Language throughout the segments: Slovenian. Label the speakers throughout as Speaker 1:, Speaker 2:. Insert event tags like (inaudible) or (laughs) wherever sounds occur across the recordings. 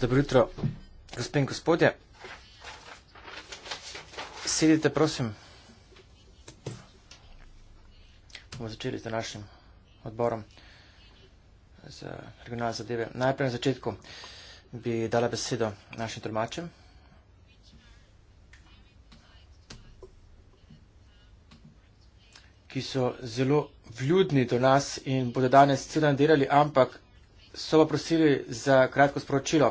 Speaker 1: Dobro jutro, gospe in gospodje. Sedite, prosim. Bomo začeli z današnjim odborom za regionalne zadeve. Najprej na začetku bi dala besedo našim tolmačem. ki so zelo vljudni do nas in bodo danes celo delali, ampak so pa prosili za kratko sporočilo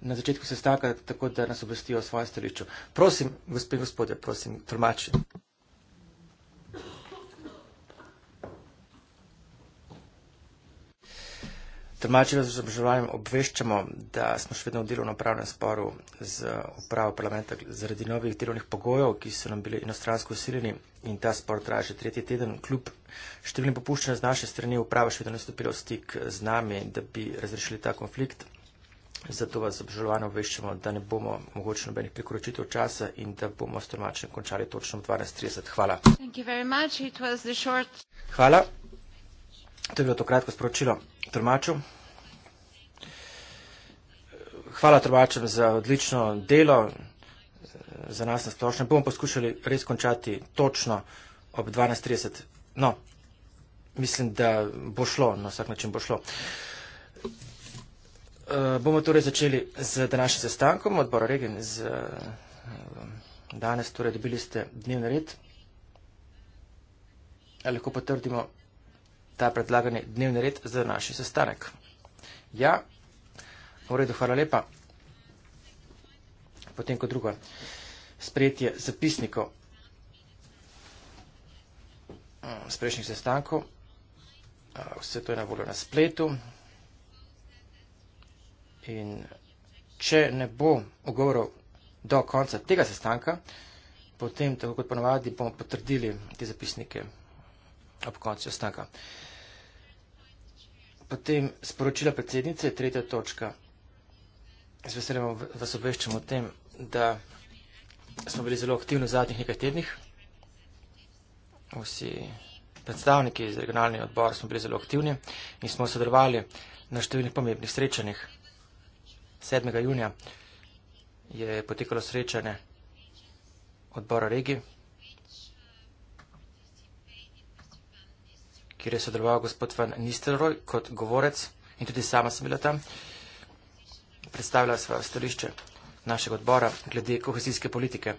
Speaker 1: na začetku sestanka, tako da nas obvestijo o svojem stališču. Prosim, gospe in gospode, prosim, tolmačite. Tlmači z obžalovanjem obveščamo, da smo še vedno v delovno-pravnem sporu z upravo parlamenta zaradi novih delovnih pogojev, ki so nam bili inostransko usiljeni in ta spor traja že tretji teden. Kljub številnim popuščanjem z naše strani uprava še vedno ne stopila v stik z nami, da bi razrešili ta konflikt. Zato vas z obžalovanjem obveščamo, da ne bomo mogoče nobenih prekoračitev časa in da bomo s tlmačem končali točno v 12.30. Hvala. Hvala. To je bilo to kratko sporočilo. Tlmačem. Hvala trbačem za odlično delo, za nas na splošno. Bomo poskušali res končati točno ob 12.30. No, mislim, da bo šlo, na vsak način bo šlo. Uh, bomo torej začeli z današnjim sestankom odbora Regen. Z, uh, danes torej dobili ste dnevni red. Eh, lahko potrdimo ta predlagani dnevni red za današnji sestanek. Ja, v redu, hvala lepa potem kot drugo. Sprejetje zapisnikov z mm, prejšnjih sestankov, vse to je na voljo na spletu. In če ne bo ogovorov do konca tega sestanka, potem, tako kot ponovadi, bomo potrdili te zapisnike ob koncu sestanka. Potem sporočila predsednice, tretja točka. Z veseljem vas obveščam o tem, da smo bili zelo aktivni v zadnjih nekaj tednih. Vsi predstavniki iz regionalnih odborov smo bili zelo aktivni in smo sodelovali na številnih pomembnih srečanjih. 7. junija je potekalo srečanje odbora regije, kjer je sodeloval gospod Van Nistelrooy kot govorec in tudi sama sem bila tam. Predstavljala sva stališče našega odbora glede kohezijske politike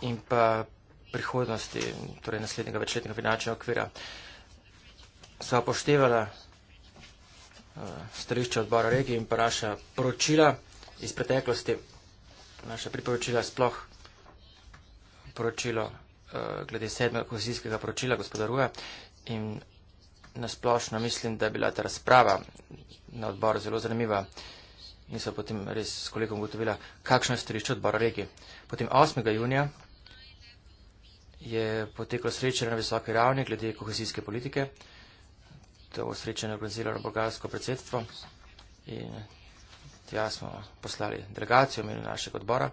Speaker 1: in pa prihodnosti, torej naslednjega večletnega finančnega okvira. Sva poštevala eh, stališče odbora regije in pa naša poročila iz preteklosti, naša priporočila sploh poročilo eh, glede sedmega kohezijskega poročila gospoda Ruja in nasplošno mislim, da je bila ta razprava na odboru zelo zanimiva in so potem res s kolegom ugotovila, kakšno je strišče odbora reki. Potem 8. junija je poteklo srečanje na visoki ravni glede kohezijske politike. To srečanje je organiziralo bolgarsko predsedstvo in tja smo poslali delegacijo imenu našega odbora.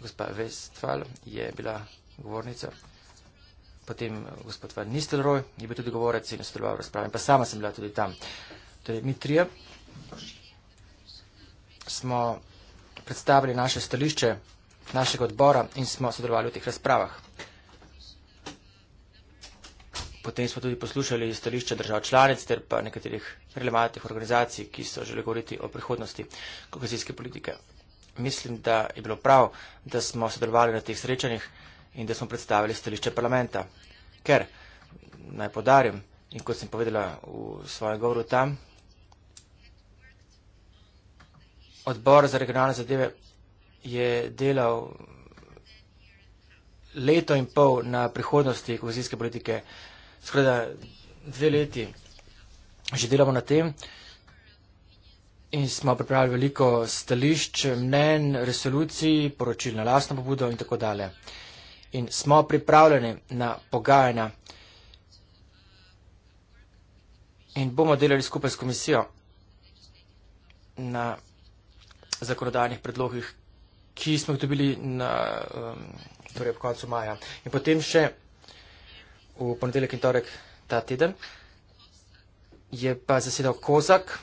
Speaker 1: Gospa Vestval je bila govornica. Potem gospod Van Nistelrooy je bil tudi govorec in sodeloval v razpravi. Pa sama sem bila tudi tam. Torej, mi trije smo predstavili naše stališče našega odbora in smo sodelovali v teh razpravah. Potem smo tudi poslušali stališče držav članic ter pa nekaterih relevantnih organizacij, ki so želeli govoriti o prihodnosti kohezijske politike. Mislim, da je bilo prav, da smo sodelovali na teh srečanjih in da smo predstavili stališče parlamenta. Ker, naj podarim, in kot sem povedala v svojem govoru tam, odbor za regionalne zadeve je delal leto in pol na prihodnosti kohezijske politike. Skoraj da dve leti že delamo na tem in smo pripravili veliko stališč, mnen, resolucij, poročil na lastno pobudo in tako dalje. In smo pripravljeni na pogajanja in bomo delali skupaj s komisijo na zakonodajnih predlogih, ki smo jih dobili na, um, torej ob koncu maja. In potem še v ponedeljek in torek ta teden je pa zasedal Kozak.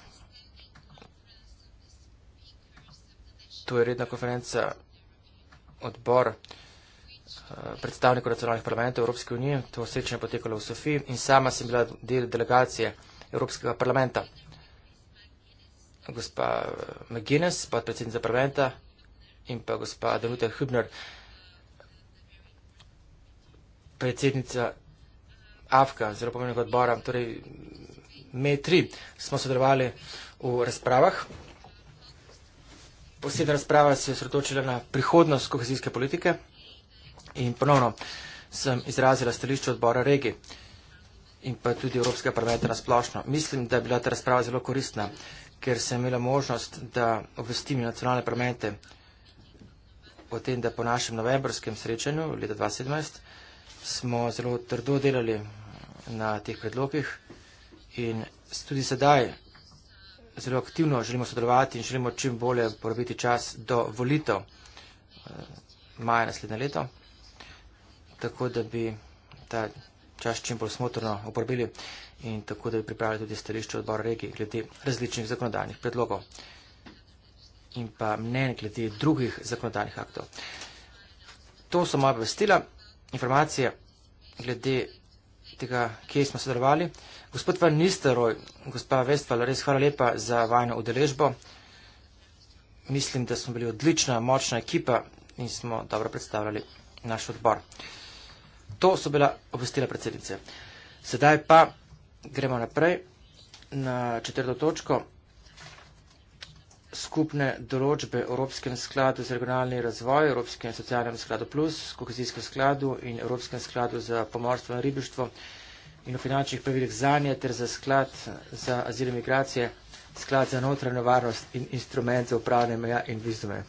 Speaker 1: To je redna konferenca odbor eh, predstavnikov nacionalnih parlamentov Evropske unije. To srečanje je potekalo v Sofiji in sama sem bila del delegacije Evropskega parlamenta gospa eh, McGuinness, podpredsednica parlamenta in pa gospa Danuta Hübner, predsednica AFKA, zelo pomembnega odbora, torej me tri smo sodelovali v razpravah. Posebna razprava se je sredočila na prihodnost kohezijske politike in ponovno sem izrazila stališče odbora regi in pa tudi Evropskega parlamenta na splošno. Mislim, da je bila ta razprava zelo koristna ker sem imela možnost, da obvestim nacionalne parlamente o tem, da po našem novembrskem srečanju leta 2017 smo zelo trdo delali na teh predlogih in tudi sedaj zelo aktivno želimo sodelovati in želimo čim bolje porabiti čas do volitev eh, maja naslednje leto, tako da bi ta čas čim bolj smotrno uporabili. Uh, in tako, da bi pripravili tudi stališče odbora regije glede različnih zakonodajnih predlogov in pa mnen glede drugih zakonodajnih aktov. To so moja obvestila, informacije glede tega, kje smo sodelovali. Gospod Van Nisteroj, gospa Vestval, res hvala lepa za vajno udeležbo. Mislim, da smo bili odlična, močna ekipa in smo dobro predstavljali naš odbor. To so bila obvestila predsednice. Sedaj pa gremo naprej na četrto točko. Skupne določbe Evropskem skladu za regionalni razvoj, Evropskem socialnem skladu plus, kohezijskem skladu in Evropskem skladu za pomorstvo in ribištvo in o finančnih pravilih zanje ter za sklad za azil in migracije, sklad za notranjo varnost in instrument za upravljanje meja in vizume.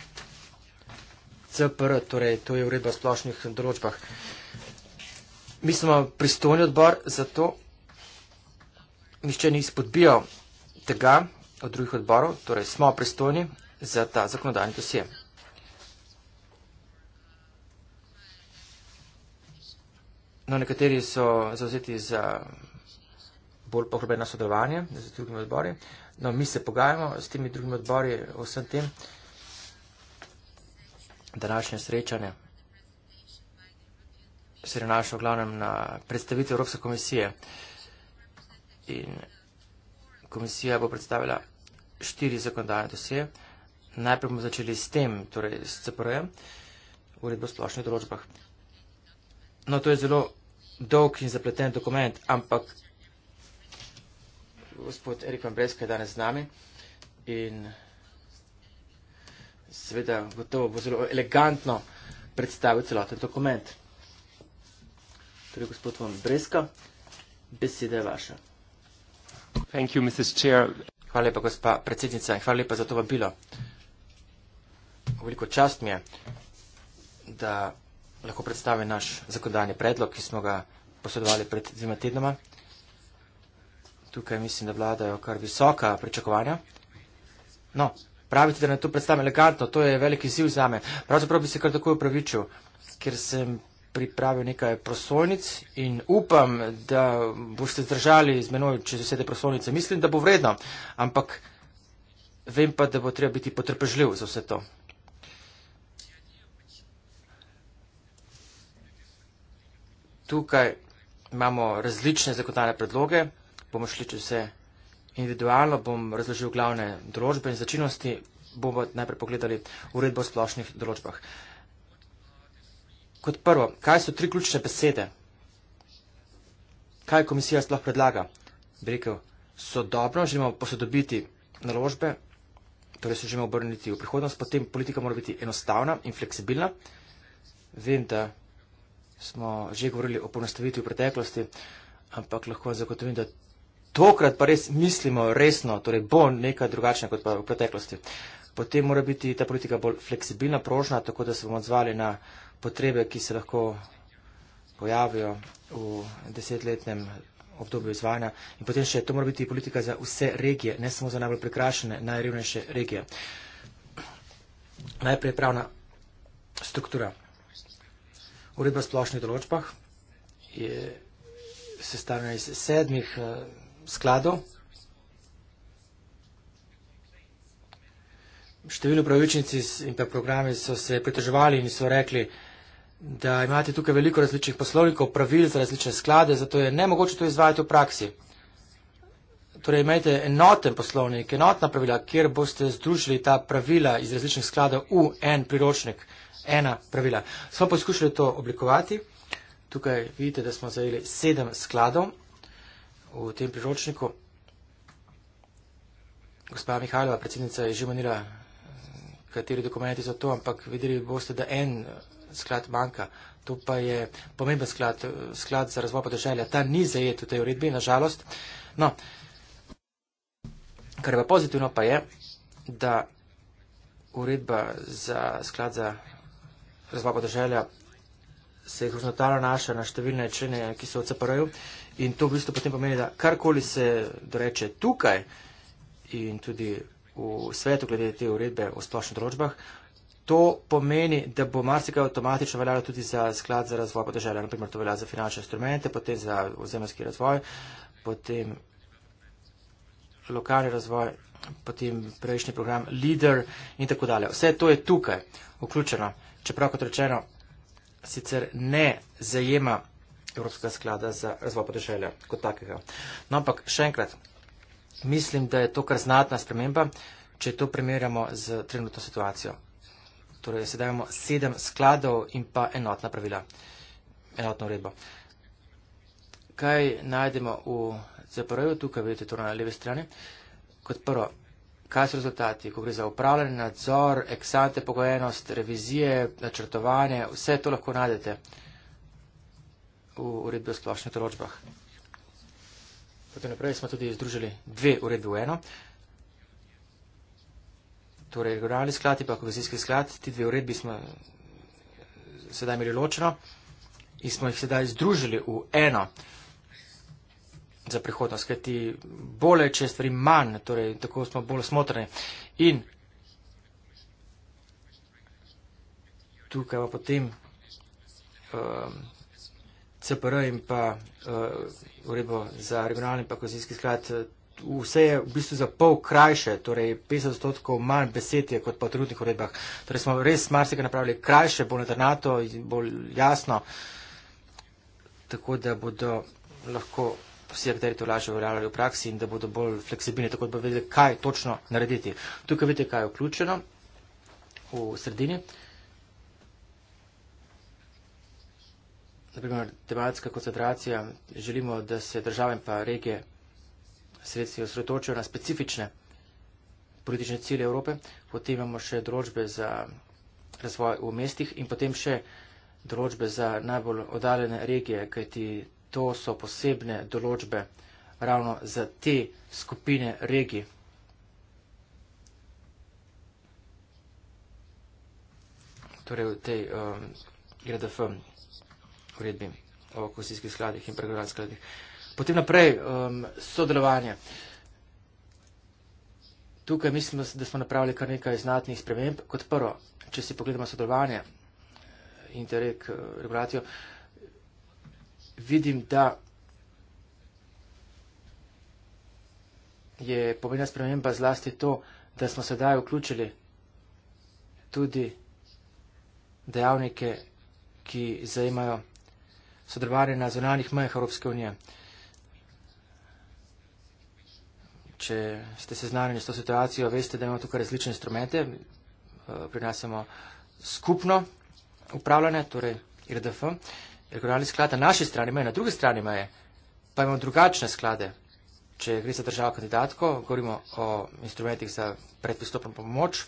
Speaker 1: CPR, torej to je uredba o splošnih določbah. Mi smo pristojni odbor za to, nišče ni spodbijal tega od drugih odborov, torej smo pristojni za ta zakonodajni dosje. No, nekateri so zauzeti za bolj pohrobeno sodelovanje z drugimi odbori. No, mi se pogajamo s temi drugimi odbori o vsem tem. Današnje srečanje se je našlo glavnem na predstavitev Evropske komisije. Uh, in komisija bo predstavila štiri zakonodajne dosje. Najprej bomo začeli s tem, torej s CPR-jem, uredbo o splošnih določbah. No, to je zelo dolg in zapleten dokument, ampak gospod Erik Vambreska je danes z nami in seveda gotovo bo zelo elegantno predstavil celoten dokument. Torej, gospod Vambreska, beseda je vaša. Hvala lepa, gospa predsednica, in hvala lepa za to vabilo. Veliko čast mi je, da lahko predstavim naš zakonodajni predlog, ki smo ga posodovali pred dvima tednoma. Tukaj mislim, da vladajo kar visoka pričakovanja. No, pravite, da na to predstavim elegantno, to je veliki ziv za me. Pravzaprav bi se kar tako upravičil, ker sem pripravil nekaj prosojnic in upam, da boste zdržali z menoj čez vse te prosojnice. Mislim, da bo vredno, ampak vem pa, da bo treba biti potrpežljiv za vse to. Tukaj imamo različne zakonodajne predloge, bomo šli čez vse individualno, bom razložil glavne določbe in začinosti, bomo najprej pogledali uredbo o splošnih določbah. Kot prvo, kaj so tri ključne besede? Kaj komisija sploh predlaga? Bi rekel, so dobro, želimo posodobiti naložbe, torej se želimo obrniti v prihodnost, potem politika mora biti enostavna in fleksibilna. Vem, da smo že govorili o ponastavitvi v preteklosti, ampak lahko zagotovim, da tokrat pa res mislimo resno, torej bo nekaj drugačnega kot pa v preteklosti. Potem mora biti ta politika bolj fleksibilna, prožna, tako da se bomo odzvali na potrebe, ki se lahko pojavijo v desetletnem obdobju izvajanja. In potem še to mora biti politika za vse regije, ne samo za najbolj prekrašene, najrevnejše regije. Najprej pravna struktura. Uredba o splošnih določbah je sestavljena iz sedmih eh, skladov. Številni upravičnici in programi so se pritoževali in so rekli, da da imate tukaj veliko različnih poslovnikov, pravil za različne sklade, zato je nemogoče to izvajati v praksi. Torej imejte enoten poslovnik, enotna pravila, kjer boste združili ta pravila iz različnih skladov v en priročnik, ena pravila. Smo poskušali to oblikovati. Tukaj vidite, da smo zajeli sedem skladov v tem priročniku. Gospa Mihajlova, predsednica, je že manila, kateri dokumenti so to, ampak videli boste, da en sklad manjka. To pa je pomemben sklad, sklad za razvoj podeželja. Ta ni zajet v tej uredbi, nažalost. No, kar je pa pozitivno, pa je, da uredba za sklad za razvoj podeželja se je horizontalno naša na številne člene, ki so v CPR-ju. In to v bistvu potem pomeni, da karkoli se doreče tukaj in tudi v svetu glede te uredbe o splošnih določbah, To pomeni, da bo marsikaj avtomatično veljalo tudi za sklad za razvoj podeželja, naprimer to velja za finančne instrumente, potem za ozemljski razvoj, potem lokalni razvoj, potem prejšnji program Leader in tako dalje. Vse to je tukaj vključeno, čeprav kot rečeno, sicer ne zajema Evropska sklada za razvoj podeželja kot takega. No, ampak še enkrat, mislim, da je to kar znatna sprememba, če to primerjamo z trenutno situacijo torej sedaj imamo sedem skladov in pa enotna pravila, enotno uredbo. Kaj najdemo v ZPR-ju, tukaj vidite torej na leve strani, kot prvo, kaj so rezultati, ko gre za upravljanje, nadzor, eksante, pogojenost, revizije, načrtovanje, vse to lahko najdete v uredbi o splošnih določbah. Potem naprej smo tudi združili dve uredbe v eno torej regionalni sklad in pa kohezijski sklad, ti dve uredbi smo sedaj imeli ločeno in smo jih sedaj združili v eno za prihodnost, ker ti bolje, če stvari manj, torej tako smo bolj smotrni. In tukaj pa potem um, CPR in pa uh, uredbo za regionalni pa kozijski sklad vse je v bistvu za pol krajše, torej 50 odstotkov manj besed je kot pa v trenutnih uredbah. Torej smo res marsikaj napravili krajše, bolj nadrnato in bolj jasno, tako da bodo lahko vsi akteri to lažje uveljavljali v praksi in da bodo bolj fleksibilni, tako da bodo vedeli, kaj točno narediti. Tukaj vidite, kaj je vključeno v sredini. Naprimer, tematska koncentracija, želimo, da se države in pa regije sredstvi osredotočijo na specifične politične cilje Evrope, potem imamo še določbe za razvoj v mestih in potem še določbe za najbolj odaljene regije, kajti to so posebne določbe ravno za te skupine regij. Torej v tej um, GDF uredbi o kosijskih skladih in pregledanskih skladih. Uh, Potem naprej um, sodelovanje. Tukaj mislim, da smo napravili kar nekaj znatnih sprememb. Kot prvo, če si pogledamo sodelovanje in te rek uh, regulacijo, vidim, da je pomembna sprememba zlasti to, da smo sedaj vključili tudi dejavnike, ki zajemajo sodelovanje na zunanjih mejah Evropske unije. Uh, če ste seznanjeni s to situacijo, veste, da imamo tukaj različne instrumente. Eh, pri nas imamo skupno upravljanje, torej IRDF, regionalni sklad na naši strani meje, na drugi strani meje pa imamo drugačne sklade. Če gre za državo kandidatko, govorimo o instrumentih za predpristopno pomoč,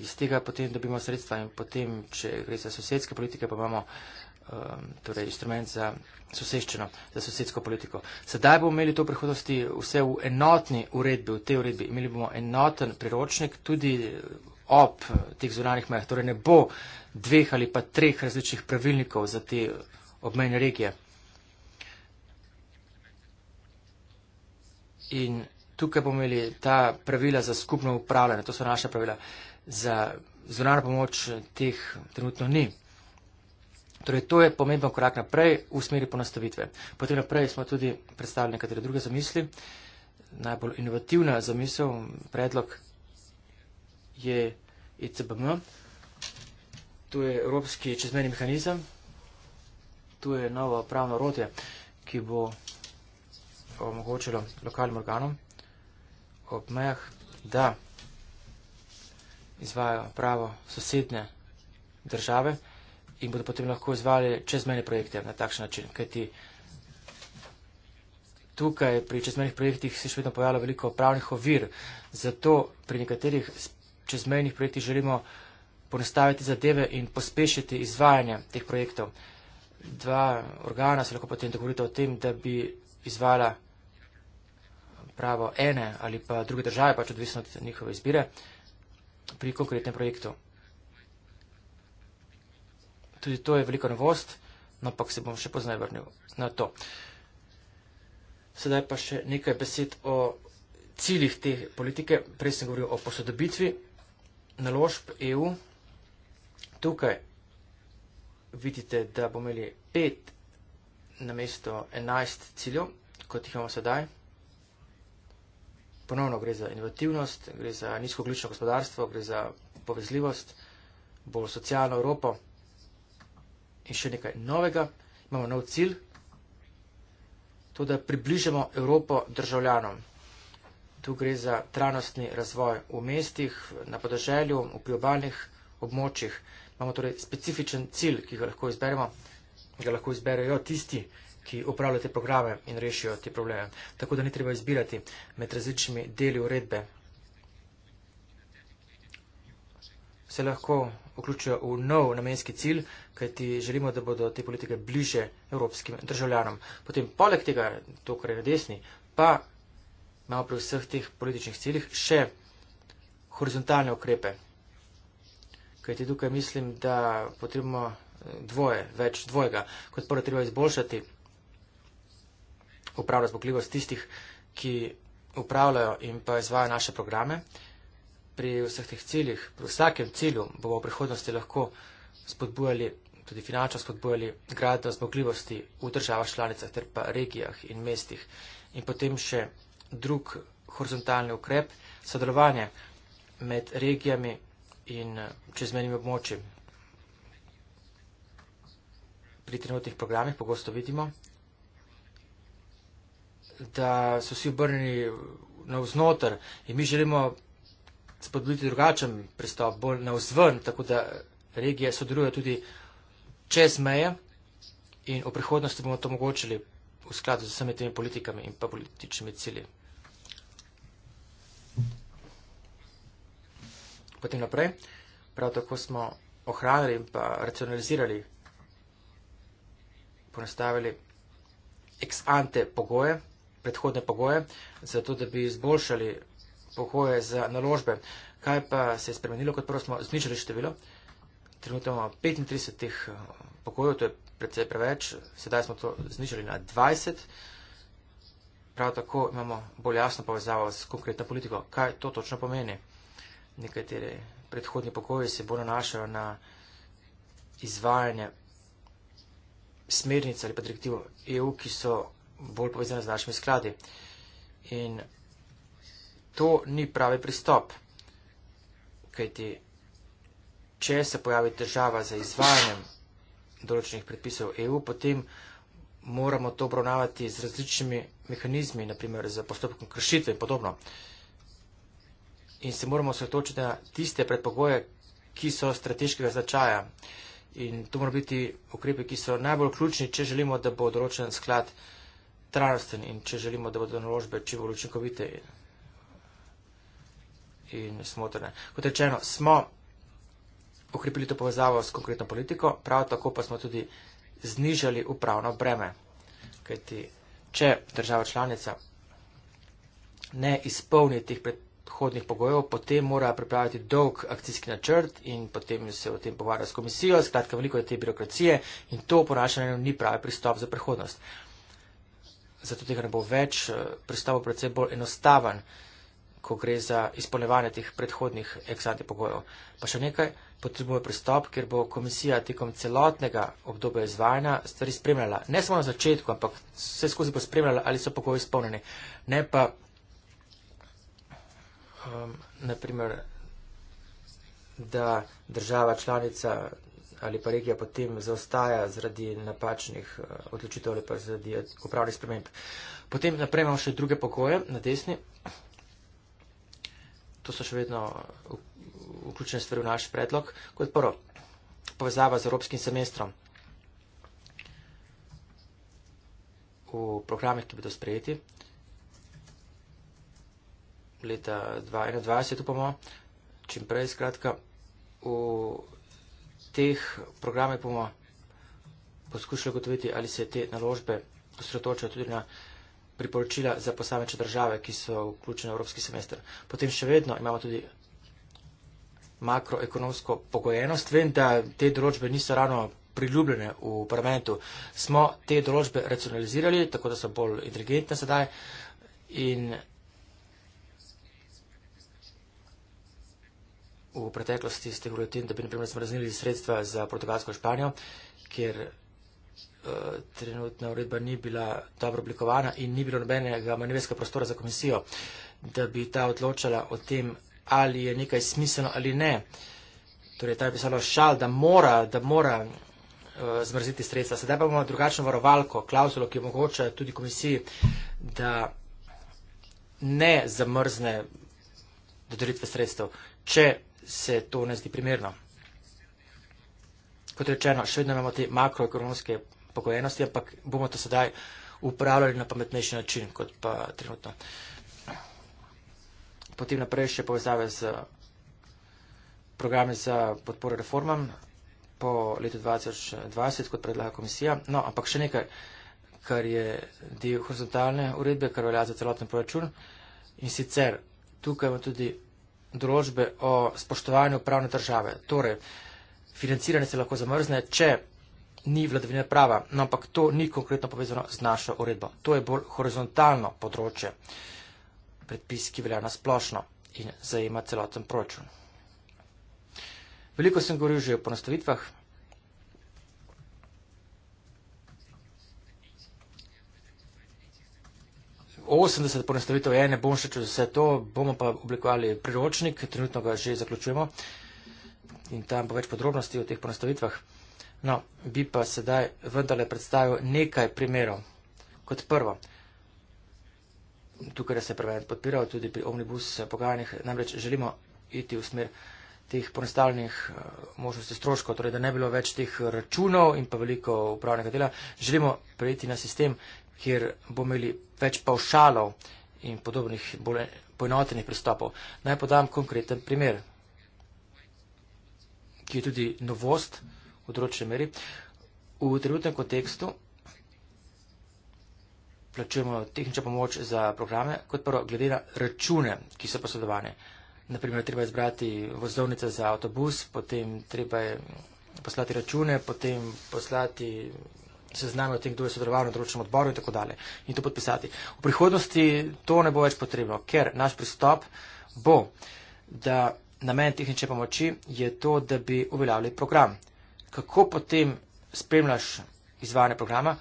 Speaker 1: iz tega potem dobimo sredstva in potem, če gre za sosedske politike, pa imamo uh, Um, torej instrument za soseščeno, za sosedsko politiko. Sedaj bomo imeli to v prihodnosti vse v enotni uredbi, v tej uredbi. Imeli bomo enoten priročnik tudi ob teh zunanih mejah. Torej ne bo dveh ali pa treh različnih pravilnikov za te obmejne regije. In tukaj bomo imeli ta pravila za skupno upravljanje. To so naša pravila. Za zunarno pomoč teh trenutno ni. Torej, to je pomemben korak naprej v smeri ponastavitve. Potem naprej smo tudi predstavili nekatere druge zamisli. Najbolj inovativna zamisel, predlog je ECBM. Tu je Evropski čezmeni mehanizem. Tu je novo pravno rodje, ki bo omogočilo lokalnim organom ob mejah, da izvajo pravo sosednje države in bodo potem lahko izvali čezmejne projekte na takšen način. Kajti tukaj pri čezmejnih projektih se še vedno pojavlja veliko pravnih ovir, zato pri nekaterih čezmejnih projektih želimo ponestaviti zadeve in pospešiti izvajanje teh projektov. Dva organa se lahko potem dogovorita o tem, da bi izvala pravo ene ali pa druge države, pač odvisno od njihove izbire, pri konkretnem projektu. Tudi to je velika novost, no, ampak se bom še poznaj vrnil na to. Sedaj pa še nekaj besed o ciljih te politike. Prej sem govoril o posodobitvi naložb EU. Tukaj vidite, da bomo imeli pet na mesto enajst ciljev, kot jih imamo sedaj. Ponovno gre za inovativnost, gre za nizkoglično gospodarstvo, gre za povezljivost, bolj socialno Evropo in še nekaj novega, imamo nov cilj, to, da približamo Evropo državljanom. Tu gre za trajnostni razvoj v mestih, na podeželju, v priobalnih območjih. Imamo torej specifičen cilj, ki ga lahko izberemo, ga lahko izberejo tisti, ki upravljajo te programe in rešijo te probleme. Tako da ni treba izbirati med različnimi deli uredbe se lahko vključijo v nov namenski cilj, kajti želimo, da bodo te politike bliže evropskim državljanom. Potem, poleg tega, to, kar je na desni, pa imamo pri vseh teh političnih ciljih še horizontalne ukrepe. Kajti tukaj mislim, da potrebno eh, dvoje, več dvojega, kot prvo treba izboljšati upravljanje zbogljivost tistih, ki upravljajo in pa izvajo naše programe, pri vseh teh ciljih, pri vsakem cilju bomo v prihodnosti lahko spodbujali, tudi finančno spodbujali gradno zmogljivosti v državah članicah ter pa regijah in mestih. In potem še drug horizontalni ukrep, sodelovanje med regijami in eh, čezmenjim območjem. Pri trenutnih programih pogosto vidimo, da so vsi obrnjeni navznotr in mi želimo spodbuditi drugačen pristop, bolj na vzven, tako da regije sodelujejo tudi čez meje in v prihodnosti bomo to omogočili v skladu z vsemi temi politikami in pa političnimi cilji. Potem naprej, prav tako smo ohranili in pa racionalizirali, ponastavili ex ante pogoje, predhodne pogoje, zato da bi izboljšali pohoje za naložbe. Kaj pa se je spremenilo, kot prvo smo zničili število? Trenutno imamo 35 teh eh, pokojev, to je precej preveč, sedaj smo to znižali na 20. Prav tako imamo bolj jasno povezavo s konkretno politiko. Kaj to točno pomeni? Nekateri predhodni pokoji se bolj nanašajo na izvajanje smernic ali pa direktiv EU, ki so bolj povezane z našimi skladi. In to ni pravi pristop. Kajti, če se pojavi težava za izvajanjem določenih predpisov EU, potem moramo to obravnavati z različnimi mehanizmi, naprimer z postopkom kršitve in podobno. In se moramo osredotočiti na tiste predpogoje, ki so strateškega značaja. In to morajo biti ukrepe, ki so najbolj ključni, če želimo, da bo določen sklad trajnosten in če želimo, da bodo naložbe čim bolj učinkovite in smotrne. Kot rečeno, smo okrepili to povezavo s konkretno politiko, prav tako pa smo tudi znižali upravno breme. Kajti, če država članica ne izpolni tih predhodnih pogojev, potem mora pripraviti dolg akcijski načrt in potem se o tem pogovarja s komisijo, skratka veliko je te birokracije in to ponašanje ni pravi pristop za prihodnost. Zato tega ne bo več, eh, pristop bo predvsem bolj enostaven ko gre za izpolnevanje teh predhodnih eksante pogojev. Pa še nekaj, potrebuje pristop, ker bo komisija tekom celotnega obdobja izvajanja stvari spremljala. Ne samo na začetku, ampak vse skozi bo spremljala, ali so pogoji izpolnjeni. Ne pa, um, naprimer, da država članica ali pa regija potem zaostaja zaradi napačnih uh, odločitev ali pa zaradi upravnih sprememb. Potem naprej imamo še druge pogoje na desni to so še vedno vključene stvari v naš predlog. Kot prvo, povezava z evropskim semestrom. V programih, ki bodo sprejeti leta 2021, upamo, čim prej, skratka, v teh programih bomo poskušali gotoviti, ali se te naložbe osredotočajo tudi na priporočila za posamečne države, ki so vključene v evropski semester. Potem še vedno imamo tudi makroekonomsko pogojenost. Vem, da te določbe niso ravno priljubljene v parlamentu. Smo te določbe racionalizirali, tako da so bolj inteligentne sedaj in v preteklosti ste govorili o tem, da bi naprimer smrznili sredstva za portugalsko Španijo, kjer Eh, trenutna uredba ni bila dobro oblikovana in ni bilo nobenega manevrskega prostora za komisijo, da bi ta odločala o tem, ali je nekaj smiselno ali ne. Torej, ta je pisalo šal, da mora, da mora uh, zmrziti sredstva. Sedaj pa imamo drugačno varovalko, klauzulo, ki omogoča tudi komisiji, da ne zamrzne dodelitve sredstev, če se to ne zdi primerno. Kot rečeno, še vedno imamo te makroekonomske pogojenosti, ampak bomo to sedaj upravljali na pametnejši način kot pa trenutno. Potem naprej še povezave z programe za podporo reformam po letu 2020, kot predlaga komisija. No, ampak še nekaj, kar je del horizontalne uredbe, kar velja za celoten proračun. In sicer tukaj imamo tudi določbe o spoštovanju pravne države. Torej, financiranje se lahko zamrzne, če ni vladavine prava, no, ampak to ni konkretno povezano z našo uredbo. To je bolj horizontalno področje, predpis, ki velja nasplošno in zajema celoten proračun. Veliko sem govoril že o ponastavitvah. Osemdeset ponastavitev je, ne bom še čez vse to, bomo pa oblikovali priročnik, trenutno ga že zaključujemo in tam bo več podrobnosti o teh ponastavitvah. No, bi pa sedaj vendarle predstavil nekaj primerov. Kot prvo, tukaj se prevent podpiral tudi pri omnibus pogajanjih, namreč želimo iti v smer teh ponestalnih eh, možnosti stroškov, torej da ne bilo več teh računov in pa veliko upravnega dela. Želimo prejeti na sistem, kjer bomo imeli več pavšalov in podobnih bolj poenotenih pristopov. Naj podam konkreten primer, ki je tudi novost področni meri. V trenutnem kontekstu plačujemo tehnično pomoč za programe, kot prvo glede na račune, ki so posledovane. Naprimer, treba izbrati vozovnice za avtobus, potem treba je poslati račune, potem poslati sezname o tem, kdo je sodeloval na določenem odboru in tako dalje. In to podpisati. V prihodnosti to ne bo več potrebno, ker naš pristop bo, da namen tehnične pomoči je to, da bi uveljavljali program kako potem spremljaš izvajanje programa,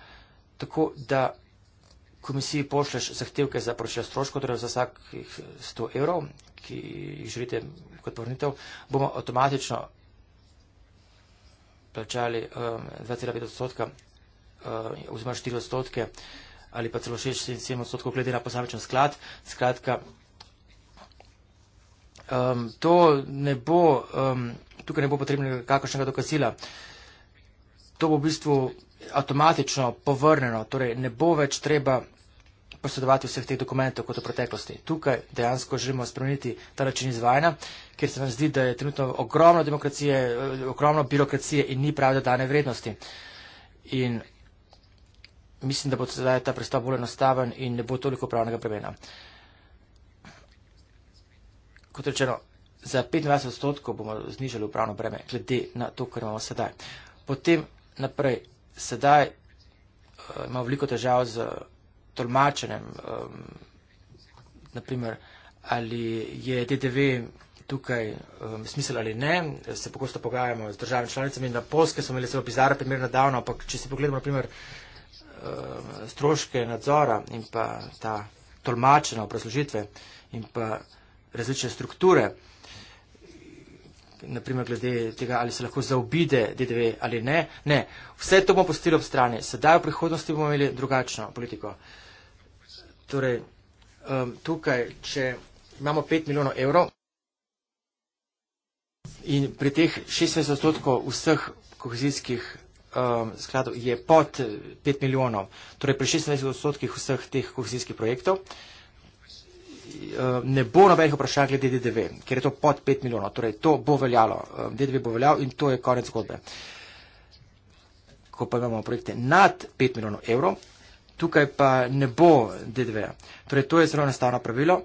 Speaker 1: tako da komisiji pošleš zahtevke za poročilo stroškov, torej za vsakih 100 evrov, ki jih želite kot vrnitev, bomo avtomatično plačali um, 2,5 odstotka uh, oziroma 4 odstotke ali pa celo 6-7 odstotkov glede na posamečen sklad. Skratka, um, to ne bo, um, tukaj ne bo potrebnega kakršnega dokazila. To bo v bistvu avtomatično povrneno, torej ne bo več treba posredovati vseh teh dokumentov kot v preteklosti. Tukaj dejansko želimo spremeniti ta način izvajanja, ker se nam zdi, da je trenutno ogromno demokracije, ogromno birokracije in ni pravda dane vrednosti. In mislim, da bo sedaj ta pristop bolj enostaven in ne bo toliko pravnega premena. Uh, kot rečeno, za 25 odstotkov bomo znižali upravno breme, glede na to, kar imamo sedaj. Potem naprej, sedaj uh, imamo veliko težav z tolmačenjem, um, naprimer, ali je DDV tukaj um, smisel ali ne, se pogosto pogajamo z državami članicami, na Polske smo imeli zelo bizarre primer nedavno, ampak če si pogledamo, naprimer, um, stroške nadzora in pa ta tolmačena obrazložitve in pa različne strukture, naprimer glede tega, ali se lahko zaobide DDV ali ne. Ne, vse to bomo postili ob strani. Sedaj v prihodnosti bomo imeli drugačno politiko. Torej, um, tukaj, če imamo 5 milijonov evrov in pri teh 60 odstotkov vseh kohezijskih um, skladov je pod 5 milijonov, torej pri 60 odstotkih vseh teh kohezijskih projektov, uh, Eh, ne bo nobenih vprašanj glede DDV, ker je to pod 5 milijonov. Torej, to bo veljalo, eh, DDV bo veljal in to je konec zgodbe. Ko pa imamo projekte nad 5 milijonov evrov, tukaj pa ne bo DDV. Torej, to je zelo enostavno pravilo.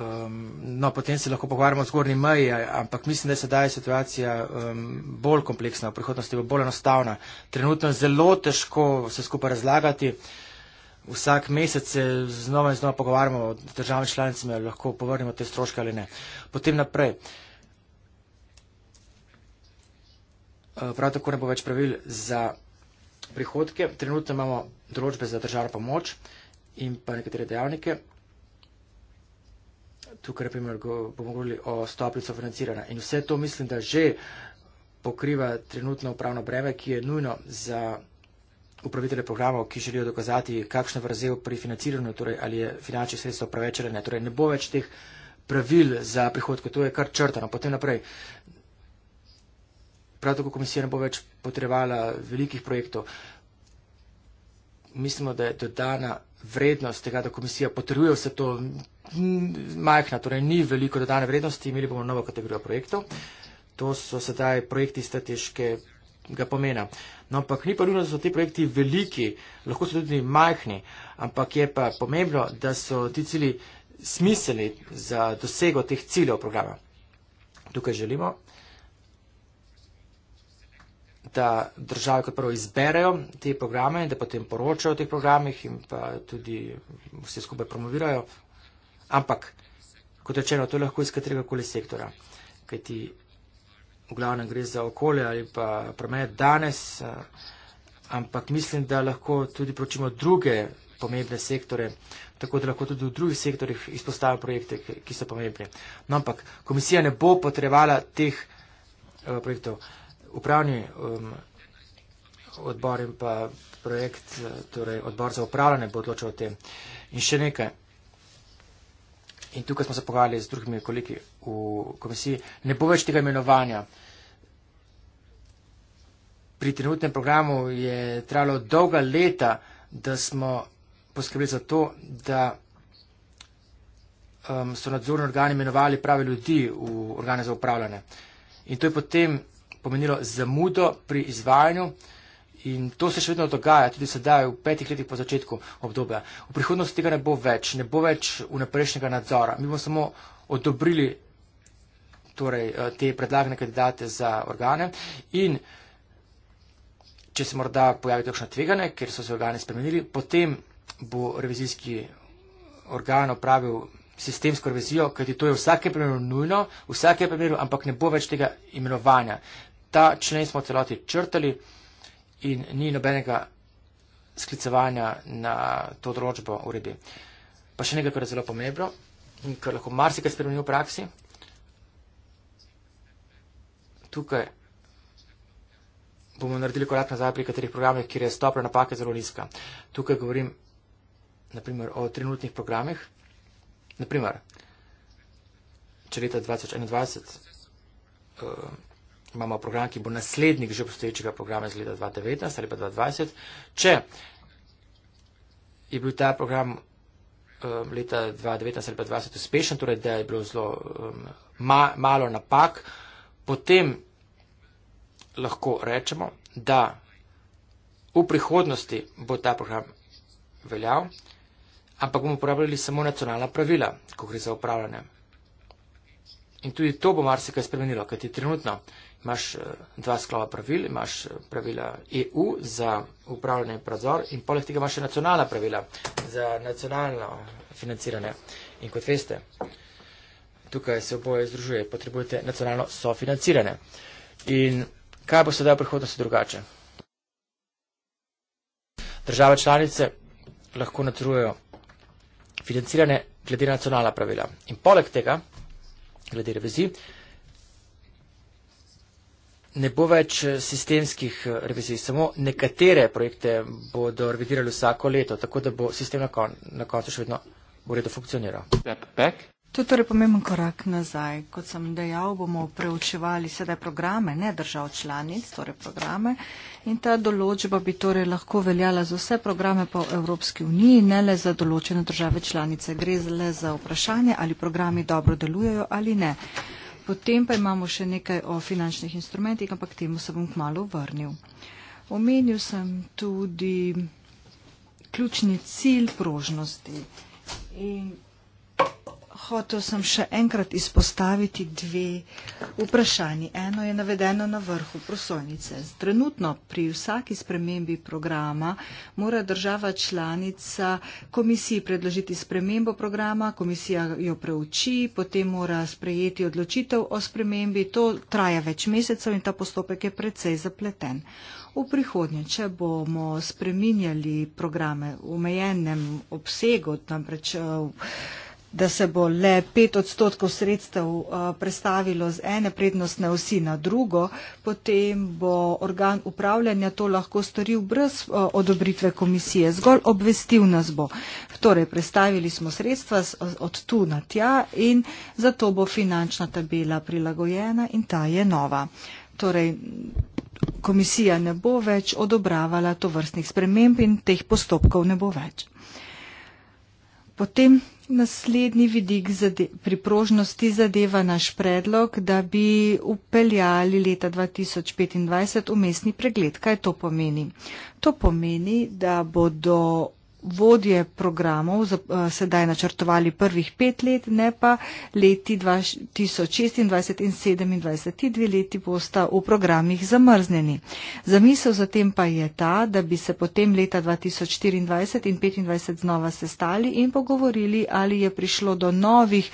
Speaker 1: Um, no, potem se lahko pogovarjamo o zgornji meji, ampak mislim, da je sedaj situacija um, bolj kompleksna, v prihodnosti bo bolj enostavna. Trenutno je zelo težko vse skupaj razlagati. Uh, vsak mesec se znova in znova pogovarjamo o državnim članicam, ali lahko povrnemo te stroške ali ne. Potem naprej. Eh, prav tako ne bo več pravil za prihodke. Trenutno imamo določbe za državno pomoč in pa nekatere dejavnike. Tukaj, na primer, bomo govorili o stopnicu financiranja. In vse to mislim, da že pokriva trenutno upravno breme, ki je nujno za upravitelje programov, ki želijo dokazati, kakšna vrzel pri financiranju, torej ali je finančne sredstvo preveč ali ne. Torej, ne bo več teh pravil za prihodke, to je kar črtano. Potem naprej, prav tako komisija ne bo več potrebovala velikih projektov. Mislimo, da je dodana vrednost tega, da komisija potrjuje vse to majhna, torej ni veliko dodane vrednosti, imeli bomo novo kategorijo projektov. To so sedaj projekti strateške ga pomena. No, ampak ni pa nujno, da so ti projekti veliki, lahko so tudi majhni, ampak je pa pomembno, da so ti cilji smiselni za dosego teh ciljev programa. Tukaj želimo, da države kot prvo izberejo te programe, da potem poročajo o teh programih in pa tudi vse skupaj promovirajo. Ampak, kot rečeno, to lahko iz katerega koli sektora. Kajti v glavnem gre za okolje ali pa promet danes, eh, ampak mislim, da lahko tudi pročimo druge pomembne sektore, tako da lahko tudi v drugih sektorjih izpostavimo projekte, ki so pomembni. No, ampak komisija ne bo potrebovala teh eh, projektov. Upravni um, odbor in pa projekt, eh, torej odbor za upravljanje bo odločal o tem. In še nekaj. In tukaj smo se pogajali z drugimi koliki v komisiji, ne bo več tega imenovanja. Pri trenutnem programu je trajalo dolga leta, da smo poskrbeli za to, da um, so nadzorni organi imenovali prave ljudi v organe za upravljanje. In to je potem pomenilo zamudo pri izvajanju. In to se še vedno dogaja, tudi sedaj, v petih letih po začetku obdobja. V prihodnosti tega ne bo več, ne bo več vnaprejšnjega nadzora. Mi bomo samo odobrili torej, eh, te predlagane kandidate za organe in če se morda pojavi takšna tveganja, ker so se organe spremenili, potem bo revizijski organ opravil sistemsko revizijo, kajti to je vsake primeru nujno, vsake primeru, ampak ne bo več tega imenovanja. Ta člen smo celoti črtali in ni nobenega sklicevanja na to določbo uredbe. Pa še nekaj, kar je zelo pomembno in kar lahko marsikaj spremeni v praksi. Tukaj bomo naredili korak nazaj pri katerih programih, kjer je stopra napake zelo nizka. Tukaj govorim naprimer o trenutnih programih. Naprimer, če leta 2021 uh, imamo program, ki bo naslednik že postojičega programa iz leta 2019 ali pa 2020. Če je bil ta program um, leta 2019 ali pa 2020 uspešen, torej da je bilo zelo um, ma, malo napak, potem lahko rečemo, da v prihodnosti bo ta program veljav, ampak bomo uporabljali samo nacionalna pravila, ko gre za upravljanje. In tudi to bo marsikaj spremenilo, kajti trenutno imaš eh, dva sklova pravil, imaš eh, pravila EU za upravljanje prazor in poleg tega imaš še nacionalna pravila za nacionalno financiranje. In kot veste, tukaj se oboje združuje, potrebujete nacionalno sofinanciranje. In kaj bo sedaj v prihodnosti drugače? Države članice lahko nadzorujejo financiranje glede nacionalna pravila. In poleg tega, glede revizij, ne bo več eh, sistemskih eh, revizij, samo nekatere projekte bodo revidirali vsako leto, tako da bo sistem na, kon, na koncu še vedno v redu funkcioniral.
Speaker 2: To je torej pomemben korak nazaj. Kot sem dejal, bomo preučevali sedaj programe, ne držav članic, torej programe. In ta določba bi torej lahko veljala za vse programe po Evropski uniji, ne le za določene države članice. Gre le za vprašanje, ali programi dobro delujejo ali ne. Potem pa imamo še nekaj o finančnih instrumentih, ampak temu se bom kmalo vrnil. Omenil sem tudi ključni cilj prožnosti. In hotel sem še enkrat izpostaviti dve vprašanji. Eno je navedeno na vrhu prosojnice. Trenutno pri vsaki spremembi programa mora država članica komisiji predložiti spremembo programa, komisija jo preuči, potem mora sprejeti odločitev o spremembi. To traja več mesecev in ta postopek je precej zapleten. V prihodnje, če bomo spreminjali programe v omejenem obsegu, namreč eh, da se bo le pet odstotkov sredstev eh, prestavilo z ene prednostne osi na drugo, potem bo organ upravljanja to lahko storil brez eh, odobritve komisije, zgolj obvestil nas bo. Torej, prestavili smo sredstva od tu na tja in zato bo finančna tabela prilagojena in ta je nova. Torej, komisija ne bo več odobravala to vrstnih sprememb in teh postopkov ne bo več. Potem naslednji vidik priprožnosti zadeva naš predlog, da bi upeljali leta 2025 umestni pregled. Kaj to pomeni? To pomeni, da bodo vodje programov za, uh, sedaj načrtovali prvih pet let, ne pa leti 2026 in 2027. Ti dve leti bosta v programih zamrzneni. Zamisel zatem pa je ta, da bi se potem leta 2024 in 2025 znova sestali in pogovorili, ali je prišlo do novih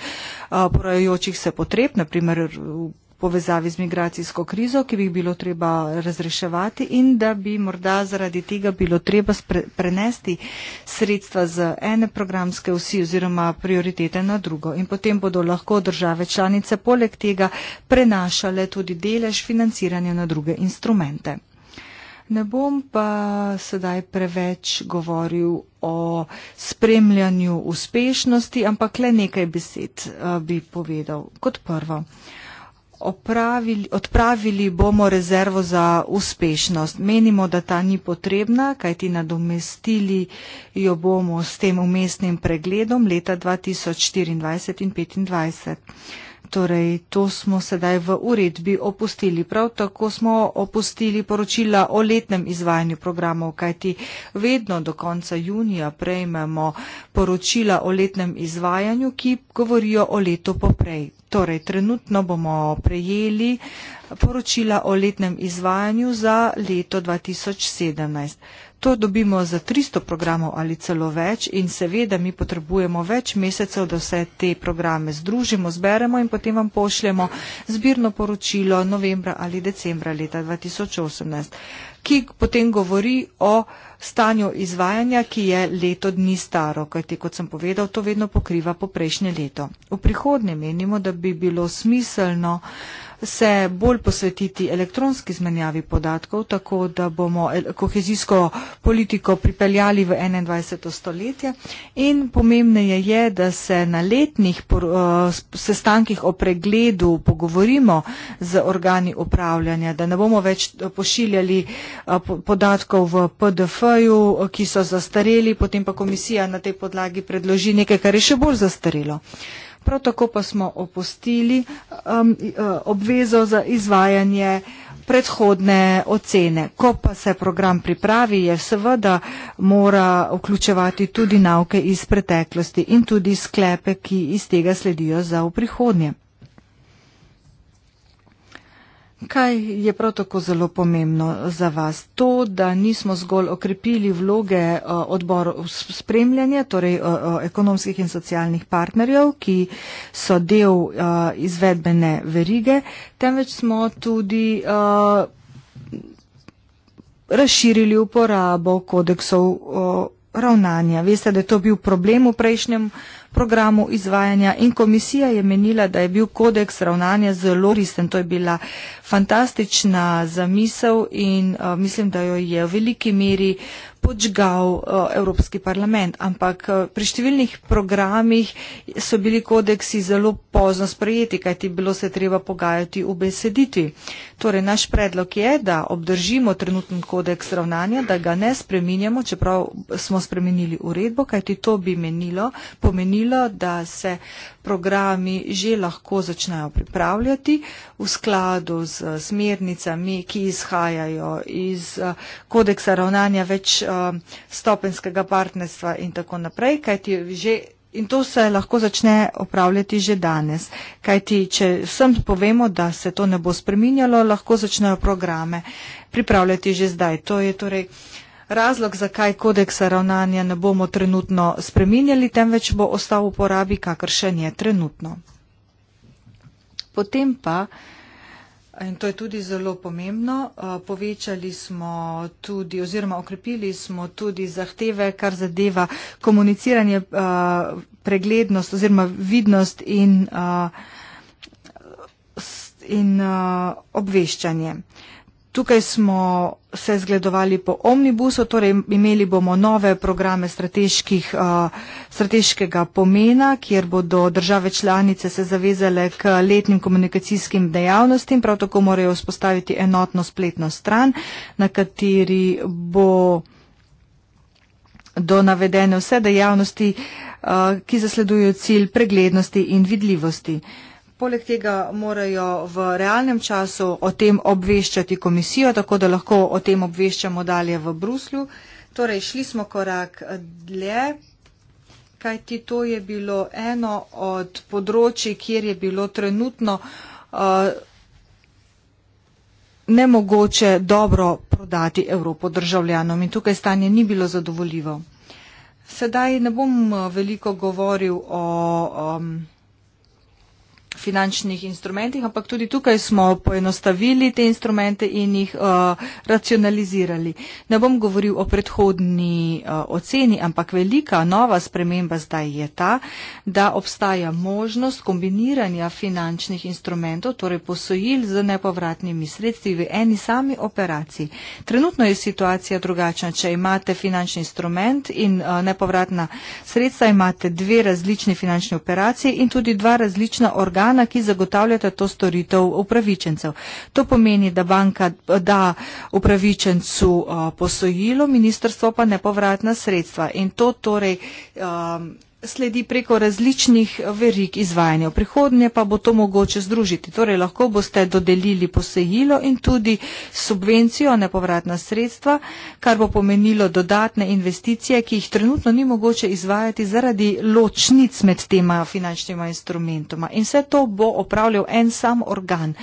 Speaker 2: uh, eh, porajočih se potreb, naprimer v povezavi z migracijsko krizo, ki bi jih bilo treba razreševati in da bi morda zaradi tega bilo treba prenesti sredstva z ene programske vsi oziroma prioritete na drugo. In potem bodo lahko države članice poleg tega prenašale tudi delež financiranja na druge instrumente. Ne bom pa sedaj preveč govoril o spremljanju uspešnosti, ampak le nekaj besed eh, bi povedal kot prvo. Opravili, odpravili bomo rezervo za uspešnost. Menimo, da ta ni potrebna, kajti nadomestili jo bomo s tem umestnim pregledom leta 2024 in 2025. Torej, to smo sedaj v uredbi opustili. Prav tako smo opustili poročila o letnem izvajanju programov, kajti vedno do konca junija prejmemo poročila o letnem izvajanju, ki govorijo o letu poprej. Torej, trenutno bomo prejeli poročila o letnem izvajanju za leto 2017. To dobimo za 300 programov ali celo več in seveda mi potrebujemo več mesecev, da vse te programe združimo, zberemo in potem vam pošljemo zbirno poročilo novembra ali decembra leta 2018 ki potem govori o stanju izvajanja, ki je leto dni staro, kajti, kot sem povedal, to vedno pokriva poprejšnje leto. V prihodnje menimo, da bi bilo smiselno uh, se bolj posvetiti elektronski zmenjavi podatkov, tako da bomo kohezijsko politiko pripeljali v 21. stoletje. In pomembneje je, da se na letnih eh, sestankih o pregledu pogovorimo z organi upravljanja, da ne bomo več eh, pošiljali eh, podatkov v PDF-ju, ki so zastareli, potem pa komisija na tej podlagi predloži nekaj, kar je še bolj zastarelo. Prav tako pa smo opustili um, e, obvezo za izvajanje predhodne ocene. Ko pa se program pripravi, je seveda mora vključevati tudi nauke iz preteklosti in tudi sklepe, ki iz tega sledijo za v prihodnje. Kaj je prav tako zelo pomembno za vas? To, da nismo zgolj okrepili vloge eh, odborov spremljanja, torej eh, eh, ekonomskih in socialnih partnerjev, ki so del izvedbene verige, temveč smo tudi razširili uporabo kodeksov ravnanja. Veste, da je to bil problem v prejšnjem programu izvajanja in komisija je menila, da je bil kodeks ravnanja zelo koristen. To je bila fantastična zamisel in uh, mislim, da jo je v veliki meri uh, podžgal eh, Evropski parlament, ampak eh, pri številnih programih so bili kodeksi zelo pozno sprejeti, kajti bilo se treba pogajati v besediti. Torej, naš predlog je, da obdržimo trenutni kodeks ravnanja, da ga ne spreminjamo, čeprav smo spremenili uredbo, kajti to bi menilo, pomenilo, da se programi že lahko začnejo pripravljati. Uh, v skladu z eh, smernicami, ki izhajajo iz eh, kodeksa ravnanja več eh, stopenskega partnerstva in tako naprej, kajti že In to se lahko začne opravljati že danes. Kajti, če vsem povemo, da se to ne bo spreminjalo, lahko začnejo programe pripravljati že zdaj. To je torej razlog, zakaj kodeksa ravnanja ne bomo trenutno spreminjali, temveč bo ostal v porabi, kakršen je trenutno. Potem pa. In to je tudi zelo pomembno. Eh, povečali smo tudi oziroma okrepili smo tudi zahteve, kar zadeva komuniciranje, eh, preglednost oziroma vidnost in, eh, in obveščanje. Tukaj smo se zgledovali po omnibusu, torej imeli bomo nove programe uh, strateškega pomena, kjer bodo države članice se zavezale k letnim komunikacijskim dejavnostim, prav tako morajo vzpostaviti enotno spletno stran, na kateri bo do navedene vse dejavnosti, uh, ki zasledujo cilj preglednosti in vidljivosti. Uh, Poleg tega morajo v realnem času o tem obveščati komisijo, tako da lahko o tem obveščamo dalje v Bruslju. Torej, šli smo korak dlje, kajti to je bilo eno od področji, kjer je bilo trenutno uh, nemogoče dobro prodati Evropo državljanom in tukaj stanje ni bilo zadovoljivo. Sedaj ne bom eh, veliko govoril o. Um, finančnih instrumentih, ampak tudi tukaj smo poenostavili te instrumente in jih uh, racionalizirali. Ne bom govoril o predhodni uh, oceni, ampak velika nova sprememba zdaj je ta, da obstaja možnost kombiniranja finančnih instrumentov, torej posojil z nepovratnimi sredstvi v eni sami operaciji. Trenutno je situacija drugačna. Če imate finančni instrument in uh, nepovratna sredstva, imate dve različne finančne operacije in tudi dva različna organa, organa, ki zagotavljata to storitev upravičencev. To pomeni, da banka da upravičencu eh, posojilo, ministrstvo pa nepovratna sredstva. In to torej um, sledi preko različnih verik izvajanja. V prihodnje pa bo to mogoče združiti. Torej lahko boste dodelili posejilo in tudi subvencijo, nepovratna sredstva, kar bo pomenilo dodatne investicije, ki jih trenutno ni mogoče izvajati zaradi ločnic med tema finančnima instrumentoma. In vse to bo opravljal en sam organ,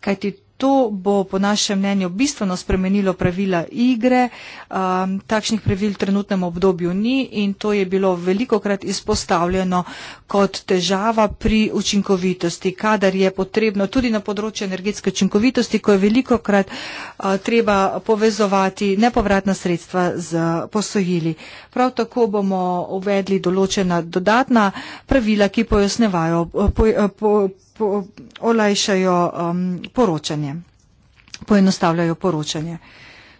Speaker 2: kajti To bo po našem mnenju bistveno spremenilo pravila igre. Um, takšnih pravil v trenutnem obdobju ni in to je bilo veliko krat izpostavljeno kot težava pri učinkovitosti, kadar je potrebno tudi na področju energetske učinkovitosti, ko je veliko krat uh, eh, treba povezovati nepovratna sredstva z posojili. Prav tako bomo uvedli določena dodatna pravila, ki pojasnevajo. Eh, eh, po, po, olajšajo um, poročanje, poenostavljajo poročanje.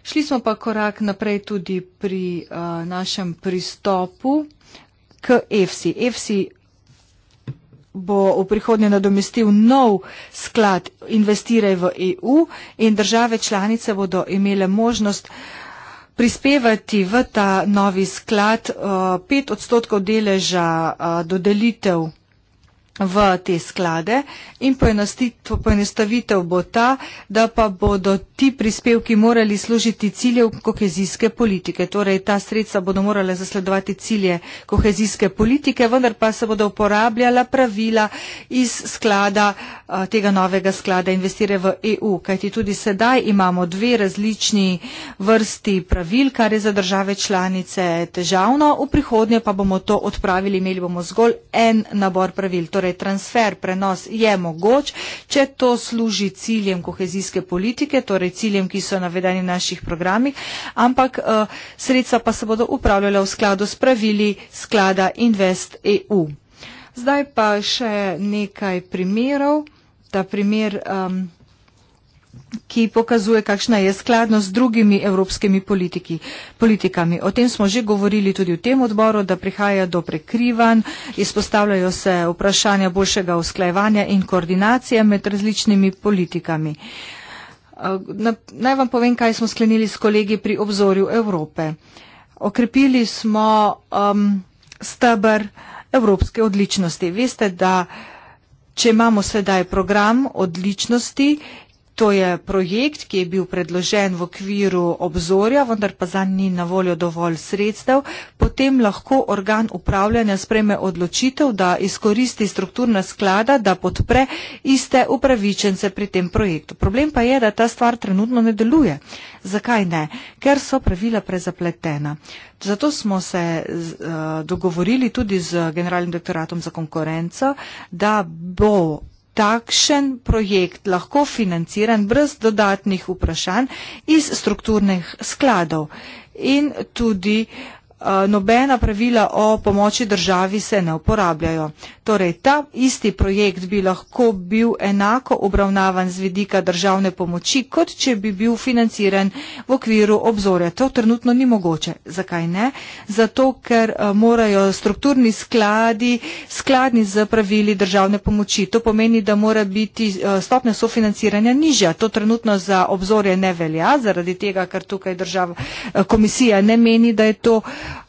Speaker 2: Šli smo pa korak naprej tudi pri uh, našem pristopu k EFSI. EFSI bo v prihodnje nadomestil nov sklad Investiraj v EU in države članice bodo imele možnost prispevati v ta novi sklad uh, 5 odstotkov deleža uh, dodelitev v te sklade in poenostavitev bo ta, da pa bodo ti prispevki morali služiti ciljev kohezijske politike. Torej, ta sredstva bodo morala zasledovati cilje kohezijske politike, vendar pa se bodo uporabljala pravila iz sklada, tega novega sklada investire v EU. Kajti tudi sedaj imamo dve različni vrsti pravil, kar je za države članice težavno, v prihodnje pa bomo to odpravili, imeli bomo zgolj en nabor pravil. Torej, torej transfer, prenos je mogoč, če to služi ciljem kohezijske politike, torej ciljem, ki so navedeni v naših programih, ampak eh, sredstva pa se bodo upravljala v skladu s pravili sklada Invest EU. Zdaj pa še nekaj primerov. Ta primer um, ki pokazuje, kakšna je skladnost z drugimi evropskimi politiki, politikami. O tem smo že govorili tudi v tem odboru, da prihaja do prekrivan, izpostavljajo se vprašanja boljšega usklajevanja in koordinacije med različnimi politikami. Na, naj vam povem, kaj smo sklenili s kolegi pri obzorju Evrope. Okrepili smo um, stebr evropske odličnosti. Veste, da če imamo sedaj program odličnosti, To je projekt, ki je bil predložen v okviru obzorja, vendar pa za ni na voljo dovolj sredstev. Potem lahko organ upravljanja spreme odločitev, da izkoristi strukturna sklada, da podpre iste upravičence pri tem projektu. Problem pa je, da ta stvar trenutno ne deluje. Zakaj ne? Ker so pravila prezapletena. Zato smo se eh, dogovorili tudi z generalnim direktoratom za konkurenco, da bo takšen projekt lahko financiran brez dodatnih vprašanj iz strukturnih skladov in tudi uh, Eh, nobena pravila o pomoči državi se ne uporabljajo. Torej, ta isti projekt bi lahko bil enako obravnavan z vidika državne pomoči, kot če bi bil financiran v okviru obzorja. To trenutno ni mogoče. Zakaj ne? Zato, ker eh, morajo strukturni skladi skladni z pravili državne pomoči. To pomeni, da mora biti eh, stopnja sofinanciranja nižja. To trenutno za obzorje ne velja, zaradi tega, ker tukaj država, komisija ne meni, da je to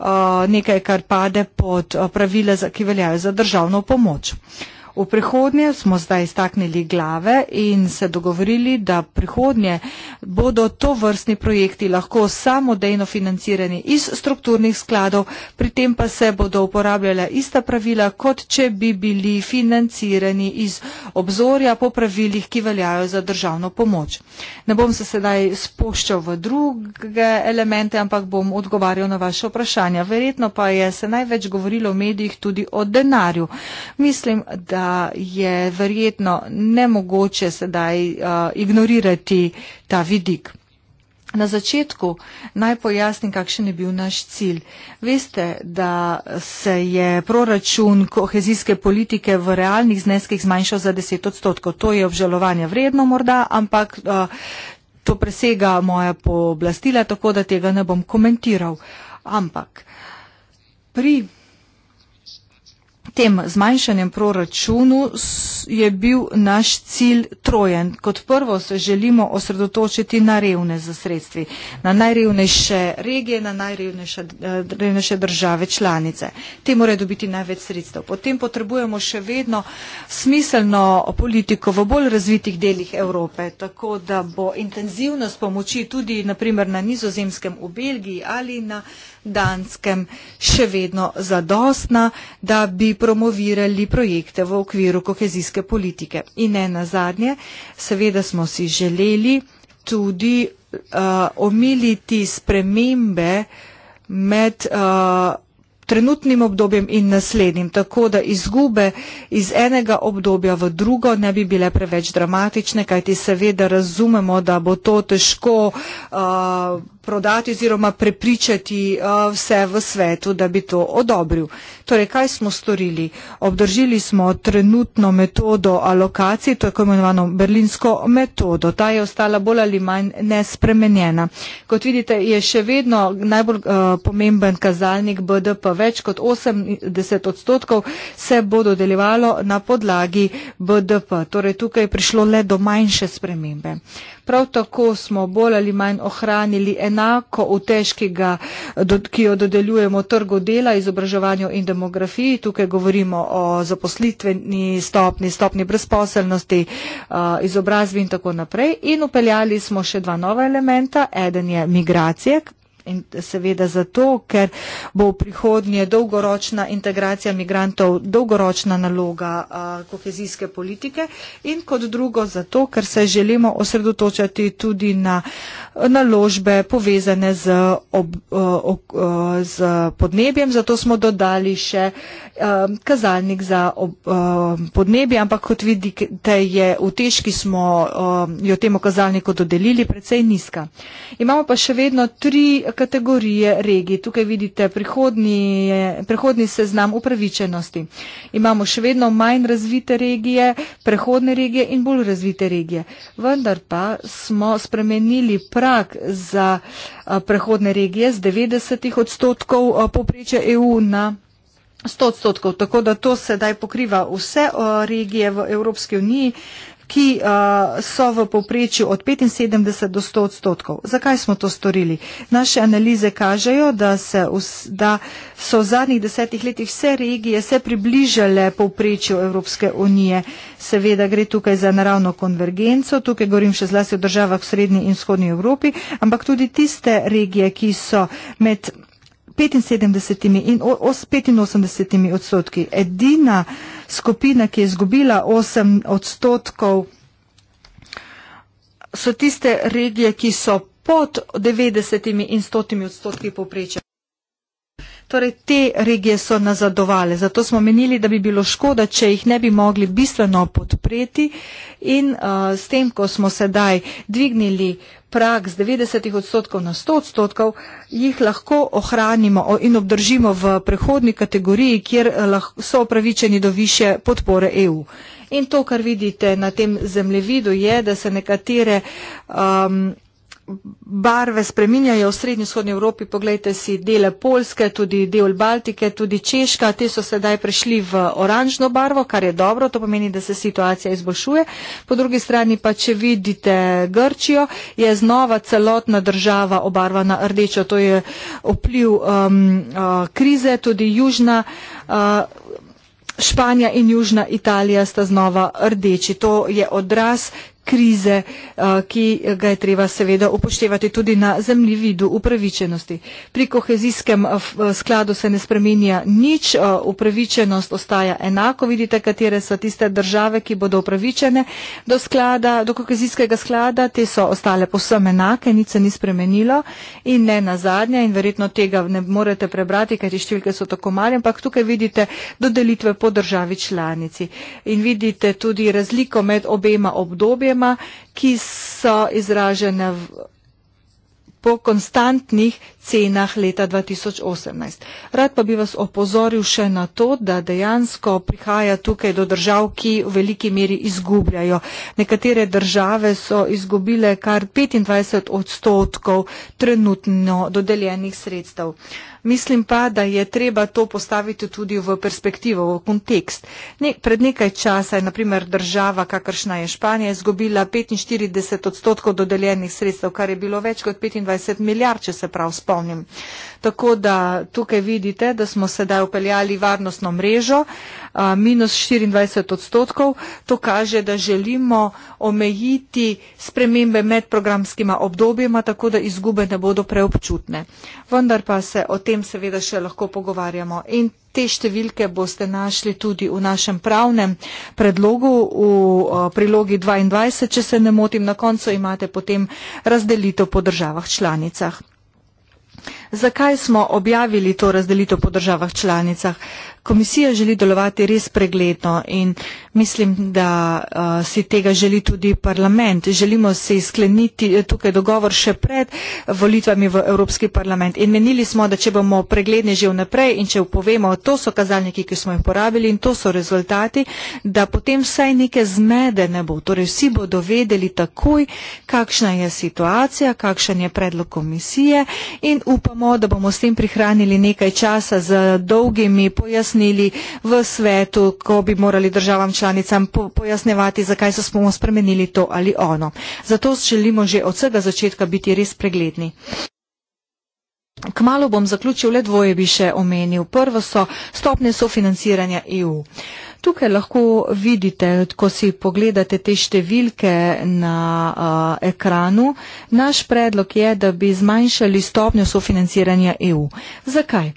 Speaker 2: Eh, nekaj, kar pade pod eh, pravile, ki veljajo za državno pomoč. V prihodnje smo zdaj staknili glave in se dogovorili, da prihodnje bodo to vrstni projekti lahko samodejno financirani iz strukturnih skladov, pri tem pa se bodo uporabljala ista pravila, kot če bi bili financirani iz obzorja po pravilih, ki veljajo za državno pomoč. Ne bom se sedaj spuščal v druge elemente, ampak bom odgovarjal na vaše vprašanja. Verjetno pa je se največ govorilo v medijih tudi o denarju. Mislim, da da je verjetno nemogoče sedaj uh, ignorirati ta vidik. Na začetku naj pojasnim, kakšen je bil naš cilj. Veste, da se je proračun kohezijske politike v realnih zneskih zmanjšal za 10 odstotkov. To je obžalovanje vredno morda, ampak uh, to presega moja pooblastila, tako da tega ne bom komentiral. Ampak pri tem zmanjšanjem proračunu je bil naš cilj trojen. Kot prvo se želimo osredotočiti na revne za sredstvi, na najrevnejše regije, na najrevnejše eh, države članice. Te morajo dobiti največ sredstev. Potem potrebujemo še vedno smiselno politiko v bolj razvitih delih Evrope, tako da bo intenzivnost pomoči tudi naprimer na nizozemskem v Belgiji ali na Danskem še vedno zadostna, da bi promovirali projekte v okviru kohezijske politike. In ne na zadnje, seveda smo si želeli tudi uh, omiliti spremembe med uh, trenutnim obdobjem in naslednjim, tako da izgube iz enega obdobja v drugo ne bi bile preveč dramatične, kajti seveda razumemo, da bo to težko uh, prodati oziroma prepričati eh, vse v svetu, da bi to odobril. Torej, kaj smo storili? Obdržili smo trenutno metodo alokacije, tako imenovano berlinsko metodo. Ta je ostala bolj ali manj nespremenjena. Kot vidite, je še vedno najbolj uh, pomemben kazalnik BDP. Več kot 80 odstotkov se bo dodeljevalo na podlagi BDP. Torej, tukaj je prišlo le do manjše spremembe. Prav tako smo bolj ali manj ohranili enako utež, ki, ga, ki jo dodeljujemo trgu dela, izobraževanju in demografiji. Tukaj govorimo o zaposlitveni stopni, stopni brezposelnosti, izobrazbi in tako naprej. In upeljali smo še dva nova elementa. Eden je migracije, In seveda zato, ker bo v prihodnje dolgoročna integracija migrantov dolgoročna naloga a, kohezijske politike in kot drugo zato, ker se želimo osredotočati tudi na naložbe povezane z, ob, o, o, z podnebjem. Zato smo dodali še a, kazalnik za ob, a, podnebje, ampak kot vidite, je v težki smo a, jo temu kazalniku dodelili, predvsej nizka. Imamo pa še vedno tri kategorije regij. Tukaj vidite prihodni, prihodni seznam upravičenosti. Imamo še vedno manj razvite regije, prehodne regije in bolj razvite regije. Vendar pa smo spremenili prak za prehodne regije z 90 odstotkov popreče EU na. 100 odstotkov, tako da to sedaj pokriva vse regije v Evropski uniji ki uh, so v povprečju od 75 do 100 odstotkov. Zakaj smo to storili? Naše analize kažejo, da, se, da so v zadnjih desetih letih vse regije se približale povprečju Evropske unije. Seveda gre tukaj za naravno konvergenco, tukaj govorim še zlasti o državah v srednji in vzhodni Evropi, ampak tudi tiste regije, ki so med 75 in 85 odstotki. Edina skupina, ki je izgubila 8 odstotkov, so tiste regije, ki so pod 90 in 100 odstotki poprečja. Torej, te regije so nazadovale, zato smo menili, da bi bilo škoda, če jih ne bi mogli bistveno podpreti in uh, s tem, ko smo sedaj dvignili prak z 90 odstotkov na 100 odstotkov, jih lahko ohranimo in obdržimo v prehodni kategoriji, kjer eh, so upravičeni do više podpore EU. In to, kar vidite na tem zemljevidu, je, da se nekatere um, barve spreminjajo v srednjo-shodnji Evropi, pogledajte si dele Polske, tudi del Baltike, tudi Češka, te so sedaj prešli v oranžno barvo, kar je dobro, to pomeni, da se situacija izboljšuje. Po drugi strani pa, če vidite Grčijo, je znova celotna država obarvana rdečo, to je vpliv um, uh, krize, tudi južna. Uh, Španija in Južna Italija sta znova rdeči. To je odraz krize, eh, ki ga je treba seveda upoštevati tudi na zemljevidu upravičenosti. Pri kohezijskem eh, eh, skladu se ne spremenja nič, upravičenost ostaja enako, vidite, katere so tiste države, ki bodo upravičene do, sklada, do kohezijskega sklada, te so ostale posebej enake, nič se ni spremenilo in ne na zadnje in verjetno tega ne morete prebrati, ker ti številke so tako male, ampak tukaj vidite dodelitve po državi članici in vidite tudi razliko med obema obdobjema, poudarjamo, ki so izražene v, po konstantnih cenah leta 2018. Rad pa bi vas opozoril še na to, da dejansko prihaja tukaj do držav, ki v veliki meri izgubljajo. Nekatere države so izgubile kar 25 odstotkov trenutno dodeljenih sredstev. Mislim pa, da je treba to postaviti tudi v perspektivo, v kontekst. Ne, pred nekaj časa je, naprimer, država, kakršna je Španija, izgubila 45 odstotkov dodeljenih sredstev, kar je bilo več kot 25 milijard, če se prav spomnim spomnim. Tako da tukaj vidite, da smo sedaj upeljali varnostno mrežo a, minus 24 odstotkov. To kaže, da želimo omejiti spremembe med programskima obdobjima, tako da izgube ne bodo preobčutne. Vendar pa se o tem seveda še lahko pogovarjamo. In te številke boste našli tudi v našem pravnem predlogu v prilogi 22, če se ne motim. Na koncu imate potem razdelitev po državah članicah. Zakaj smo objavili to razdelitev po državah članicah? komisija želi delovati res pregledno in mislim, da uh, si tega želi tudi parlament. Želimo se izkleniti eh, tukaj dogovor še pred volitvami v Evropski parlament in menili smo, da če bomo pregledni že vnaprej in če upovemo, to so kazalniki, ki smo jih porabili in to so rezultati, da potem vsaj neke zmede ne bo. Torej vsi bodo vedeli takoj, kakšna je situacija, kakšen je predlog komisije in upamo, da bomo s tem prihranili nekaj časa z dolgimi pojasnimi pojasnili v svetu, ko bi morali državam članicam pojasnevati, zakaj so smo spremenili to ali ono. Zato želimo že od vsega začetka biti res pregledni. Kmalo bom zaključil, le dvoje bi še omenil. Prvo so stopne sofinanciranja EU. Tukaj lahko vidite, ko si pogledate te številke na uh, ekranu, naš predlog je, da bi zmanjšali stopnjo sofinanciranja EU. Zakaj?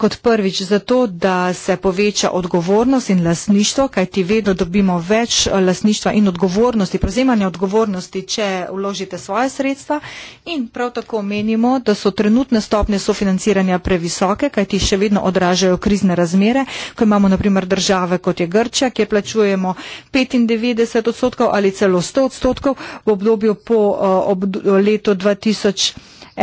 Speaker 2: kot prvič zato, da se poveča odgovornost in lasništvo, kajti vedno dobimo več eh, lasništva in odgovornosti, prevzemanja odgovornosti, če vložite svoje sredstva in prav tako menimo, da so trenutne stopnje sofinanciranja previsoke, kajti še vedno odražajo krizne razmere, ko imamo naprimer države kot je Grčja, kjer plačujemo 95 odstotkov ali celo 100 odstotkov v obdobju po uh, ob, letu 2000.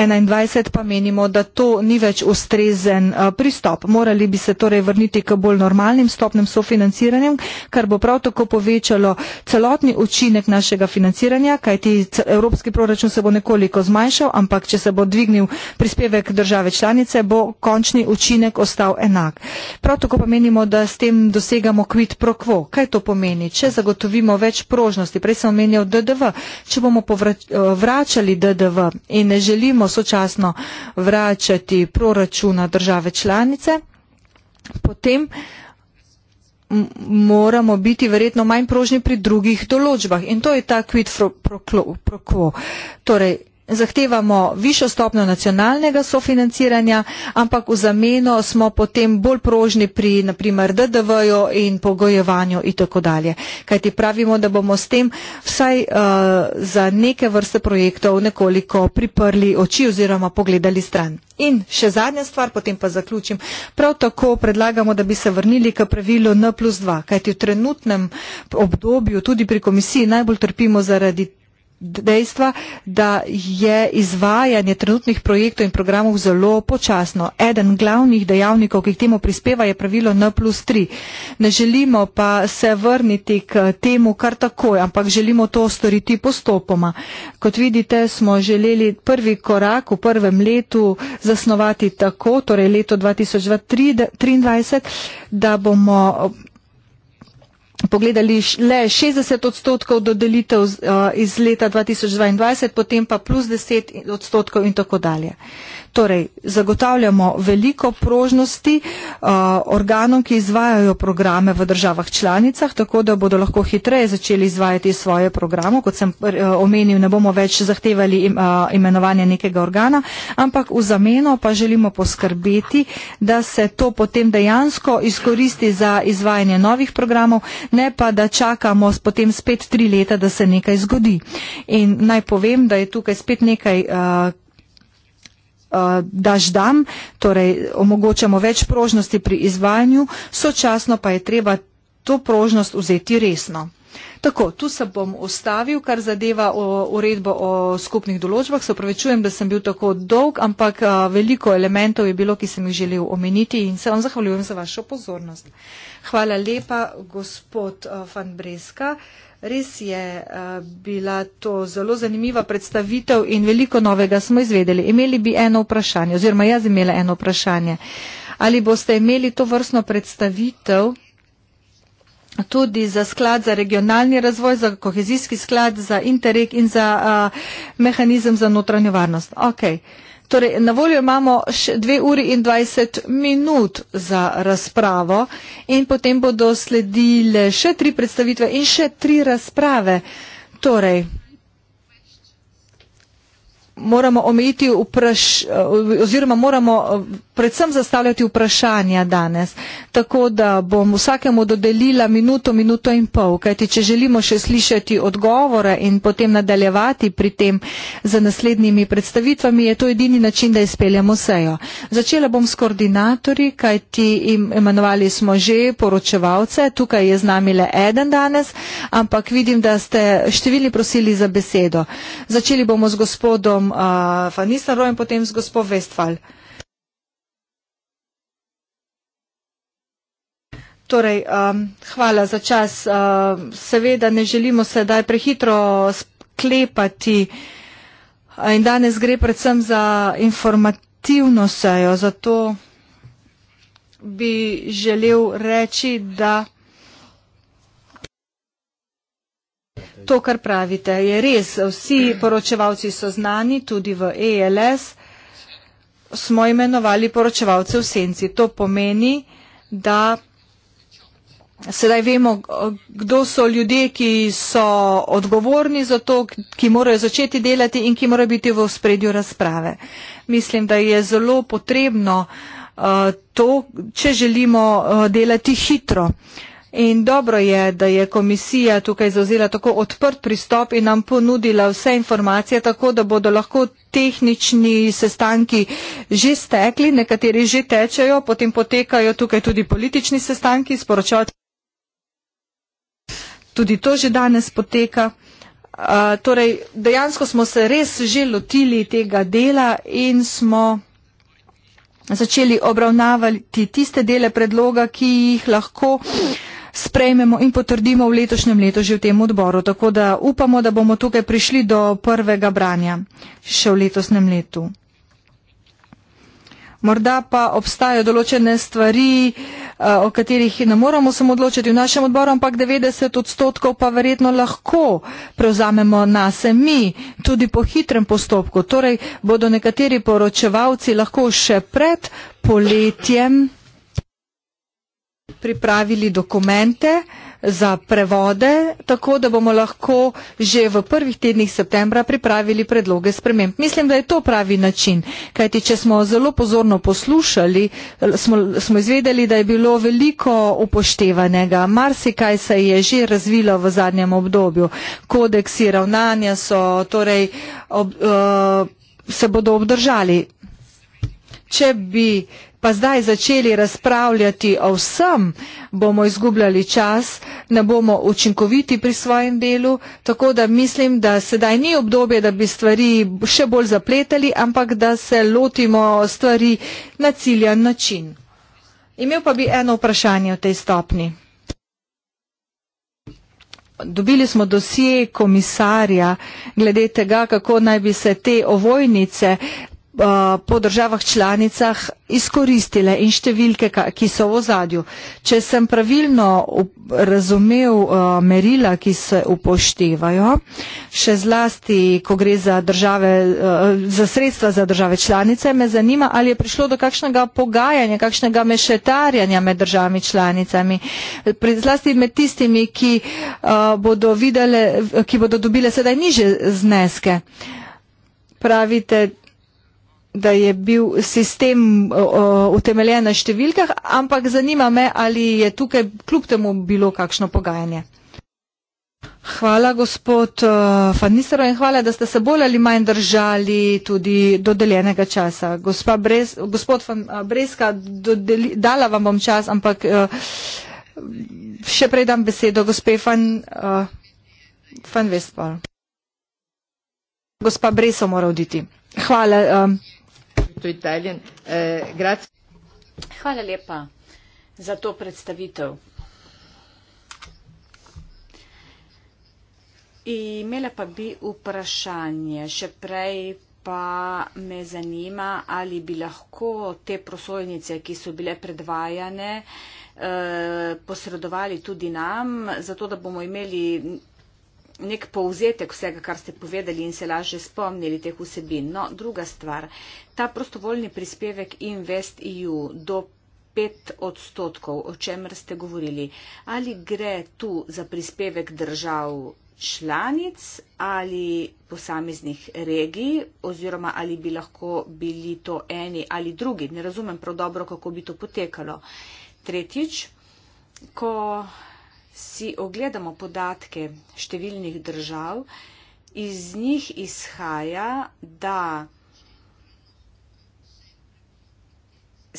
Speaker 2: 2021 pa menimo, da to ni več ustrezen eh, pristop. Morali bi se torej vrniti k bolj normalnim stopnem sofinanciranjem, kar bo prav tako povečalo celotni učinek našega financiranja, kajti evropski proračun se bo nekoliko zmanjšal, ampak če se bo dvignil prispevek države članice, bo končni učinek ostal enak. Prav tako pa menimo, da s tem dosegamo kvit pro quo. Kaj to pomeni? Če zagotovimo več prožnosti, prej sem omenjal DDV, če bomo eh, vračali DDV in ne želimo sočasno vračati proračuna države članice, potem moramo biti verjetno manj prožni pri drugih določbah. In to je ta quid pro quo. Torej, zahtevamo višjo stopnjo nacionalnega sofinanciranja, ampak v zameno smo potem bolj prožni pri naprimer DDV-ju in pogojevanju itd. Kajti pravimo, da bomo s tem vsaj uh, za neke vrste projektov nekoliko priprli oči oziroma pogledali stran. In še zadnja stvar, potem pa zaključim. Prav tako predlagamo, da bi se vrnili k pravilu N plus 2, kajti v trenutnem obdobju tudi pri komisiji najbolj trpimo zaradi dejstva, da je izvajanje trenutnih projektov in programov zelo počasno. Eden glavnih dejavnikov, ki k temu prispeva, je pravilo N plus 3. Ne želimo pa se vrniti k temu kar takoj, ampak želimo to storiti postopoma. Kot vidite, smo želeli prvi korak v prvem letu zasnovati tako, torej leto 2023, da bomo pogledali le 60 odstotkov dodelitev eh, iz leta 2022, potem pa plus 10 odstotkov in tako dalje. Torej, zagotavljamo veliko prožnosti uh, organom, ki izvajajo programe v državah članicah, tako da bodo lahko hitreje začeli izvajati svoje programe. Kot sem uh, omenil, ne bomo več zahtevali uh, imenovanja nekega organa, ampak v zameno pa želimo poskrbeti, da se to potem dejansko izkoristi za izvajanje novih programov, ne pa da čakamo potem spet tri leta, da se nekaj zgodi. In naj povem, da je tukaj spet nekaj, uh, Eh, daš dam, torej omogočamo več prožnosti pri izvajanju, sočasno pa je treba to prožnost vzeti resno. Tako, tu se bom ustavil, kar zadeva uredbo o skupnih določbah. Se upravičujem, da sem bil tako dolg, ampak eh, veliko elementov je bilo, ki sem jih želel omeniti in se vam zahvaljujem za vašo pozornost. Hvala lepa, gospod eh, Van Breska. Res je a, eh, bila to zelo zanimiva predstavitev in veliko novega smo izvedeli. Imeli bi eno vprašanje, oziroma jaz imela eno vprašanje. Ali boste imeli to vrstno predstavitev tudi za sklad za regionalni razvoj, za kohezijski sklad, za interreg in za a, eh, mehanizem za notranjo varnost? Okay. Torej, na voljo imamo še 2 uri in 20 minut za razpravo in potem bodo sledile še tri predstavitve in še tri razprave. Torej, moramo omejiti vpraš, eh, oziroma moramo eh, predvsem zastavljati vprašanja danes, tako da bom vsakemu dodelila minuto, minuto in pol, kajti če želimo še slišati odgovore in potem nadaljevati pri tem za naslednjimi predstavitvami, je to edini način, da izpeljemo sejo. Začela bom s koordinatorji, kajti imenovali smo že poročevalce, tukaj je z nami le eden danes, ampak vidim, da ste številni prosili za besedo. Začeli bomo z gospodom uh, van Nistelrooy in potem z gospod Westfal. Torej, um, hvala za čas. Uh, seveda ne želimo sedaj prehitro sklepati in danes gre predvsem za informativno sejo, zato bi želel reči, da. To, kar pravite, je res. Vsi poročevalci so znani, tudi v ELS smo imenovali poročevalce v senci. To pomeni, da sedaj vemo, kdo so ljudje, ki so odgovorni za to, ki morajo začeti delati in ki morajo biti v spredju razprave. Mislim, da je zelo potrebno uh, to, če želimo uh, delati hitro. Uh, In dobro je, da je komisija tukaj zauzela tako odprt pristop in nam ponudila vse informacije, tako da bodo lahko tehnični sestanki že stekli, nekateri že tečejo, potem potekajo tukaj tudi politični sestanki, sporočajo. Tudi to že danes poteka. Uh, torej, dejansko smo se res že lotili tega dela in smo začeli obravnavati tiste dele predloga, ki jih lahko uh, sprejmemo in potrdimo v letošnjem letu že v tem odboru. Tako da upamo, da bomo tukaj prišli do prvega branja še v letošnjem letu. Morda pa obstajajo določene stvari, eh, o katerih ne moramo samo odločiti v našem odboru, ampak 90 odstotkov pa verjetno lahko prevzamemo na se mi, tudi po hitrem postopku. Torej bodo nekateri poročevalci lahko še pred poletjem pripravili dokumente za prevode, tako da bomo lahko že v prvih tednih septembra pripravili predloge sprememb. Mislim, da je to pravi način, kajti če smo zelo pozorno poslušali, smo, smo izvedeli, da je bilo veliko upoštevanega. Marsikaj se je že razvilo v zadnjem obdobju. Kodeksi ravnanja so, torej, ob, uh, se bodo obdržali. Če bi pa zdaj začeli razpravljati o vsem, bomo izgubljali čas, ne bomo učinkoviti pri svojem delu, tako da mislim, da sedaj ni obdobje, da bi stvari še bolj zapletali, ampak da se lotimo stvari na ciljan način. Imel pa bi eno vprašanje o tej stopni. Dobili smo dosje komisarja glede tega, kako naj bi se te ovojnice Eh, po državah članicah izkoristile in številke, ki so v ozadju. Če sem pravilno razumev eh, merila, ki se upoštevajo, še zlasti, ko gre za, države, eh, za sredstva za države članice, me zanima, ali je prišlo do kakšnega pogajanja, kakšnega mešetarjanja med državami članicami, zlasti med tistimi, ki bodo, videle, ki bodo dobile sedaj niže zneske. Pravite, da je bil sistem utemeljen na številkah, ampak zanima me, ali je tukaj kljub temu bilo kakšno pogajanje. Hvala, gospod uh, eh, Fanisero, in hvala, da ste se bolj ali manj držali tudi dodeljenega časa. Brez, gospod Van, uh, Breska, dodeli, dala vam bom čas, ampak uh, še prej dam besedo gospe Fan, uh, Fan Vespal. Gospa Breso mora oditi. Hvala. Uh,
Speaker 3: to Italian. Eh, grazie. Hvala lepa za to predstavitev. Imela pa bi vprašanje, še prej pa me zanima, ali bi lahko te prosojnice, ki so bile predvajane, eh, posredovali tudi nam, zato da bomo imeli nek povzetek vsega, kar ste povedali in se lažje spomnili teh vsebin. No, druga stvar, ta prostovoljni prispevek InvestEU do 5 odstotkov, o čemer ste govorili, ali gre tu za prispevek držav članic ali posameznih regij oziroma ali bi lahko bili to eni ali drugi. Ne razumem prav dobro, kako bi to potekalo. Tretjič, ko si ogledamo podatke številnih držav, iz njih izhaja, da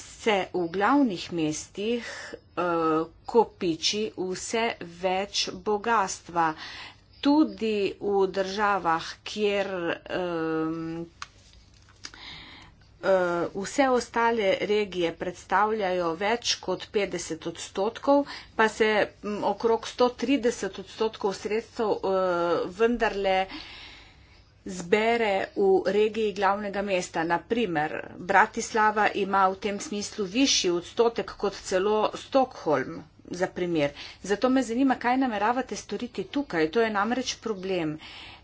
Speaker 3: se v glavnih mestih uh, kopiči vse več bogatstva. Tudi v državah, kjer um, Eh, vse ostale regije predstavljajo več kot 50 odstotkov, pa se mm, okrog 130 odstotkov sredstev eh, vendarle zbere v regiji glavnega mesta. Naprimer, Bratislava ima v tem smislu višji odstotek kot celo Stokholm. Za Zato me zanima, kaj nameravate storiti tukaj. To je namreč problem.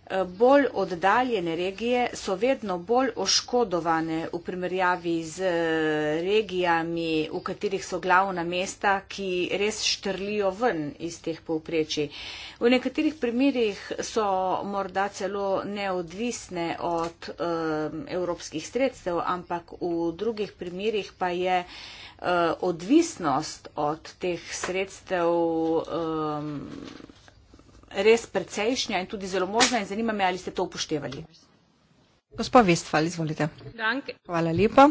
Speaker 3: Eh, bolj oddaljene regije so vedno bolj oškodovane v primerjavi z eh, regijami, v katerih so glavna mesta, ki res štrlijo ven iz teh povprečij. V nekaterih primerjih so morda celo neodvisne od um, evropskih sredstev, ampak v drugih primerjih pa je um, odvisnost od teh sredstev um, res precejšnja in tudi zelo možna in zanima me, ali ste to upoštevali. Gospa Vestfal, izvolite. Danke.
Speaker 2: Hvala lepa.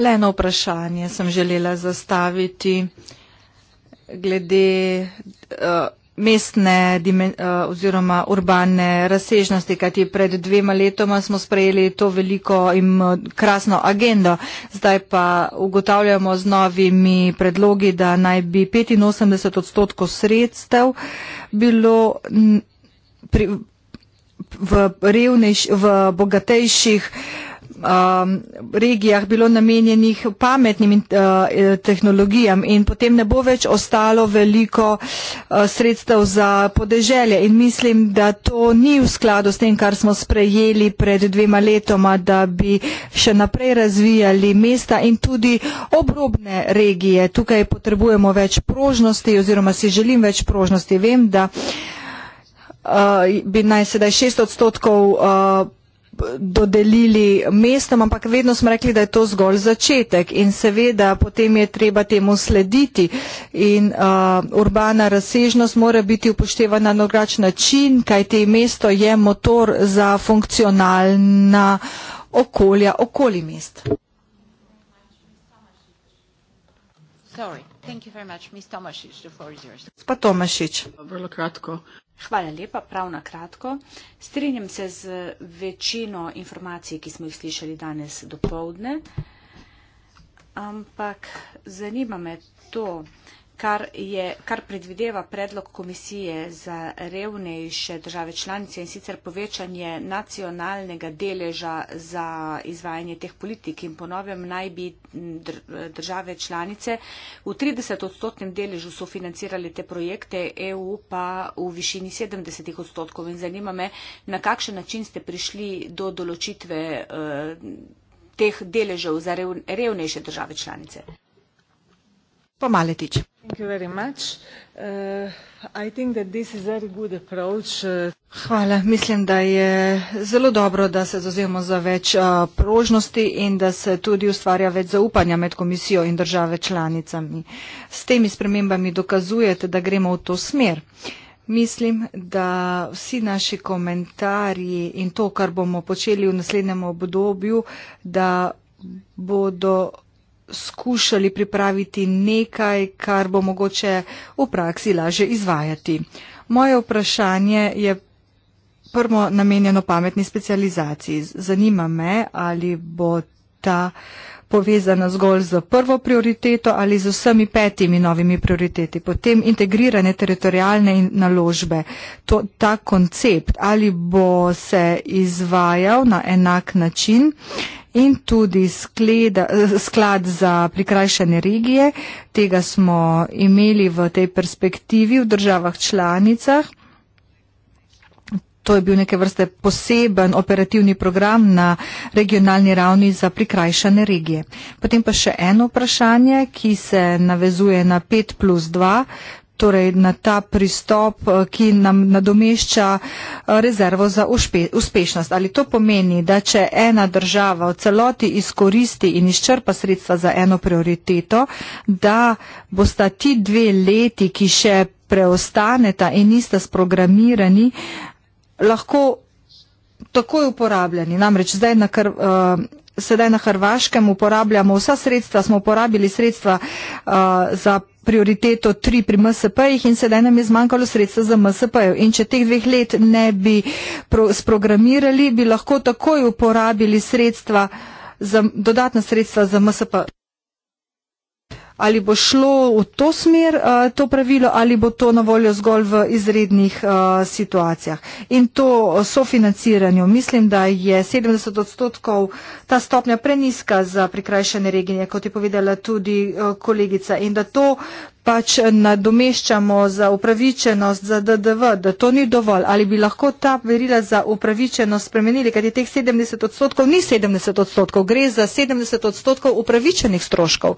Speaker 2: Le eno vprašanje sem želela zastaviti glede. Uh, mestne eh, oziroma urbane razsežnosti, kajti pred dvema letoma smo sprejeli to veliko in eh, krasno agendo. Zdaj pa ugotavljamo z novimi predlogi, da naj bi 85 odstotkov sredstev bilo pri, v, revnejš, v bogatejših uh, um, regijah bilo namenjenih pametnim in, uh, eh, tehnologijam in potem ne bo več ostalo veliko uh, sredstev za podeželje. In mislim, da to ni v skladu s tem, kar smo sprejeli pred dvema letoma, da bi še naprej razvijali mesta in tudi obrobne regije. Tukaj potrebujemo več prožnosti oziroma si želim več prožnosti. Vem, da uh, bi naj sedaj šest odstotkov uh, dodelili mestom, ampak vedno smo rekli, da je to zgolj začetek in seveda potem je treba temu slediti in uh, urbana razsežnost mora biti upoštevana na drugač način, kaj te mesto je motor za funkcionalna okolja okoli mest.
Speaker 3: Sorry. Thank you very much. Ms. Tomašič, the floor is yours.
Speaker 2: Pa Tomašič.
Speaker 3: Vrlo kratko. Hvala lepa, prav na kratko. Strinjam se z večino informacij, ki smo jih slišali danes do povdne, ampak zanima me to, da kar, je, kar predvideva predlog komisije za revnejše države članice in sicer povečanje nacionalnega deleža za izvajanje teh politik in ponovem naj bi države članice v 30 odstotnem deležu sofinancirali te projekte, EU pa v višini 70 odstotkov in zanima me, na kakšen način ste prišli do določitve eh, teh deležev za revnejše države članice.
Speaker 2: Pa Maletič. Uh, uh, Hvala. Mislim, da je zelo dobro, da se zazemo za več uh, prožnosti in da se tudi ustvarja več zaupanja med komisijo in države članicami. S temi spremembami dokazujete, da gremo v to smer. Mislim, da vsi naši komentarji in to, kar bomo počeli v naslednjem obdobju, da bodo skušali pripraviti nekaj, kar bo mogoče v praksi laže izvajati. Moje vprašanje je prvo namenjeno pametni specializaciji. Zanima me, ali bo ta uh, povezana zgolj z prvo prioriteto ali z vsemi petimi novimi prioriteti. Potem integrirane teritorijalne naložbe. To, ta koncept ali bo se izvajal na enak način in tudi skleda, sklad za prikrajšanje regije. Tega smo imeli v tej perspektivi v državah članicah to je bil neke vrste poseben operativni program na regionalni ravni za prikrajšane regije. Potem pa še eno vprašanje, ki se navezuje na 5 plus 2 torej na ta pristop, eh, ki nam nadomešča eh, rezervo za uspešnost. Ali to pomeni, da če ena država v celoti izkoristi in izčrpa sredstva za eno prioriteto, da bosta ti dve leti, ki še preostaneta in nista sprogramirani, lahko takoj uporabljeni. Namreč zdaj na kr, uh, eh, sedaj na Hrvaškem uporabljamo vsa sredstva, smo uporabili sredstva uh, za prioriteto tri pri MSP-jih in sedaj nam je zmanjkalo sredstva za MSP-jo. In če teh dveh let ne bi pro, sprogramirali, bi lahko takoj uporabili sredstva, za, dodatna sredstva za MSP ali bo šlo v to smer eh, to pravilo ali bo to na voljo zgolj v izrednih eh, situacijah. In to eh, sofinanciranju. Mislim, da je 70 odstotkov ta stopnja preniska za prikrajšane regije, kot je povedala tudi kolegica, in da to pač nadomeščamo za upravičenost za DDV, da to ni dovolj. Ali bi lahko ta verila za upravičenost spremenili, kaj je teh 70 odstotkov, ni 70 odstotkov, gre za 70 odstotkov upravičenih stroškov.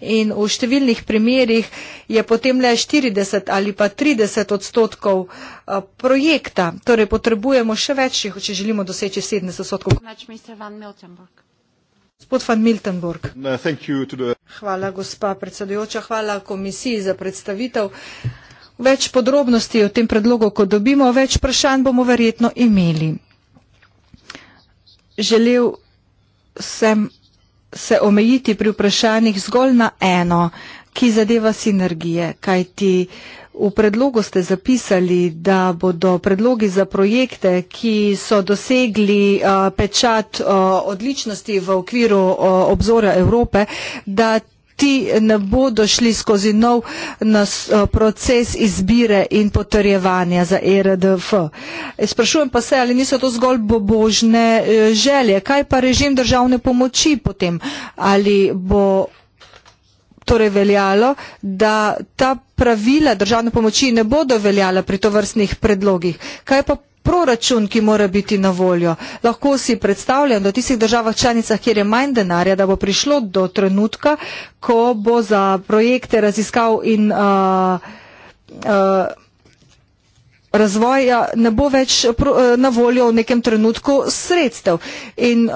Speaker 2: In v številnih primerjih je potem le 40 ali pa 30 odstotkov eh, projekta. Torej potrebujemo še večjih, če želimo doseči 70
Speaker 3: odstotkov.
Speaker 2: Gospod van Miltenburg. No, Hvala, gospa predsedujoča. Hvala komisiji za predstavitev. Več podrobnosti o tem predlogu, ko dobimo, več vprašanj bomo verjetno imeli. Želel sem se omejiti pri vprašanjih zgolj na eno, ki zadeva sinergije, kaj ti vprašanje. V predlogu ste zapisali, da bodo predlogi za projekte, ki so dosegli uh, pečat uh, odličnosti v okviru uh, obzora Evrope, da ti ne bodo šli skozi nov nas, uh, proces izbire in potrjevanja za e RDF. Sprašujem pa se, ali niso to zgolj božne uh, želje. Kaj pa režim državne pomoči potem? Ali bo torej veljalo, da ta pravila državne pomoči ne bodo veljala pri tovrstnih predlogih. Kaj pa proračun, ki mora biti na voljo? Lahko si predstavljam, da v tistih državah članicah, kjer je manj denarja, da bo prišlo do trenutka, ko bo za projekte raziskav in razvoja ne bo več na voljo v nekem trenutku sredstev. In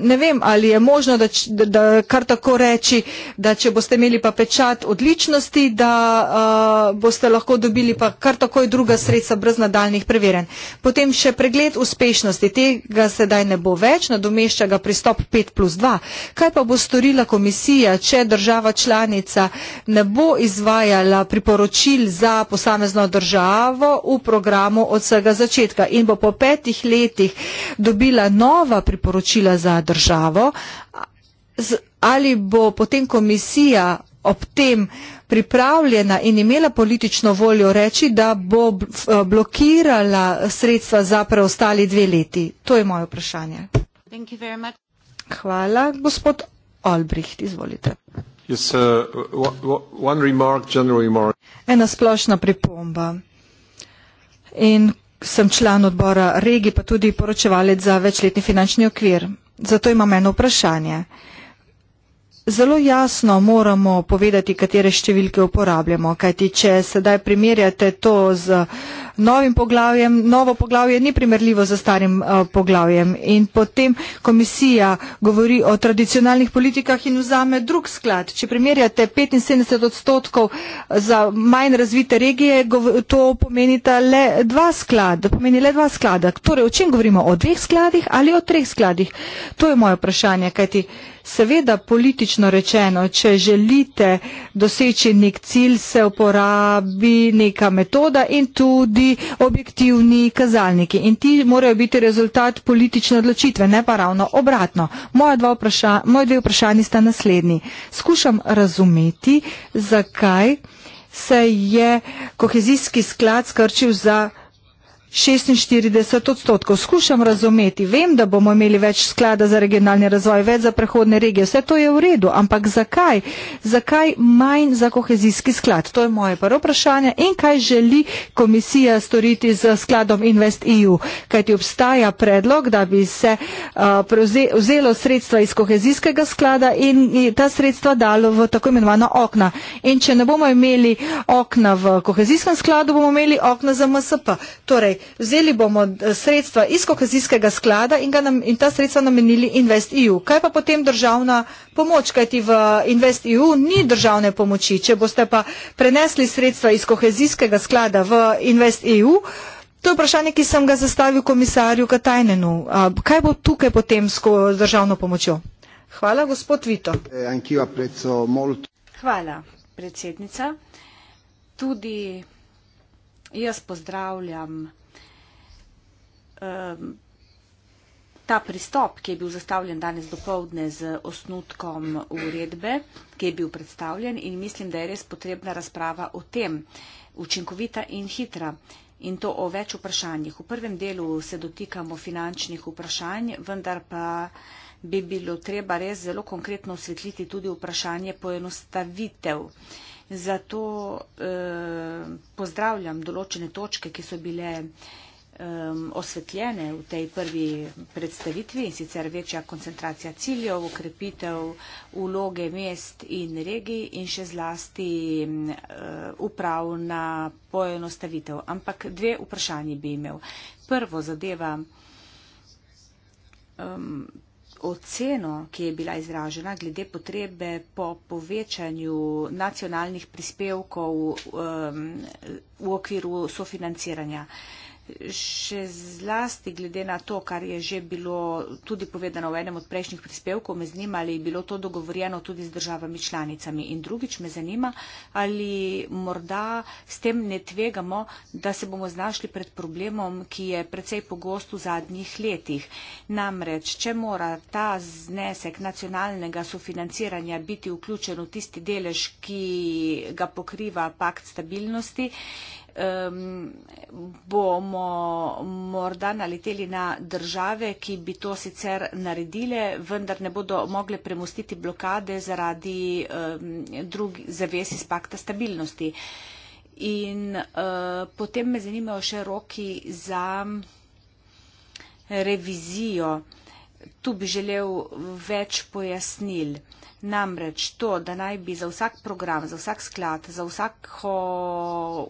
Speaker 2: ne vem, ali je možno, da, da kar tako reči, da če boste imeli pa pečat odličnosti, da uh, boste lahko dobili pa kar takoj druga sredstva brez nadaljnih preveren. Potem še pregled uspešnosti, tega sedaj ne bo več, nadomešča ga pristop 5 plus 2. Kaj pa bo storila komisija, če država članica ne bo izvajala priporočil za posamezno državo v programu od vsega začetka in bo po petih letih dobila nova priporočila za državo. Ali bo potem komisija ob tem pripravljena in imela politično voljo reči, da bo blokirala sredstva za preostali dve leti? To je moje vprašanje. Hvala, gospod Albricht, izvolite.
Speaker 3: Yes, uh, one remark, remark.
Speaker 2: Ena splošna pripomba. In sem član odbora regi, pa tudi poročevalec za večletni finančni okvir zato imam eno vprašanje zelo jasno moramo povedati, katere številke uporabljamo. Kajti, če sedaj primerjate to z novim poglavjem, novo poglavje ni primerljivo z starim uh, poglavjem. In potem komisija govori o tradicionalnih politikah in vzame drug sklad. Če primerjate 75 odstotkov za manj razvite regije, to pomeni le dva sklada. Pomeni le dva sklada. Torej, o čem govorimo? O dveh skladih ali o treh skladih? To je moje vprašanje. Kajti, Seveda politično rečeno, če želite doseči nek cilj, se uporabi neka metoda in tudi objektivni kazalniki. In ti morajo biti rezultat politične odločitve, ne pa ravno obratno. Moje vpraša dve vprašanje sta naslednji. Skušam razumeti, zakaj se je kohezijski sklad skrčil za 46 odstotkov. Skušam razumeti, vem, da bomo imeli več sklada za regionalni razvoj, več za prehodne regije, vse to je v redu, ampak zakaj? Zakaj manj za kohezijski sklad? To je moje prvo vprašanje. In kaj želi komisija storiti z skladom InvestEU? Kaj ti obstaja predlog, da bi se uh, vzelo sredstva iz kohezijskega sklada in, in ta sredstva dalo v tako imenovana okna? In če ne bomo imeli okna v kohezijskem skladu, bomo imeli okna za MSP. Torej, vzeli bomo eh, sredstva iz kohezijskega sklada in, nam, in ta sredstva namenili InvestEU. Kaj pa potem državna pomoč, kajti v InvestEU ni državne pomoči. Če boste pa prenesli sredstva iz kohezijskega sklada v InvestEU, to je vprašanje, ki sem ga zastavil komisarju Katajnenu. Kaj bo tukaj potem s državno pomočjo? Hvala, gospod Vito. Eh,
Speaker 3: Hvala, predsednica. Tudi jaz pozdravljam um, ta pristop, ki je bil zastavljen danes dopovdne z osnutkom uredbe, ki je bil predstavljen in mislim, da je res potrebna razprava o tem, učinkovita in hitra. In to o več vprašanjih. V prvem delu se dotikamo finančnih vprašanj, vendar pa bi bilo treba res zelo konkretno osvetliti tudi vprašanje poenostavitev. Zato eh, pozdravljam določene točke, ki so bile eh, um, osvetljene v tej prvi predstavitvi in sicer večja koncentracija ciljev, ukrepitev uloge mest in regij in še zlasti um, eh, upravna poenostavitev. Ampak dve vprašanji bi imel. Prvo zadeva um, oceno, ki je bila izražena glede potrebe po povečanju nacionalnih prispevkov um, v okviru sofinanciranja. Uh, še zlasti glede na to, kar je že bilo tudi povedano v enem od prejšnjih prispevkov, me zanima, ali je bilo to dogovorjeno tudi z državami članicami. In drugič me zanima, ali morda s tem ne tvegamo, da se bomo znašli pred problemom, ki je precej pogost v zadnjih letih. Namreč, če mora ta znesek nacionalnega sofinanciranja biti vključen v tisti delež, ki ga pokriva pakt stabilnosti, um, bomo morda naleteli na države, ki bi to sicer naredile, vendar ne bodo mogle premustiti blokade zaradi um, drugih zavez iz pakta stabilnosti. In uh, potem me zanimajo še roki za revizijo. Tu bi želel več pojasnil. Namreč to, da naj bi za vsak program, za vsak sklad, za vsako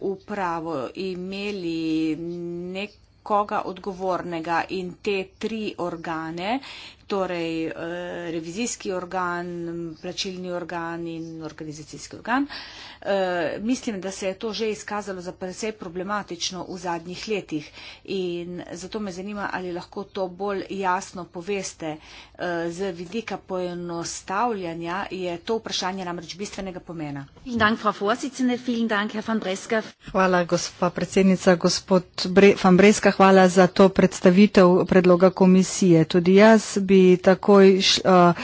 Speaker 3: upravo imeli nekoga odgovornega in te tri organe, torej eh, revizijski organ, plačilni organ in organizacijski organ. Eh, mislim, da se je to že izkazalo za precej problematično v zadnjih letih in zato me zanima, ali lahko to bolj jasno poveste. Eh, z vidika poenostavljanja je to vprašanje namreč bistvenega pomena.
Speaker 2: Hvala, gospa predsednica, gospod Bre, Fambreska, hvala za to predstavitev predloga komisije. Tudi jaz bi takoj uh,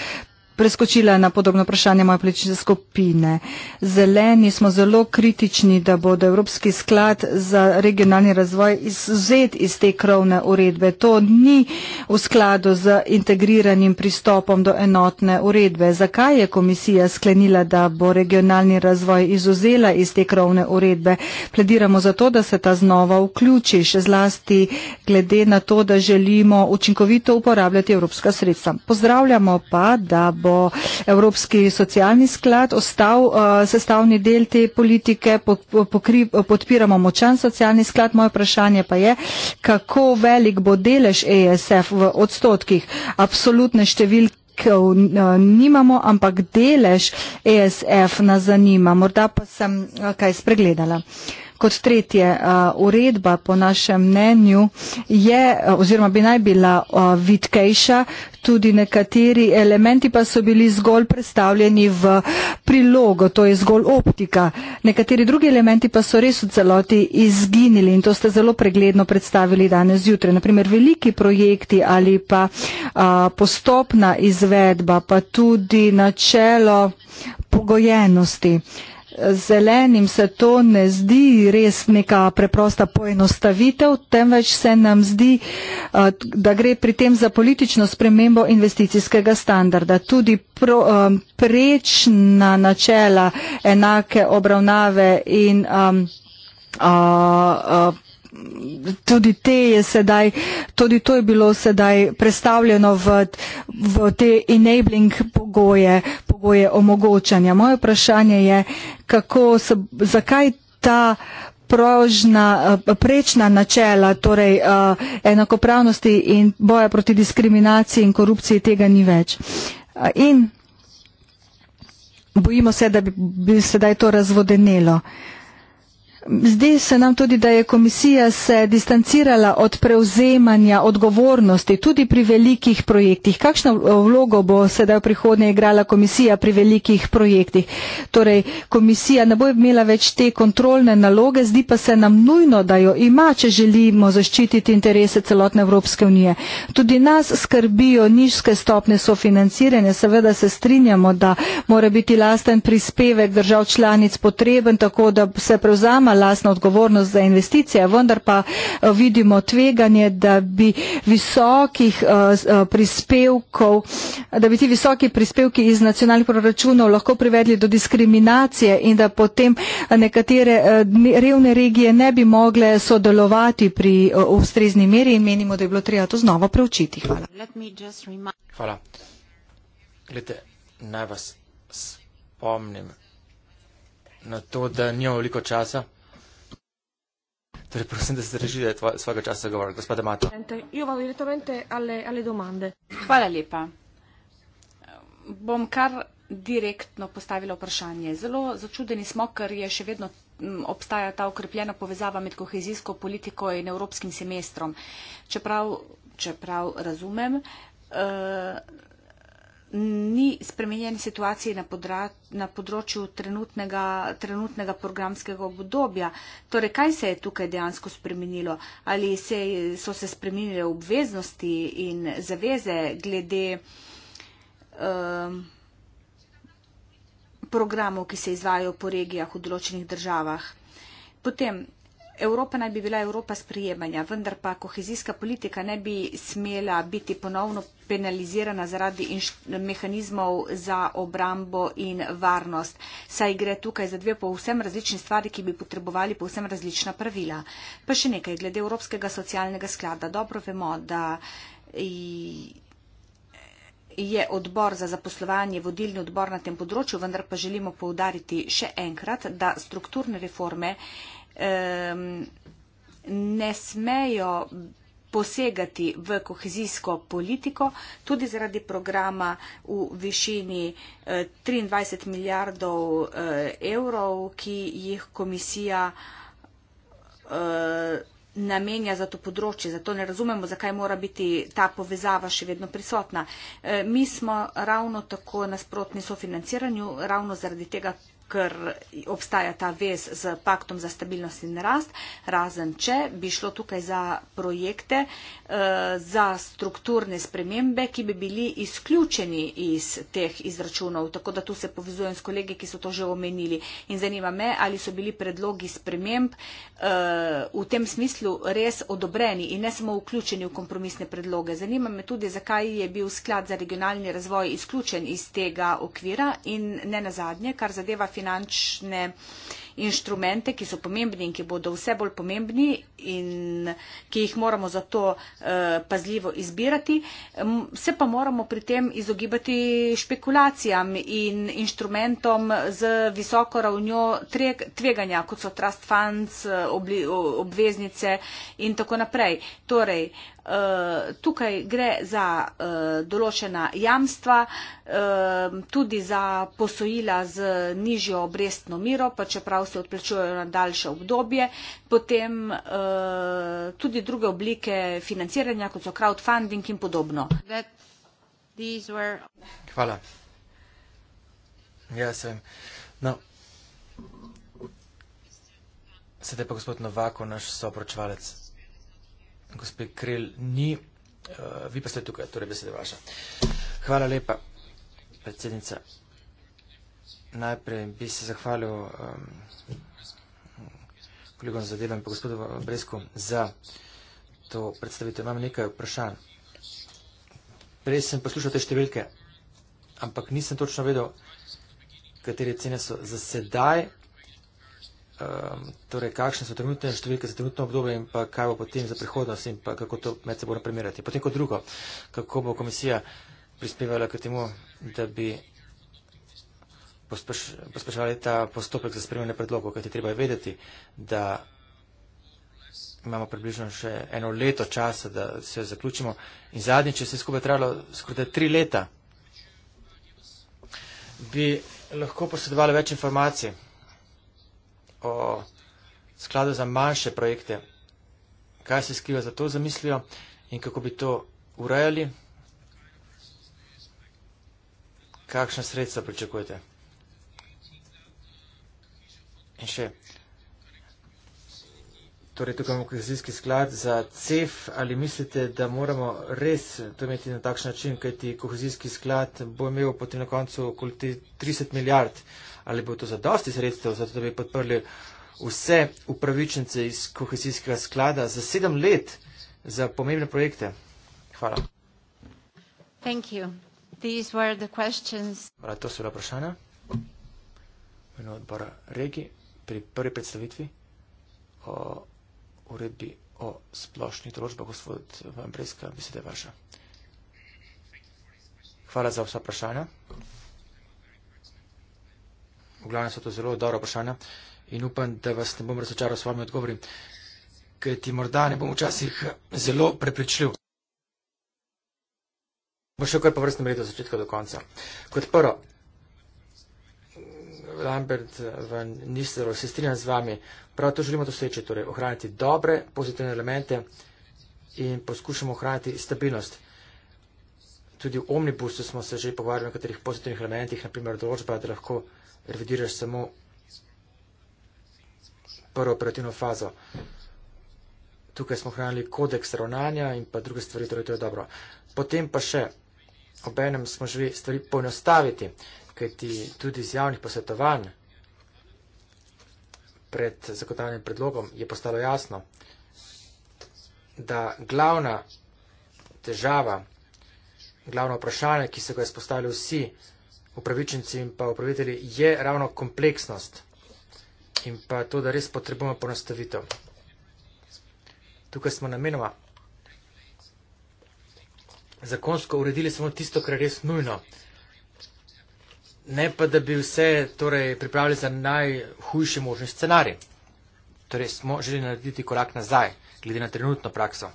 Speaker 2: preskočila na podobno vprašanje moje politične skupine. Zeleni smo zelo kritični, da bo Evropski sklad za regionalni razvoj izuzet iz te krovne uredbe. To ni v skladu z integriranim pristopom do enotne uredbe. Zakaj je komisija sklenila, da bo regionalni razvoj izuzela iz te krovne uredbe? Plediramo za to, da se ta znova vključi, še zlasti glede na to, da želimo učinkovito uporabljati evropska sredstva. Pozdravljamo pa, da bo Evropski socialni sklad ostal uh, sestavni del te politike, pod, pokri, podpiramo močan socialni sklad. Moje vprašanje pa je, kako velik bo delež ESF v odstotkih absolutne številke. Kev, uh, nimamo, ampak delež ESF nas zanima. Morda pa sem uh, kaj spregledala. Uh, Kot tretje, uredba po našem mnenju je oziroma bi naj bila vitkejša, tudi nekateri elementi pa so bili zgolj predstavljeni v prilogo, to je zgolj optika. Nekateri drugi elementi pa so res v celoti izginili in to ste zelo pregledno predstavili danes zjutraj. Naprimer, veliki projekti ali pa a, postopna izvedba, pa tudi načelo pogojenosti zelenim se to ne zdi res neka preprosta poenostavitev, temveč se nam zdi, eh, da gre pri tem za politično spremembo investicijskega standarda. Tudi pro, eh, prečna načela enake obravnave in a, a, Tudi, te je sedaj, tudi to je bilo sedaj predstavljeno v, v te enabling pogoje, pogoje omogočanja. Moje vprašanje je, se, zakaj ta prožna, eh, prečna načela, torej eh, enakopravnosti in boja proti diskriminaciji in korupciji tega ni več. In bojimo se, da bi, bi sedaj to razvodenelo. Uh, Zdi se nam tudi, da je komisija se distancirala od prevzemanja odgovornosti tudi pri velikih projektih. Kakšno vlogo bo sedaj v prihodnje igrala komisija pri velikih projektih? Torej, komisija ne bo imela več te kontrolne naloge, zdi pa se nam nujno, da jo ima, če želimo zaščititi interese celotne Evropske unije. Tudi nas skrbijo nižske stopne sofinanciranja. Seveda se strinjamo, da mora biti lasten prispevek držav članic potreben, tako da se prevzama lasna odgovornost za investicije, vendar pa eh, vidimo tveganje, da bi, visokih, eh, eh, da bi ti visoki prispevki iz nacionalnih proračunov lahko privedli do diskriminacije in da potem nekatere revne regije ne bi mogle sodelovati pri ustrezni meri in menimo, da je bilo treba to znova preučiti. Hvala.
Speaker 3: Hvala.
Speaker 1: Glede, naj vas spomnim na to, da nijo veliko časa. Torej, prosim, da se držite svojega časa govora. Gospod Amato.
Speaker 3: Io vado direttamente alle, alle domande. Hvala lepa. Bom kar direktno postavila vprašanje. Zelo začudeni smo, ker je še vedno obstaja ta okrepljena povezava med kohezijsko politiko in evropskim semestrom. Čeprav, čeprav razumem, uh, ni spremenjene situacije na, podra, na področju trenutnega, trenutnega programskega obdobja. Torej, kaj se je tukaj dejansko spremenilo? Ali se, so se spremenile obveznosti in zaveze glede um, programov, ki se izvajo po regijah v določenih državah? Potem, Evropa naj bi bila Evropa sprijemanja, vendar pa kohezijska politika ne bi smela biti ponovno penalizirana zaradi mehanizmov za obrambo in varnost. Saj gre tukaj za dve povsem različni stvari, ki bi potrebovali povsem različna pravila. Pa še nekaj, glede Evropskega socialnega sklada. Dobro vemo, da je odbor za zaposlovanje vodilni odbor na tem področju, vendar pa želimo poudariti še enkrat, da strukturne reforme um, ne smejo posegati v kohezijsko politiko, tudi zaradi programa v višini 23 eh, milijardov eh, evrov, ki jih komisija eh, namenja za to področje. Zato ne razumemo, zakaj mora biti ta povezava še vedno prisotna. Mi smo ravno tako nasprotni sofinanciranju, ravno zaradi tega, ker obstaja ta vez z paktom za stabilnost in rast, razen če bi šlo tukaj za projekte, Eh, za strukturne spremembe, ki bi bili izključeni iz teh izračunov. Tako da tu se povezujem s kolegi, ki so to že omenili. In zanima me, ali so bili predlogi sprememb eh, v tem smislu res odobreni in ne samo vključeni v kompromisne predloge. Zanima me tudi, zakaj je bil sklad za regionalni razvoj izključen iz tega okvira in ne nazadnje, kar zadeva finančne inštrumente, ki so pomembni in ki bodo vse bolj pomembni in ki jih moramo zato eh, pazljivo izbirati. Se pa moramo pri tem izogibati špekulacijam in inštrumentom z visoko ravnjo tveganja, kot so trust funds, eh, obveznice in tako naprej. Torej, Eh, tukaj gre za eh, določena jamstva, eh, tudi za posojila z nižjo obrestno miro, pa čeprav se odplačujejo na daljše obdobje, potem tudi druge oblike financiranja, kot so crowdfunding in podobno.
Speaker 1: Hvala. Ja, sem. No. Sedaj pa gospod Novako, naš sopročvalec gospe Krel ni. Eh, vi pa ste tukaj, torej beseda je vaša. Hvala lepa, predsednica. Najprej bi se zahvalil um, kolegom za delo in pa gospodu Bresku za to predstavitev. Imam nekaj vprašanj. Prej sem poslušal te številke, ampak nisem točno vedel, katere cene so za sedaj um, torej kakšne so trenutne številke za trenutno obdobje in pa kaj bo potem za prihodnost in pa kako to med seboj primerjati. Potem kot drugo, kako bo komisija prispevala k temu, da bi pospeš, pospešali ta postopek za spremljanje predlogov, kajti treba je vedeti, da imamo približno še eno leto časa, da se zaključimo in zadnji, če se skupaj trajalo skoraj tri leta, bi lahko posredovali več informacij o skladu za manjše projekte, kaj se skriva za to zamislijo in kako bi to urejali. Kakšna sredstva pričakujete? In še, torej tukaj imamo kohezijski sklad za CEF, ali mislite, da moramo res to imeti na takšen način, kajti kohezijski sklad bo imel potem na koncu okoli 30 milijard. Uh, ali bo to zadosti sredstev, zato da bi podprli vse upravičence iz kohezijskega sklada za sedem let za pomembne projekte. Hvala. Hvala, to so bila vprašanja. Eno odbora regi pri prvi predstavitvi o uredbi o splošnih določbah, gospod Vambreska, beseda je vaša. Hvala za vsa vprašanja. V glavnem so to zelo dobro vprašanje in upam, da vas ne bom razočaral s vami odgovori, ker ti morda ne bom včasih zelo prepričljiv. Bo še kar po vrstnem redu, začetka do konca. Kot prvo, Lambert, niste zelo, se strinjam z vami, prav to želimo doseči, torej ohraniti dobre, pozitivne elemente in poskušamo ohraniti stabilnost. Tudi v omnibusu smo se že pogovarjali o nekaterih pozitivnih elementih, naprimer določba, da lahko revidiraš samo prvo operativno fazo. Tukaj smo hranili kodeks ravnanja in pa druge stvari, torej to je dobro. Potem pa še, ob enem smo želi stvari poenostaviti, kajti tudi iz javnih posvetovanj pred zakotavljanjem predlogom je postalo jasno, da glavna težava, glavno vprašanje, ki se ga je spostavili vsi, upravičenci in pa upravitelji, je ravno kompleksnost in pa to, da res potrebujemo ponastavitev. Tukaj smo namenoma zakonsko uredili samo tisto, kar je res nujno. Ne pa, da bi vse torej, pripravili za najhujši možni scenarij. Torej smo želeli narediti korak nazaj, glede na trenutno prakso.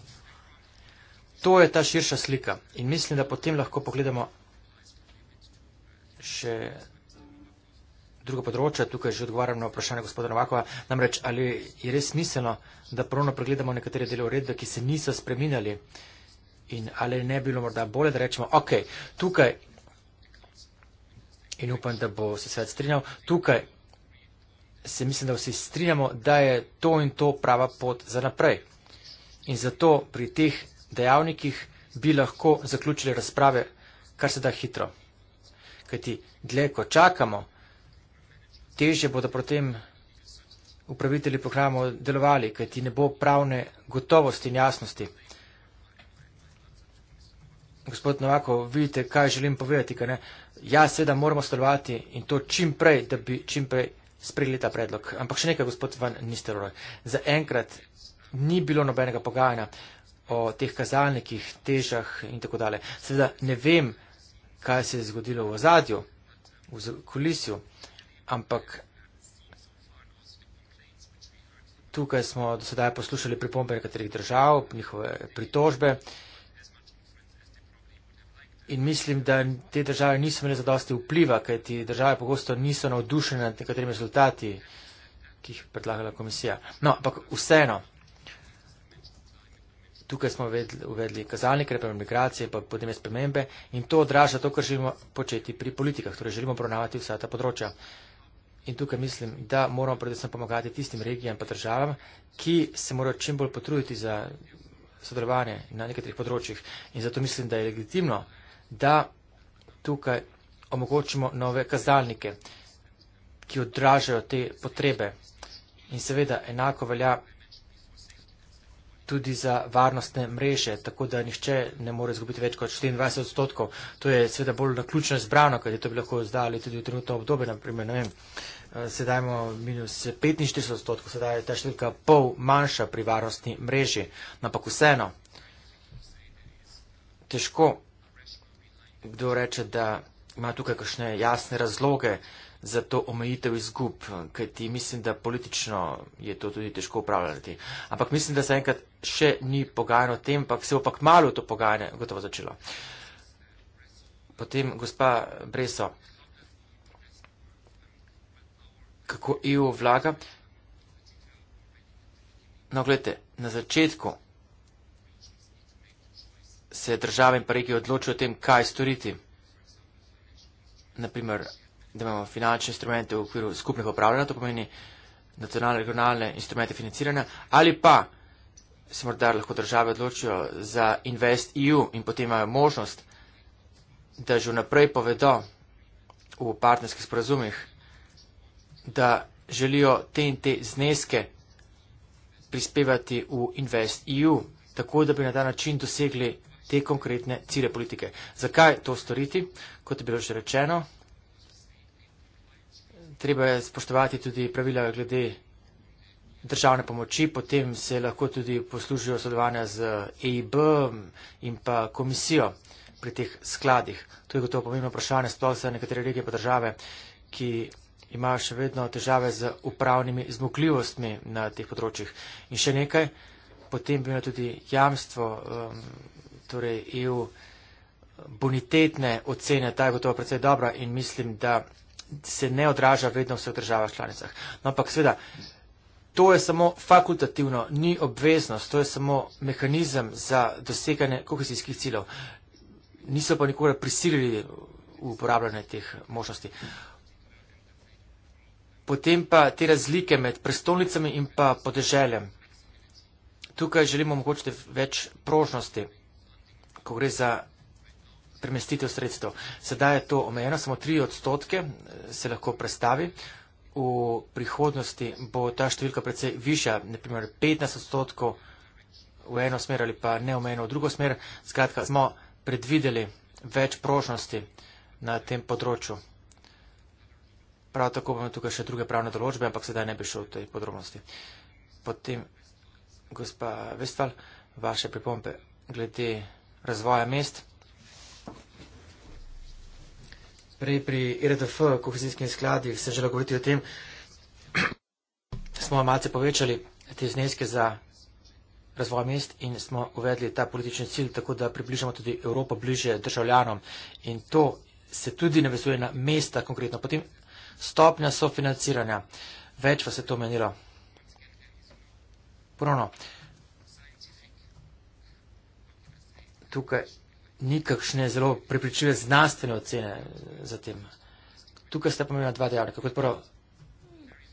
Speaker 1: To je ta širša slika in mislim, da potem lahko pogledamo še drugo področje, tukaj že odgovarjam na vprašanje gospoda Novakova, namreč ali je res smiselno, da ponovno pregledamo nekatere dele uredbe, ki se niso spreminjali in ali ne bi bilo morda bolje, da rečemo, ok, tukaj in upam, da bo se svet strinjal, tukaj se mislim, da vsi strinjamo, da je to in to prava pot za naprej. In zato pri teh dejavnikih bi lahko zaključili razprave kar se da hitro kajti dlje, ko čakamo, teže bodo potem upravitelji programov delovali, kajti ne bo pravne gotovosti in jasnosti. Gospod Novako, vidite, kaj želim povedati, kaj ne? Ja, seveda moramo sodelovati in to čim prej, da bi čim prej sprejeli ta predlog. Ampak še nekaj, gospod Van Nisteroj. Za enkrat ni bilo nobenega pogajanja o teh kazalnikih, težah in tako dalje. Seveda ne vem, kaj se je zgodilo v zadju, v kulisju, ampak tukaj smo do sedaj poslušali pripombe nekaterih držav, njihove pritožbe in mislim, da te države niso imeli zadosti vpliva, ker ti države pogosto niso navdušene nad nekaterimi rezultati, ki jih je predlagala komisija. No, ampak vseeno tukaj smo uvedli, uvedli kazalnike, reprem migracije, pa potem spremembe in to odraža to, kar želimo početi pri politikah, torej želimo obravnavati vsa ta področja. In tukaj mislim, da moramo predvsem pomagati tistim regijam in državam, ki se morajo čim bolj potruditi za sodelovanje na nekaterih področjih. In zato mislim, da je legitimno, da tukaj omogočimo nove kazalnike, ki odražajo te potrebe. In seveda enako velja tudi za varnostne mreže, tako da nihče ne more izgubiti več kot 24 odstotkov. To je sveda bolj naključno izbrano, ker je to bi lahko zdali tudi v trenutno obdobje, naprimer, ne vem, eh, sedaj imamo minus 45 odstotkov, sedaj je ta številka pol manjša pri varnostni mreži, ampak vseeno. Težko kdo reče, da ima tukaj kakšne jasne razloge, uh, za to omejitev izgub, kajti mislim, da politično je to tudi težko upravljati. Ampak mislim, da se enkrat še ni pogajano o tem, ampak se bo pa kmalo to pogajanje gotovo začelo. Potem, gospa Breso, kako EU vlaga? No, gledajte, na začetku se države in pa regije odločijo o tem, kaj storiti. Naprimer, da imamo finančne instrumente v okviru skupnih upravljanja, to pomeni nacionalne, regionalne instrumente financiranja, ali pa se morda lahko države odločijo za Invest EU in potem imajo možnost, da že vnaprej povedo v partnerskih sporazumih, da želijo te in te zneske prispevati v Invest EU, tako da bi na ta način dosegli te konkretne cilje politike. Zakaj to storiti? Kot je bilo že rečeno, treba je spoštovati tudi pravila glede državne pomoči, potem se lahko tudi poslužijo sodelovanja z EIB in pa komisijo pri teh skladih. To je gotovo pomembno vprašanje, sploh za nekatere regije pa države, ki imajo še vedno težave z upravnimi zmogljivostmi na teh področjih. In še nekaj, potem bi imel tudi jamstvo, um, torej EU bonitetne ocene, ta je gotovo predvsej dobra in mislim, da se ne odraža vedno v vseh državah članicah. No, ampak seveda, to je samo fakultativno, ni obveznost, to je samo mehanizem za doseganje kohezijskih ciljev. Niso pa nikoli prisilili v uporabljanje teh možnosti. Potem pa te razlike med prestolnicami in pa podeželjem. Tukaj želimo omogočiti več prožnosti, ko gre za premestitev sredstev. Sedaj je to omejeno, samo 3 odstotke eh, se lahko prestavi. V prihodnosti bo ta številka precej višja, naprimer 15 odstotkov v eno smer ali pa neomejeno v drugo smer. Skratka, smo predvideli več prožnosti na tem področju. Prav tako bomo tukaj še druge pravne določbe, ampak sedaj ne bi šel v tej podrobnosti. Potem, gospa Vestval, vaše pripombe glede razvoja mest. prej pri RDF, kohezijskih skladih, sem želel govoriti o tem, (clears throat) smo malce povečali te zneske za razvoj mest in smo uvedli ta politični cilj, tako da približamo tudi Evropo bliže državljanom. In to se tudi navezuje na mesta konkretno. Potem stopnja sofinanciranja. Več vas je to menilo. Ponovno. Tukaj nikakšne zelo prepričljive znanstvene ocene za tem. Tukaj sta pomembna dva dejavnika. Kot prvo,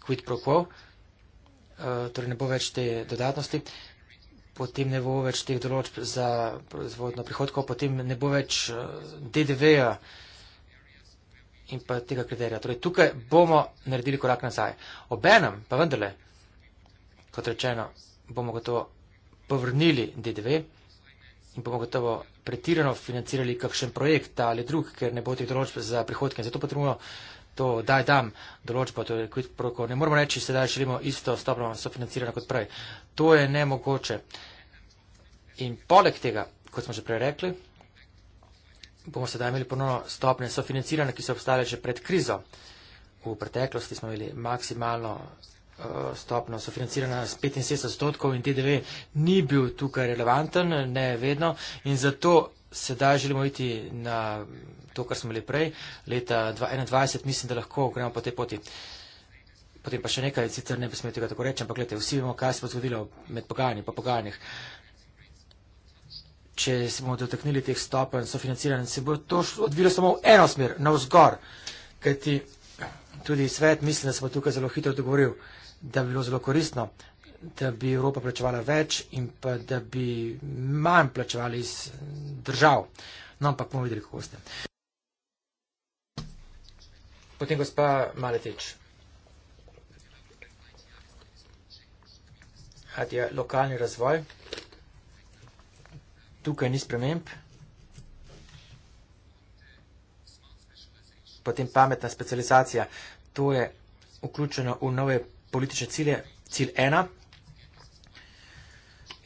Speaker 1: quid pro quo, eh, torej ne bo več te dodatnosti, potem ne bo več teh določb za proizvodno prihodkov, potem ne bo več eh, DDV-ja in pa tega kriterija. Torej tukaj bomo naredili korak nazaj. Obenem pa vendarle, kot rečeno, bomo gotovo povrnili DDV in bomo gotovo pretirano financirali kakšen projekt ali drug, ker ne bo teh določb za prihodke. Zato potrebujemo to daj dam določbo, to je quid pro quo. Ne moramo reči, da sedaj želimo isto stopno sofinancirano kot prej. To je nemogoče. In poleg tega, kot smo že prej rekli, bomo sedaj imeli ponovno stopne sofinancirane, ki so obstale že pred krizo. V preteklosti smo imeli maksimalno Eh, stopno sofinancirana s 75 odstotkov in TDV ni bil tukaj relevanten, ne vedno in zato sedaj želimo iti na to, kar smo bili prej, leta 2021, mislim, da lahko gremo po tej poti. Potem pa še nekaj, sicer ne bi smeli tega tako reči, ampak gledajte, vsi vemo, kaj se bo zgodilo med pogajanji in pogajanjih. Če se bomo dotaknili teh stopen sofinanciranja, se bo to odvilo samo v eno smer, na vzgor, kajti tudi svet mislim, da se bo tukaj zelo hitro dogovoril da bi bilo zelo koristno, da bi Evropa plačevala več in pa da bi manj plačevali iz držav. No, ampak bomo videli, kako ste. Potem gospa Maletič. Hati je lokalni razvoj. Tukaj ni sprememb. Potem pametna specializacija. To je vključeno v nove politične cilje, cilj ena.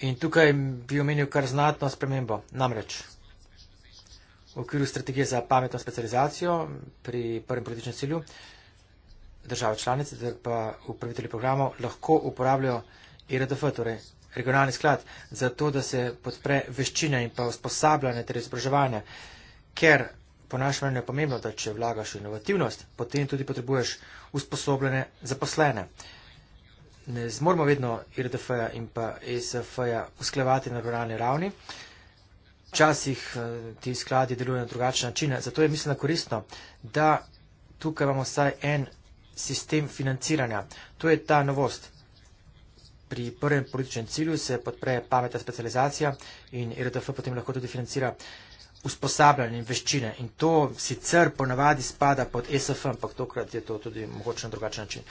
Speaker 1: In tukaj bi omenil kar znatno spremembo. Namreč, v okviru strategije za pametno specializacijo pri prvem političnem cilju, države članice, da pa upravitelji programov lahko uporabljajo IRDF, torej regionalni sklad, za to, da se podpre veščine in pa usposabljanje ter izobraževanje, ker po našem mnenju je pomembno, da če vlagaš inovativnost, potem tudi potrebuješ usposobljene zaposlene. Uh, ne zmoremo vedno IRDF-ja in pa ESF-ja usklevati na globalni ravni. Včasih eh, ti skladi delujejo na drugačen način, zato je mislim, da koristno, da tukaj imamo vsaj en sistem financiranja. To je ta novost. Pri prvem političnem cilju se podpre pametna specializacija in IRDF potem lahko tudi financira usposabljanje in veščine. In to sicer ponavadi spada pod ESF, ampak tokrat je to tudi mogoče na drugačen način.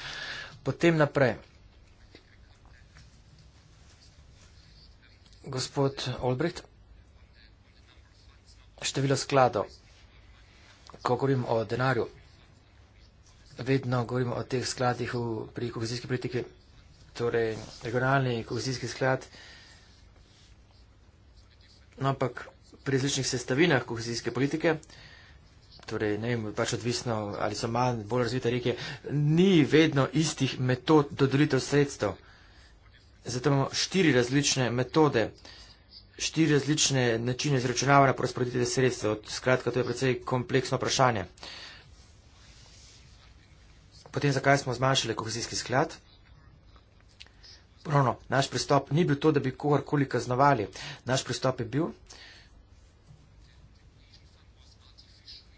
Speaker 1: Potem naprej. Gospod Olbricht, število skladov, ko govorim o denarju, vedno govorim o teh skladih v, pri kohezijski politiki, torej regionalni kohezijski sklad, no, ampak pri različnih sestavinah kohezijske politike, torej ne vem, pač odvisno ali so manj, bolj razvite reke, ni vedno istih metod dodelitev sredstev zato imamo štiri različne metode, štiri različne načine izračunavanja porazporeditve sredstev. Skratka, to je precej kompleksno vprašanje. Potem, zakaj smo zmanjšali kohezijski sklad? Ponovno, naš pristop ni bil to, da bi kogarkoli kaznovali. Naš pristop je bil,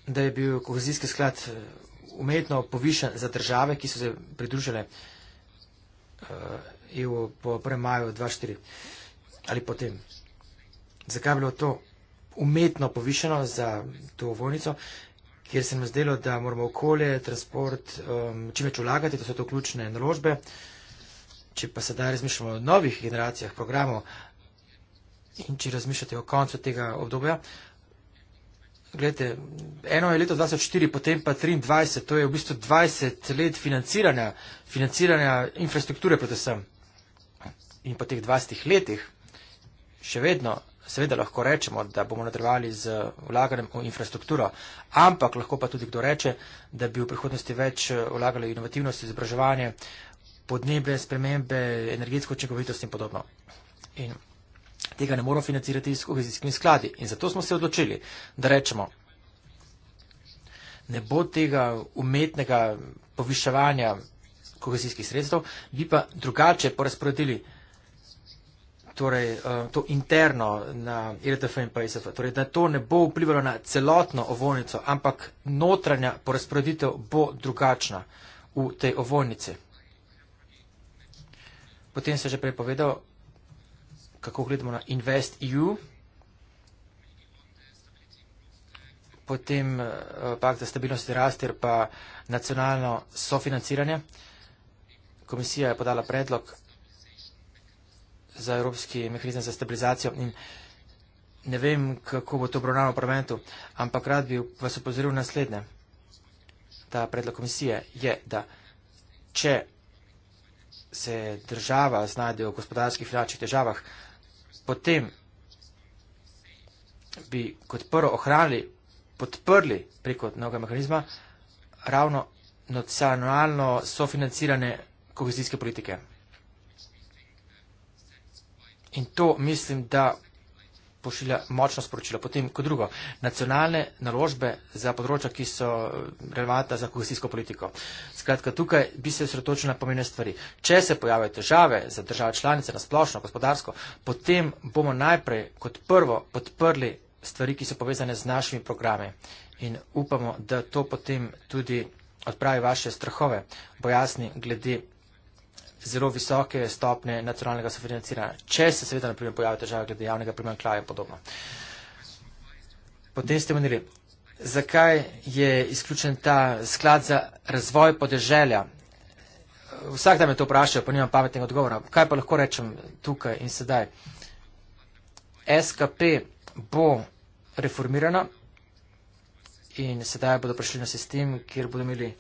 Speaker 1: da je bil kohezijski sklad eh, umetno povišen za države, ki so se pridružile eh, EU po premaju 2-4 ali potem. Zakaj je bilo to umetno povišeno za to vojnico, kjer se nam zdelo, da moramo okolje, transport um, čim več ulagati, to so to ključne naložbe. Če pa sedaj razmišljamo o novih generacijah programov in če razmišljate o koncu tega obdobja, gledajte, eno je leto 2004, potem pa 23, to je v bistvu 20 let financiranja, financiranja infrastrukture predvsem in po teh 20 letih še vedno seveda lahko rečemo, da bomo nadrevali z vlaganjem v infrastrukturo, ampak lahko pa tudi kdo reče, da bi v prihodnosti več eh, vlagali inovativnost, izobraževanje, podnebne spremembe, energetsko učinkovitost in podobno. In tega ne moramo financirati iz kohezijskimi skladi. In zato smo se odločili, da rečemo, ne bo tega umetnega poviševanja kohezijskih sredstev, bi pa drugače porazporedili torej, eh, to interno na IRTF in PSF, torej, da to ne bo vplivalo na celotno ovojnico, ampak notranja porazporeditev bo drugačna v tej ovojnici. Potem sem že prej povedal, kako gledamo na InvestEU, potem eh, pak za stabilnost in rast, ter pa nacionalno sofinanciranje. Komisija je podala predlog za Evropski mehanizem za stabilizacijo in ne vem, kako bo to obravnavano v parlamentu, ampak rad bi vas opozoril naslednje. Ta predlog komisije je, da če se država znajde v gospodarskih finančnih težavah, potem bi kot prvo ohranili, podprli preko novega mehanizma ravno nacionalno sofinancirane kohezijske politike. In to mislim, da pošilja močno sporočilo. Potem, kot drugo, nacionalne naložbe za področja, ki so eh, relevanta za kohesijsko politiko. Skratka, tukaj bi se sredotočili na pomene stvari. Če se pojavijo težave za države članice, nasplošno, gospodarsko, potem bomo najprej kot prvo podprli stvari, ki so povezane z našimi programi. In upamo, da to potem tudi odpravi vaše strahove, pojasni glede zelo visoke stopne nacionalnega sofinanciranja. Če se seveda, naprimer, pojavi težava glede javnega primankljaja in podobno. Potem ste menili, zakaj je izključen ta sklad za razvoj podeželja. Vsak dan me to vprašajo, pa nimam pametnega odgovora. Kaj pa lahko rečem tukaj in sedaj? SKP bo reformirana in sedaj bodo prišli na sistem, kjer bodo imeli.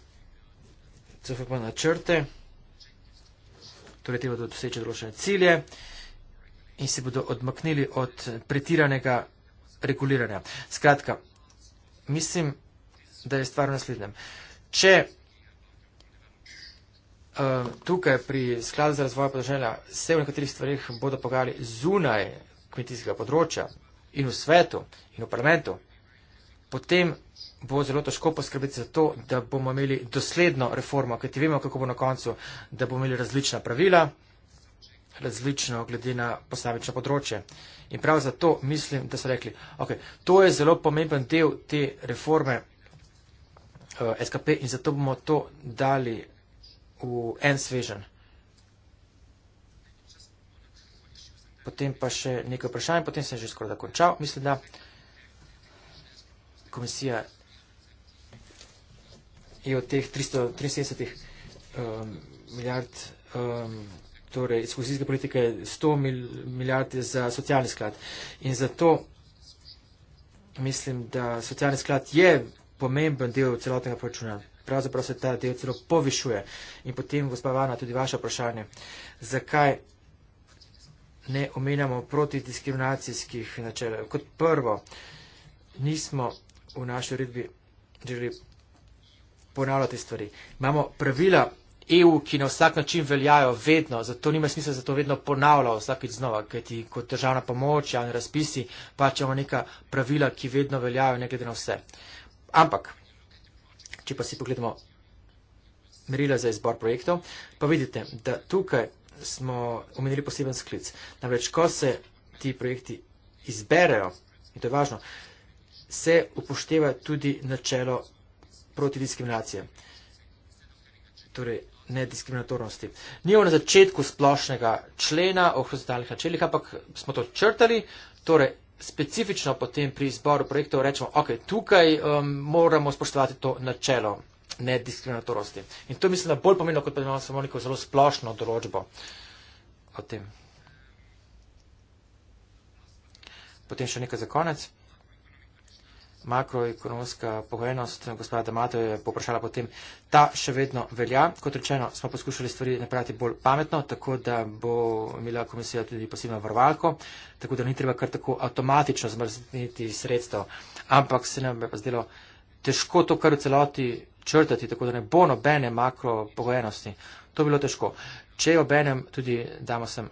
Speaker 1: Cefepa na črte torej treba bodo doseči določene cilje in se bodo odmaknili od pretiranega reguliranja. Skratka, mislim, da je stvar v naslednjem. Če uh, tukaj pri skladu za razvoj podeželja se v nekaterih stvarih bodo pogajali zunaj kmetijskega področja in v svetu in v parlamentu, potem bo zelo težko poskrbeti za to, da bomo imeli dosledno reformo, kajti vemo, kako bo na koncu, da bomo imeli različna pravila, različno glede na posamečno področje. In prav zato mislim, da so rekli, ok, to je zelo pomemben del te reforme uh, eh, SKP in zato bomo to dali v en svežen. Potem pa še nekaj vprašanj, potem sem že skoraj da končal. Mislim, da komisija je od teh 363 um, milijard, um, torej iz kohezijske politike 100 mil, milijard za socialni sklad. In zato mislim, da socialni sklad je pomemben del celotnega proračuna. Pravzaprav se ta del celo povišuje. In potem, gospa Vana, tudi vaše vprašanje, zakaj ne omenjamo protidiskriminacijskih načel. Kot prvo, nismo v naši redbi želeli ponavljati stvari. Imamo pravila EU, ki na vsak način veljajo vedno, zato nima smisla, zato vedno ponavljajo vsakeč znova, kajti kot državna pomoč, javni razpisi, pač imamo neka pravila, ki vedno veljajo, ne glede na vse. Ampak, če pa si pogledamo merila za izbor projektov, pa vidite, da tukaj smo omenili poseben sklic. Namreč, ko se ti projekti izberejo, in to je važno, se upošteva tudi načelo proti diskriminacije. Torej, ne diskriminatornosti. Nijo na začetku splošnega člena o horizontalnih načeljih, ampak smo to črtali, torej specifično potem pri izboru projektov rečemo, ok, tukaj um, moramo spoštovati to načelo nediskriminatornosti. In to mislim, da bolj pomeni, kot pa imamo samo neko zelo splošno določbo o tem. Potem še nekaj za konec makroekonomska pogojenost gospoda Damato je poprašala potem. Ta še vedno velja. Kot rečeno, smo poskušali stvari napraviti bolj pametno, tako da bo imela komisija tudi posebno varovalko, tako da ni treba kar tako avtomatično zmrzniti sredstev. Ampak se nam je pa zdelo težko to kar v celoti črtati, tako da ne bo nobene makro pogojenosti. To je bilo težko. Če jo benem, tudi damo sem,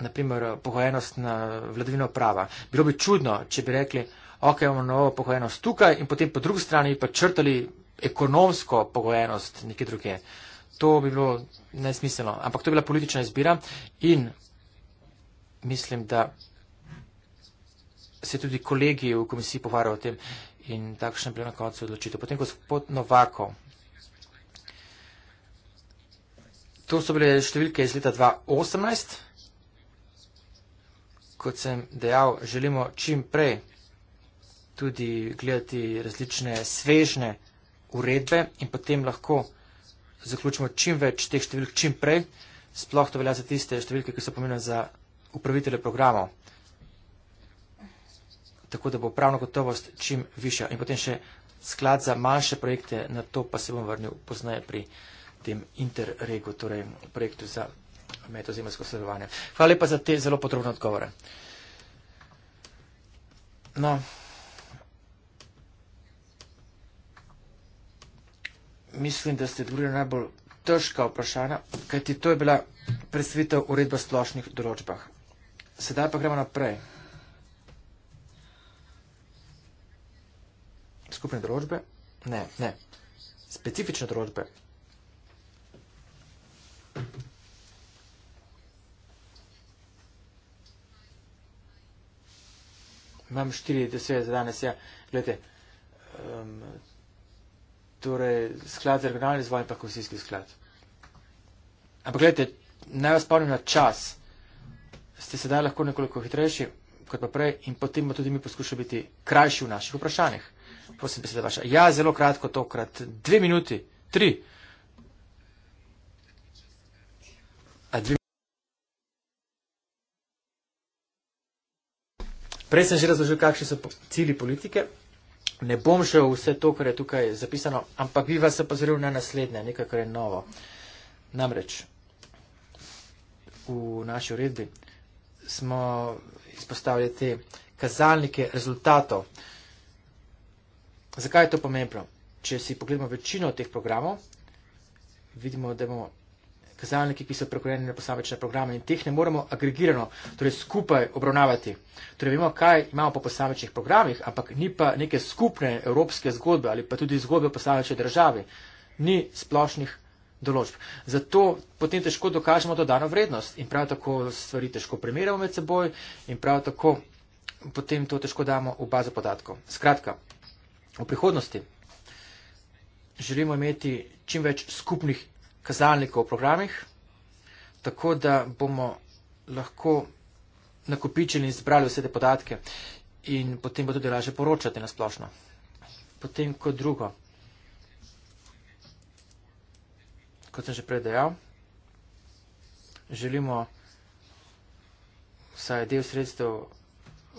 Speaker 1: naprimer, pogojenost na vladavino prava. Bilo bi čudno, če bi rekli, ok, imamo novo pogojenost tukaj in potem po drugi strani pa črtali ekonomsko pogojenost neke druge. To bi bilo nesmiselno, ampak to je bila politična izbira in mislim, da se tudi kolegi v komisiji povarjajo o tem in takšne bile na koncu odločitev. Potem gospod Novako, to so bile številke iz leta 2018, kot sem dejal, želimo čim prej tudi gledati različne svežne uredbe in potem lahko zaključimo čim več teh številk čim prej. Sploh to velja za tiste številke, ki so pomembne za upravitele programov. Tako da bo pravna gotovost čim višja. In potem še sklad za manjše projekte, na to pa se bom vrnil poznaje pri tem interregu, torej projektu za medozemljsko sodelovanje. Hvala lepa za te zelo podrobne odgovore. No. mislim, da ste odgovorili na najbolj težka vprašanja, kajti to je bila presvitev uredba splošnih določbah. Sedaj pa gremo naprej. Skupne določbe? Ne, ne. Specifične določbe. Imam 40 za danes, ja, gledajte, um, ehm, torej sklad za regionalni razvoj in pa kohezijski sklad. Ampak gledajte, naj vas spomnim na čas. Ste sedaj lahko nekoliko hitrejši kot pa prej in potem bo tudi mi poskušal biti krajši v naših vprašanjih. Prosim, beseda vaša. Ja, zelo kratko tokrat. Dve minuti, tri. Prej sem že razložil, kakšni so cilji politike, ne bom šel vse to, kar je tukaj zapisano, ampak bi vas opozoril na naslednje, nekaj, kar je novo. Namreč v naši uredbi smo izpostavili te kazalnike rezultatov. Zakaj je to pomembno? Če si pogledamo večino teh programov, vidimo, da imamo kazalniki, ki so prekojeni na posamečne programe in teh ne moremo agregirano, torej skupaj obravnavati. Torej vemo, kaj imamo po posamečnih programih, ampak ni pa neke skupne evropske zgodbe ali pa tudi zgodbe posamečne države, ni splošnih določb. Zato potem težko dokažemo dodano vrednost in prav tako stvari težko primerjamo med seboj in prav tako potem to težko damo v bazo podatkov. Skratka, v prihodnosti želimo imeti čim več skupnih kazalnikov v programih, tako da bomo lahko nakopičili in zbrali vse te podatke in potem bo tudi lažje poročati na splošno. Potem kot drugo, kot sem že prej dejal, želimo vsaj del sredstev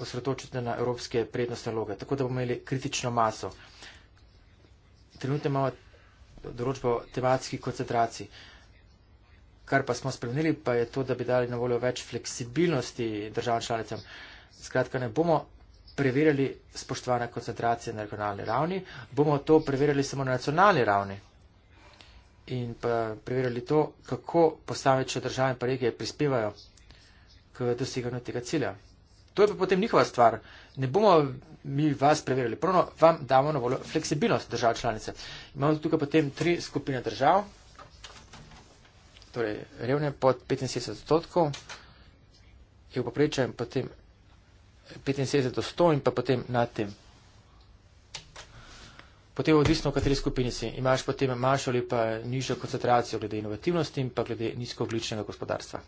Speaker 1: osredotočiti na evropske prednostne loge, tako da bomo imeli kritično maso. Trenutno imamo določbo tematskih koncentracij. Kar pa smo spremenili, pa je to, da bi dali na voljo več fleksibilnosti državam članicam. Skratka, ne bomo preverjali spoštovane koncentracije na regionalni ravni, bomo to preverjali samo na nacionalni ravni. In pa preverjali to, kako posamečne države in regije prispevajo k doseganju tega cilja. To je pa potem njihova stvar. Ne bomo mi vas preverili. Prvno vam damo na voljo fleksibilnost držav članice. Imamo tukaj potem tri skupine držav, torej revne pod 75 odstotkov, ki jo poprečajem potem 75 do 100 in pa potem nad tem. Potem odvisno, v kateri skupini si, imaš potem manjšo ali pa nižjo koncentracijo glede inovativnosti in pa glede nizkoogličnega gospodarstva.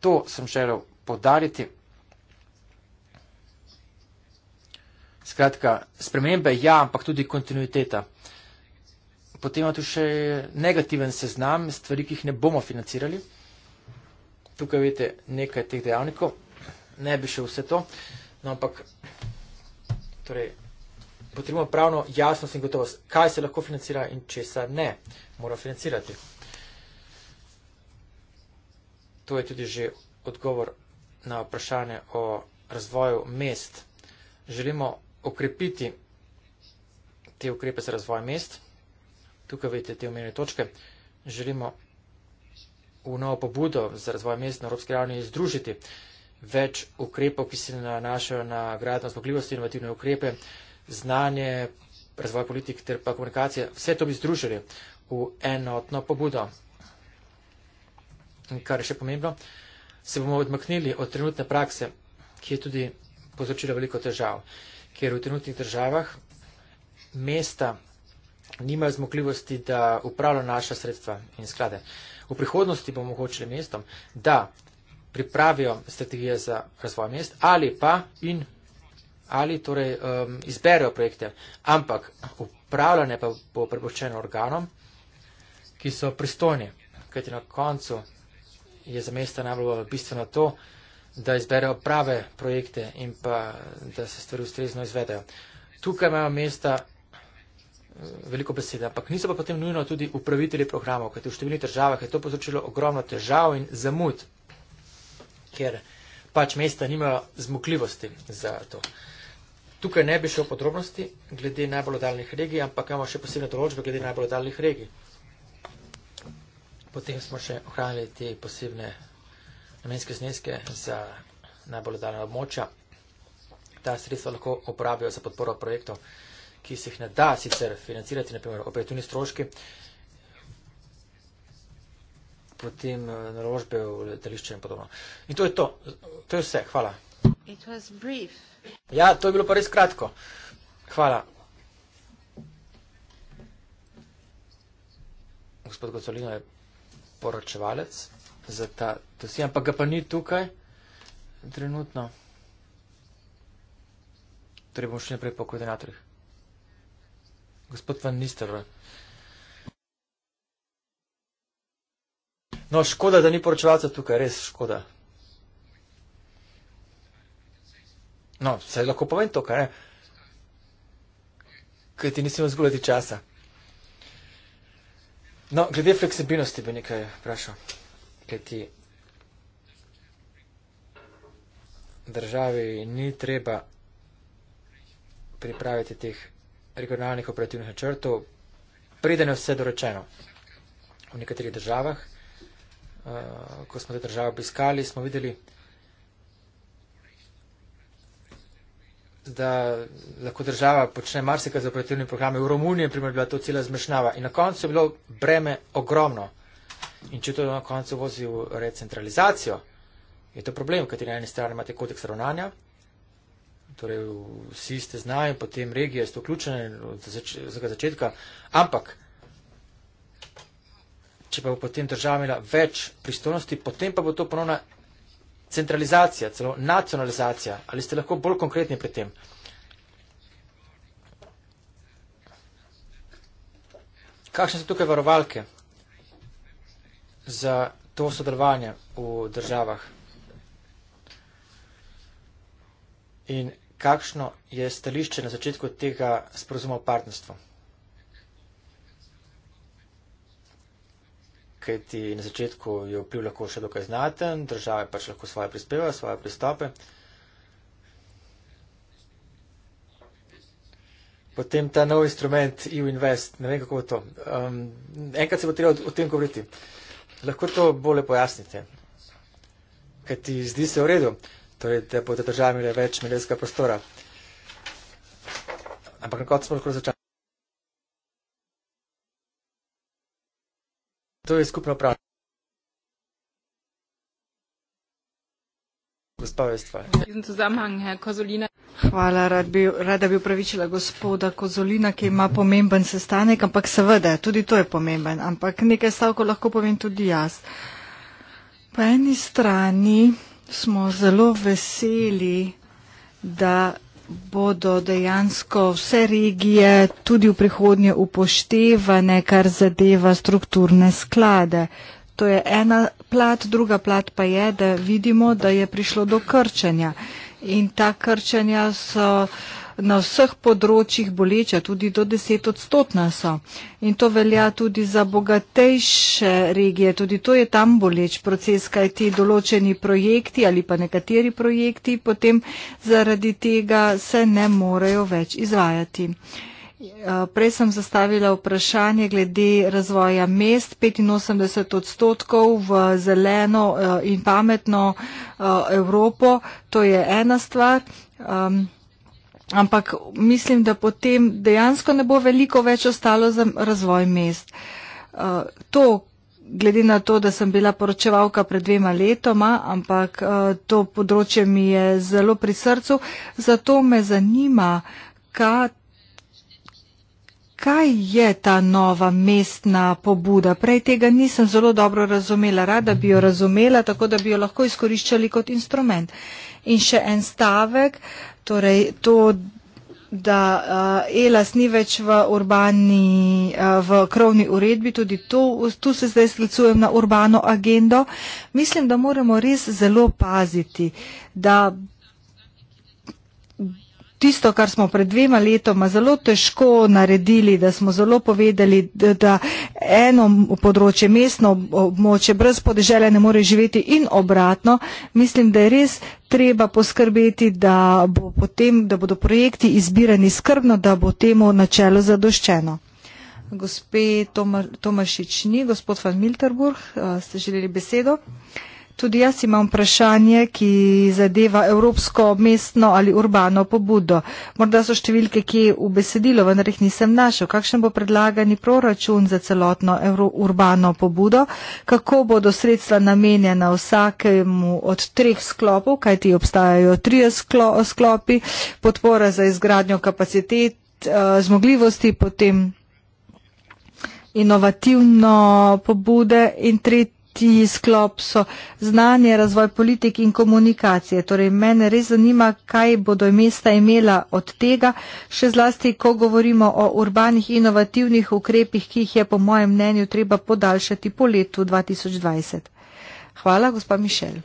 Speaker 1: To sem želel podariti. Skratka, spremembe, ja, ampak tudi kontinuiteta. Potem ima tu še negativen seznam stvari, ki jih ne bomo financirali. Tukaj vidite nekaj teh dejavnikov, ne bi še vse to, no, ampak torej, potrebujemo pravno jasnost in gotovost, kaj se lahko financira in česa ne mora financirati. To je tudi že odgovor na vprašanje o razvoju mest. Želimo okrepiti te ukrepe za razvoj mest. Tukaj vidite te omenjene točke. Želimo v novo pobudo za razvoj mest na evropski ravni združiti več ukrepov, ki se nanašajo na gradno zmogljivosti, inovativne ukrepe, znanje, razvoj politik ter pa komunikacije. Vse to bi združili v enotno pobudo. In kar je še pomembno, se bomo odmaknili od trenutne prakse, ki je tudi povzročila veliko težav ker v trenutnih državah mesta nimajo zmogljivosti, da upravljajo naša sredstva in sklade. V prihodnosti bomo omogočili mestom, da pripravijo strategije za razvoj mest ali pa in ali torej um, izberejo projekte, ampak upravljanje pa bo prepoščeno organom, ki so pristojni, kajti na koncu je za mesta najbolj bistveno to, da izberejo prave projekte in pa da se stvari ustrezno izvedejo. Tukaj imajo mesta eh, veliko besede, ampak niso pa potem nujno tudi upravitelji programov, kajte v številnih državah je to povzročilo ogromno težav in zamud, ker pač mesta nimajo zmogljivosti za to. Tukaj ne bi šel podrobnosti glede najbolj oddaljenih regij, ampak imamo še posebne določbe glede najbolj oddaljenih regij. Potem smo še ohranili te posebne namenske zneske za najbolj oddaljena območja. Ta sredstva lahko uporabijo za podporo projektov, ki se jih ne da sicer financirati, naprimer operativni stroški, potem eh, naložbe v letališče in podobno. In to je to. To je vse. Hvala. Ja, to je bilo pa res kratko. Hvala. Gospod Gocolino je poročevalec za ta dosi, ampak ga pa ni tukaj trenutno. Torej bomo šli naprej po koordinatorjih. Gospod Van Nistelrooy. No, škoda, da ni poročevalca tukaj, res škoda. No, se lahko povem to, kaj ne? Kaj ti nisem zgubljati časa. No, glede fleksibilnosti bi nekaj vprašal kajti državi ni treba pripraviti teh regionalnih operativnih načrtov, preden je vse doročeno. V nekaterih državah, eh, ko smo te države obiskali, smo videli, da lahko država počne marsikaj za operativne programe. V Romuniji je bila to cela zmešnjava in na koncu je bilo breme ogromno. In če to na koncu vozi v recentralizacijo, je to problem, ker na eni strani imate kodeks ravnanja, torej vsi ste znani, potem regije ste vključene od zač začetka, ampak če pa bo potem država imela več pristojnosti, potem pa bo to ponovna centralizacija, celo nacionalizacija. Ali ste lahko bolj konkretni pri tem? Kakšne so tukaj varovalke? za to sodelovanje v državah. In kakšno je stališče na začetku tega sporozuma o partnerstvu? Kaj ti na začetku je vpliv lahko še dokaj znaten, države pač lahko svoje prispeva, svoje pristope. Potem ta nov instrument EU Invest, ne vem kako bo to. Um, enkrat se bo treba o tem govoriti lahko to bolje pojasnite? Kaj ti zdi se v redu? To je, da bodo države imele več milijonskega prostora. Ampak na koncu smo lahko začeli. To je skupno vprašanje.
Speaker 2: izpovedi tvoje. Hvala, rad bi, rada bi upravičila gospoda Kozolina, ki ima pomemben sestanek, ampak seveda, tudi to je pomemben, ampak nekaj stavko lahko povem tudi jaz. Po eni strani smo zelo veseli, da bodo dejansko vse regije tudi v prihodnje upoštevane, kar zadeva strukturne sklade. To je ena plat, druga plat pa je, da vidimo, da je prišlo do krčenja. In ta krčenja so na vseh področjih boleča, tudi do deset odstotna so. In to velja tudi za bogatejše regije, tudi to je tam boleč proces, kaj ti določeni projekti ali pa nekateri projekti potem zaradi tega se ne morejo več izvajati. Uh, Eh, prej sem zastavila vprašanje glede razvoja mest. 85 odstotkov v zeleno eh, in pametno eh, Evropo, to je ena stvar. Ampak mislim, da potem dejansko ne bo veliko več ostalo za razvoj mest. To, glede na to, da sem bila poročevalka pred dvema letoma, ampak to področje mi je zelo pri srcu, zato me zanima, kaj kaj je ta nova mestna pobuda? Prej tega nisem zelo dobro razumela. Rada bi jo razumela, tako da bi jo lahko izkoriščali kot instrument. In še en stavek, torej to, da uh, eh, ELAS ni več v urbani, uh, v krovni uredbi, tudi to, tu se zdaj sklicujem na urbano agendo. Mislim, da moramo res zelo paziti, da tisto, kar smo pred dvema letoma zelo težko naredili, da smo zelo povedali, da, da eno področje, mestno območje brez podeželja ne more živeti in obratno, mislim, da je res treba poskrbeti, da, bo potem, da bodo projekti izbirani skrbno, da bo temu načelo zadoščeno. Gospe Tomašič ni, gospod van Milterburg, ste želeli besedo? Uh, Tudi jaz imam vprašanje, ki zadeva evropsko mestno ali urbano pobudo. Morda so številke, ki je v besedilo, vendar jih nisem našel. Kakšen bo predlagani proračun za celotno urbano pobudo? Kako bodo sredstva namenjena vsakemu od treh sklopov, kajti obstajajo tri sklo sklopi, podpora za izgradnjo kapacitet, eh, zmogljivosti, potem inovativno pobude in tretje ti sklop so znanje, razvoj politik in komunikacije. Torej, mene res zanima, kaj bodo mesta imela od tega, še zlasti, ko govorimo o urbanih inovativnih ukrepih, ki jih je po mojem mnenju treba podaljšati po letu 2020. Hvala, gospa Mišel.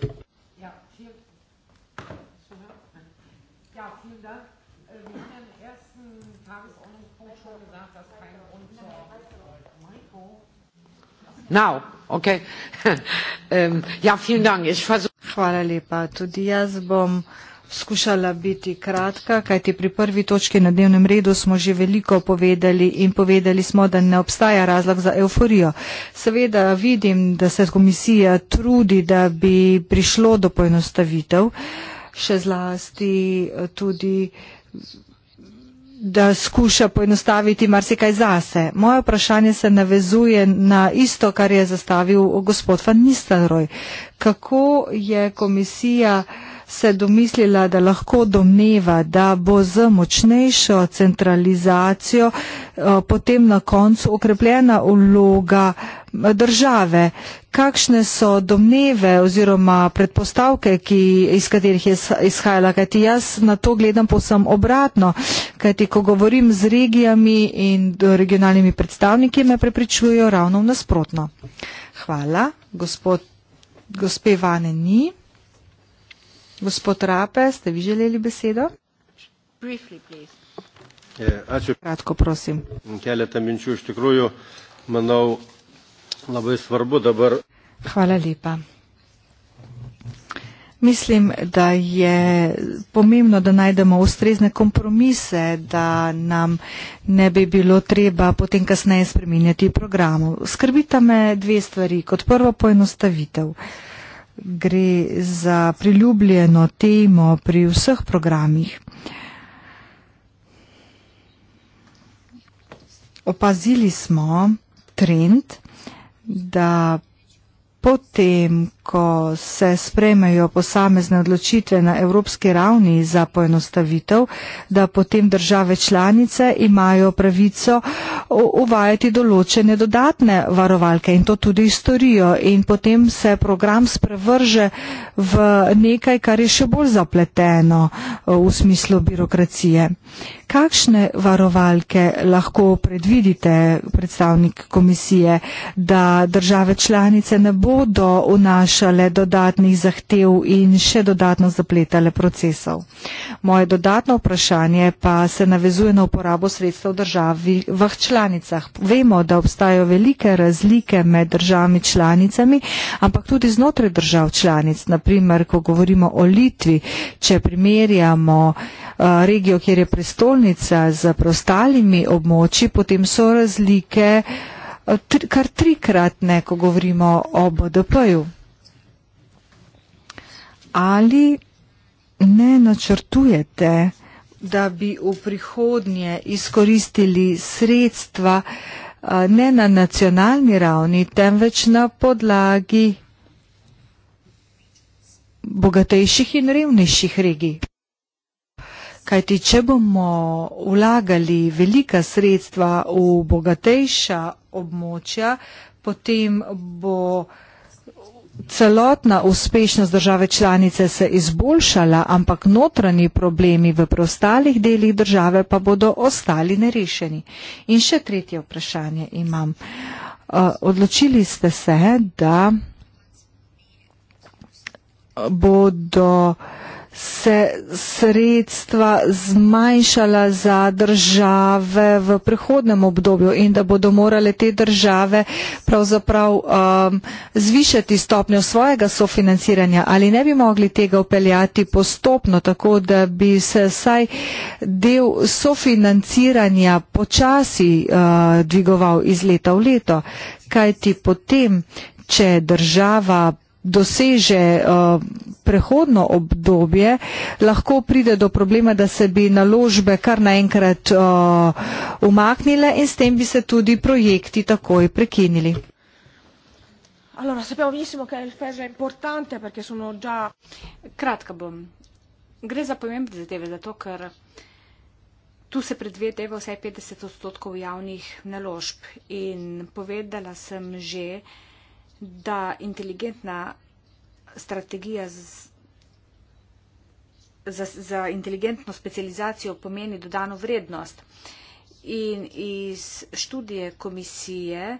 Speaker 2: Now. Okay. (laughs) ja, dank. Hvala lepa. Tudi jaz bom skušala biti kratka, kajti pri prvi točki na dnevnem redu smo že veliko povedali in povedali smo, da ne obstaja razlog za euforijo. Seveda vidim, da se komisija trudi, da bi prišlo do poenostavitev, še zlasti eh, tudi da skuša poenostaviti marsikaj zase. Moje vprašanje se navezuje na isto, kar je zastavil gospod Van Nistelrooy. Kako je komisija uh, se domislila, da lahko domneva, da bo z močnejšo centralizacijo eh, potem na koncu okrepljena vloga eh, države. Kakšne so domneve oziroma predpostavke, ki, iz katerih je izhajala, kajti jaz na to gledam posem obratno, kajti ko govorim z regijami in eh, regionalnimi predstavniki, me prepričujo ravno v nasprotno. Hvala, gospod, gospe Vane ni. Gospod Rape, ste vi želeli besedo? E, ačiū. Kratko, prosim.
Speaker 1: Keletą minčių iš tikrųjų, manau, labai svarbu dabar.
Speaker 3: Hvala lepa.
Speaker 2: Mislim, da je pomembno, da najdemo ustrezne kompromise, da nam ne bi bilo treba potem kasneje spreminjati programu. Skrbita me dve stvari. Kot prvo, poenostavitev. Uh, gre za priljubljeno temo pri vseh programih. Opazili smo trend, da potem, ko se spremejo posamezne odločitve na evropski ravni za poenostavitev, da potem države članice imajo pravico uvajati določene dodatne varovalke in to tudi storijo in potem se program sprevrže v nekaj, kar je še bolj zapleteno e, v smislu birokracije. Kakšne varovalke lahko predvidite, predstavnik komisije, da države članice ne bodo v naš povišale dodatnih zahtev in še dodatno zapletale procesov. Moje dodatno vprašanje pa se navezuje na uporabo sredstev državi v članicah. Vemo, da obstajajo velike razlike med državami članicami, ampak tudi znotraj držav članic. Naprimer, ko govorimo o Litvi, če primerjamo eh, regijo, kjer je prestolnica z preostalimi območji, potem so razlike eh, kar trikratne, ko govorimo o BDP-ju ali ne načrtujete, da bi v prihodnje izkoristili sredstva ne na nacionalni ravni, temveč na podlagi bogatejših in revnejših regij. Kajti, če bomo vlagali velika sredstva v bogatejša območja, potem bo celotna uspešnost države članice se izboljšala, ampak notranji problemi v preostalih delih države pa bodo ostali nerešeni. In še tretje vprašanje imam. Eh, odločili ste se, da bodo uh, se sredstva zmanjšala za države v prihodnem obdobju in da bodo morale te države pravzaprav um, zvišati stopnjo svojega sofinanciranja ali ne bi mogli tega upeljati postopno, tako da bi se saj del sofinanciranja počasi uh, dvigoval iz leta v leto, kajti potem, če država doseže uh, prehodno obdobje, lahko pride do problema, da se bi naložbe kar naenkrat uh, umaknile in s tem bi se tudi projekti takoj prekinili.
Speaker 3: Allora, sappiamo benissimo che il FES è importante perché sono già... Kratka bom. Gre za pomembne zadeve, zato ker tu se predvedeva vsaj 50 odstotkov javnih naložb. In povedala sem že, da inteligentna strategija z, z, za inteligentno specializacijo pomeni dodano vrednost. In iz študije komisije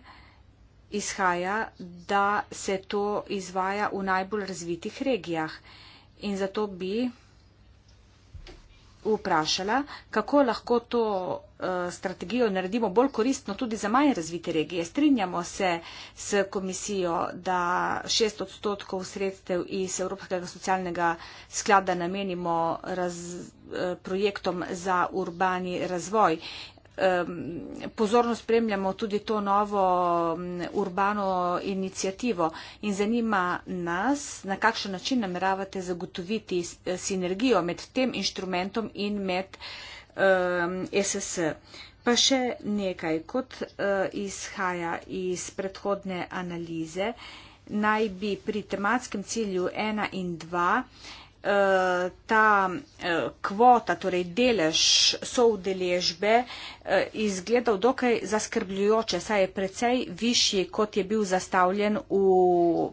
Speaker 3: izhaja, da se to izvaja v najbolj razvitih regijah. In zato bi vprašala, kako lahko to uh, strategijo naredimo bolj koristno tudi za manj razvite regije. Strinjamo se s komisijo, da šest odstotkov sredstev iz Evropskega socialnega sklada namenimo raz, uh, projektom za urbani razvoj. Uh, pozorno spremljamo tudi to novo urbano inicijativo in zanima nas, na kakšen način nameravate zagotoviti eh, sinergijo med tem inštrumentom in med SS. Pa še nekaj, kot eh, izhaja iz predhodne analize, naj bi pri tematskem cilju 1 in 2 Eh, ta eh, kvota, torej delež soudeležbe, eh, izgledal dokaj zaskrbljujoče, saj je precej višji, kot je bil zastavljen v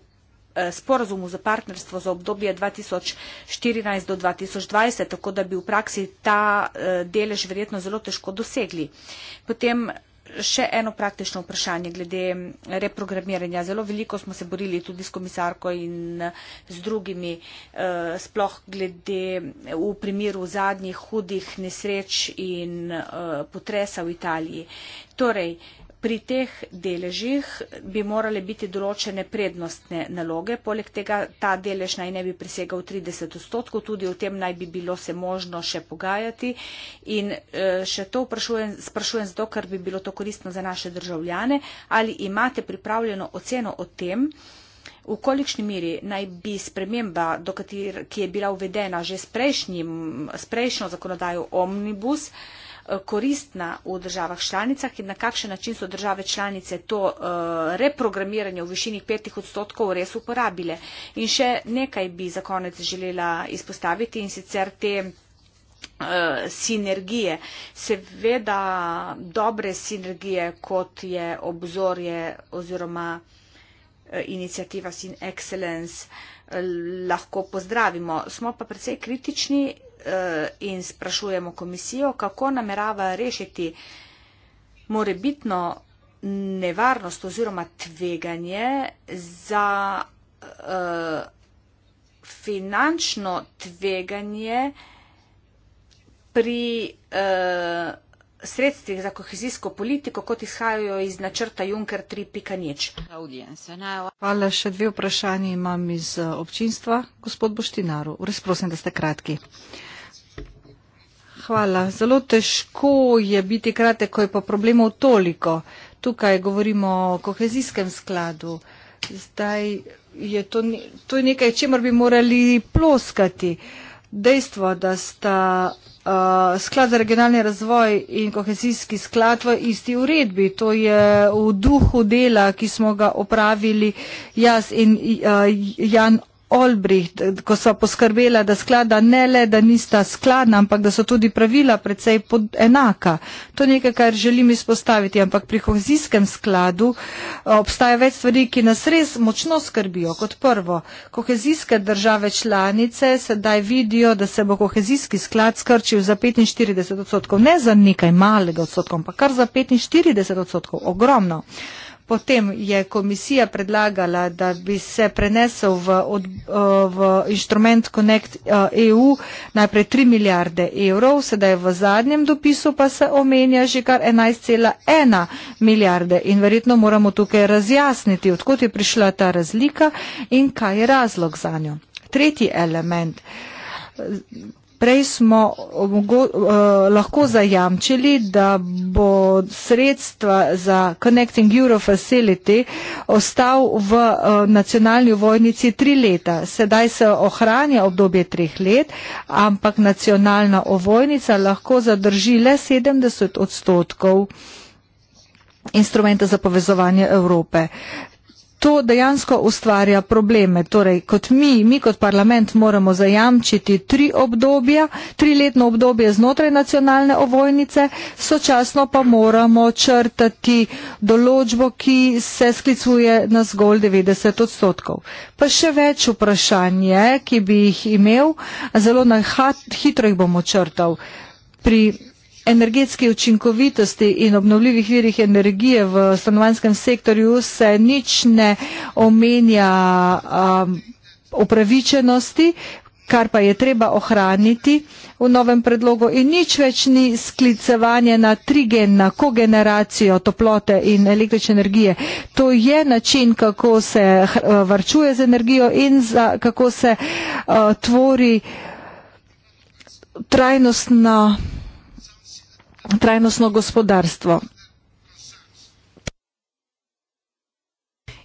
Speaker 3: sporozumu za partnerstvo za obdobje 2014 do 2020, tako da bi v praksi ta delež verjetno zelo težko dosegli. Potem Še eno praktično vprašanje glede reprogramiranja. Zelo veliko smo se borili tudi s komisarko in eh, z drugimi, eh, sploh glede eh, v primeru zadnjih hudih nesreč in potresa v Italiji. Torej, pri teh deležih bi morale biti določene prednostne naloge, poleg tega ta delež naj ne bi presegal 30 odstotkov, tudi o tem naj bi bilo se možno še pogajati. In e, še to vprašujem, sprašujem zato, ker bi bilo to koristno za naše državljane, ali imate pripravljeno oceno o tem, V kolikšni miri naj bi sprememba, kateri, ki je bila uvedena že s, prejšnjim, s prejšnjo zakonodajo omnibus, eh, koristna v državah članicah in na kakšen način so države članice to eh, reprogramiranje v višini petih odstotkov res uporabile. In še nekaj bi za konec želela izpostaviti in sicer te eh, sinergije. Seveda dobre sinergije, kot je obzorje oziroma eh, inicijativa Sin Excellence, lahko pozdravimo. Smo pa precej kritični Eh, in sprašujemo komisijo, kako namerava rešiti morebitno nevarnost oziroma tveganje za eh, finančno tveganje pri uh, sredstvih za kohezijsko politiko, kot izhajajo iz načrta Juncker 3.0.
Speaker 2: Hvala. Še dve vprašanje imam iz občinstva. Gospod Boštinaru, res prosim, da ste kratki. Uh, Hvala. Zelo težko je biti kratek, ko je pa problemov toliko. Tukaj govorimo o kohezijskem skladu. Zdaj je to, to je nekaj, čemer bi morali ploskati. Dejstvo, da sta uh, sklad za regionalni razvoj in kohezijski sklad v isti uredbi, to je v duhu dela, ki smo ga opravili jaz in uh, Jan. Olbricht, ko so poskrbela, da sklada ne le, da nista skladna, ampak da so tudi pravila predvsej enaka. To je nekaj, kar želim izpostaviti, ampak pri kohezijskem skladu eh, obstaja več stvari, ki nas res močno skrbijo. Kot prvo, kohezijske države članice sedaj vidijo, da se bo kohezijski sklad skrčil za 45 odstotkov, ne za nekaj malega odstotkov, ampak kar za 45 odstotkov, ogromno. Potem je komisija predlagala, da bi se prenesel v, od, eh, v inštrument Connect EU eh, e najprej 3 milijarde evrov, sedaj v zadnjem dopisu pa se omenja že kar 11,1 milijarde in verjetno moramo tukaj razjasniti, odkot je prišla ta razlika in kaj je razlog za njo. Tretji element. Prej smo eh, lahko zajamčili, da bo sredstva za Connecting Euro Facility ostal v eh, nacionalni ovojnici tri leta. Sedaj se ohranja obdobje treh let, ampak nacionalna ovojnica lahko zadrži le 70 odstotkov instrumenta za povezovanje Evrope to dejansko ustvarja probleme. Torej, kot mi, mi kot parlament moramo zajamčiti tri obdobja, triletno obdobje znotraj nacionalne ovojnice, sočasno pa moramo črtati določbo, ki se sklicuje na zgolj 90 odstotkov. Pa še več vprašanj je, ki bi jih imel, zelo na hitro jih bomo črtal. Pri energetski učinkovitosti in obnovljivih virih energije v stanovanjskem sektorju se nič ne omenja um, upravičenosti, kar pa je treba ohraniti v novem predlogu in nič več ni sklicevanje na trigen, na kogeneracijo toplote in električne energije. To je način, kako se eh, varčuje z energijo in za, kako se uh, tvori trajnostna trajnostno gospodarstvo.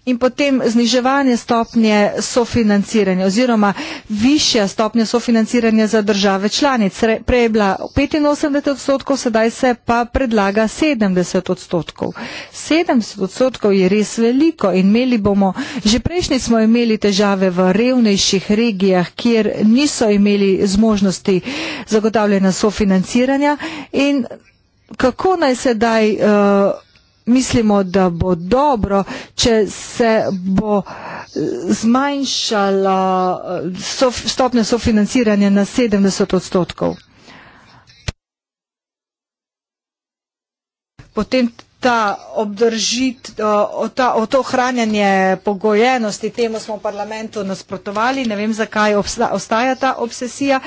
Speaker 2: In potem zniževanje stopnje sofinanciranja oziroma višja stopnja sofinanciranja za države članic. Prej je bila 85 odstotkov, sedaj se pa predlaga 70 odstotkov. 70 odstotkov je res veliko in imeli bomo, že prejšnji smo imeli težave v revnejših regijah, kjer niso imeli zmožnosti zagotavljanja sofinanciranja in kako naj sedaj uh, mislimo, da bo dobro, če se bo eh, zmanjšala eh, sof, stopnja sofinanciranja na 70 odstotkov? Potem ta obdržit, o to ohranjanje pogojenosti, temu smo v parlamentu nasprotovali, ne vem, zakaj ostaja ta obsesija.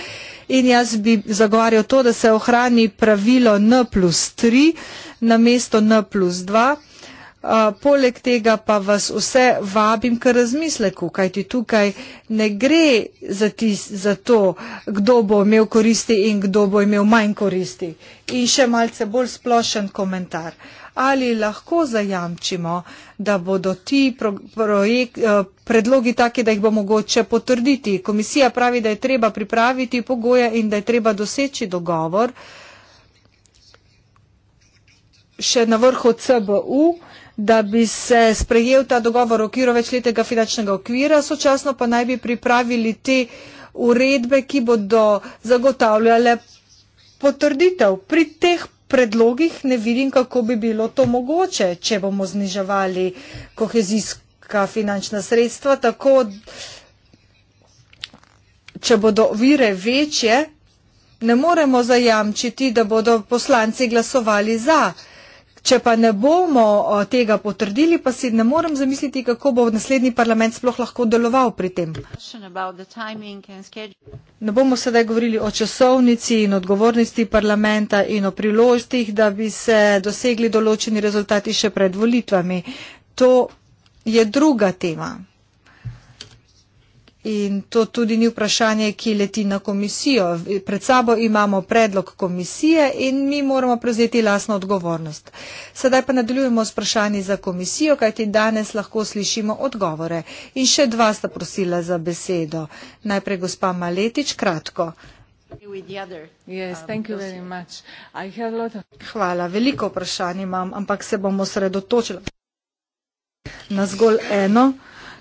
Speaker 2: In jaz bi zagovarjal to, da se ohrani pravilo N plus 3 na mesto N plus 2. Poleg tega pa vas vse vabim k razmisleku, kajti tukaj ne gre za, tis, za to, kdo bo imel koristi in kdo bo imel manj koristi. In še malce bolj splošen komentar ali lahko zajamčimo, da bodo ti pro, projekt, eh, predlogi taki, da jih bo mogoče potrditi. Komisija pravi, da je treba pripraviti pogoje in da je treba doseči dogovor še na vrhu CBU, da bi se sprejel ta dogovor v okviru večletega finančnega okvira, sočasno pa naj bi pripravili te uredbe, ki bodo zagotavljale potrditev. Pri teh predlogih ne vidim, kako bi bilo to mogoče, če bomo zniževali kohezijska finančna sredstva, tako če bodo vire večje, ne moremo zajamčiti, da bodo poslanci glasovali za kohezijska finančna sredstva. Če pa ne bomo tega potrdili, pa si ne morem zamisliti, kako bo naslednji parlament sploh lahko deloval pri tem. Ne bomo sedaj govorili o časovnici in odgovornosti parlamenta in o priložnostih, da bi se dosegli določeni rezultati še pred volitvami. To je druga tema. In to tudi ni vprašanje, ki leti na komisijo. Pred sabo imamo predlog komisije in mi moramo prevzeti lasno odgovornost. Sedaj pa nadaljujemo s vprašanji za komisijo, kajti danes lahko slišimo odgovore. In še dva sta prosila za besedo. Najprej gospa Maletič, kratko. Hvala, veliko vprašanj imam, ampak se bom osredotočila na zgolj eno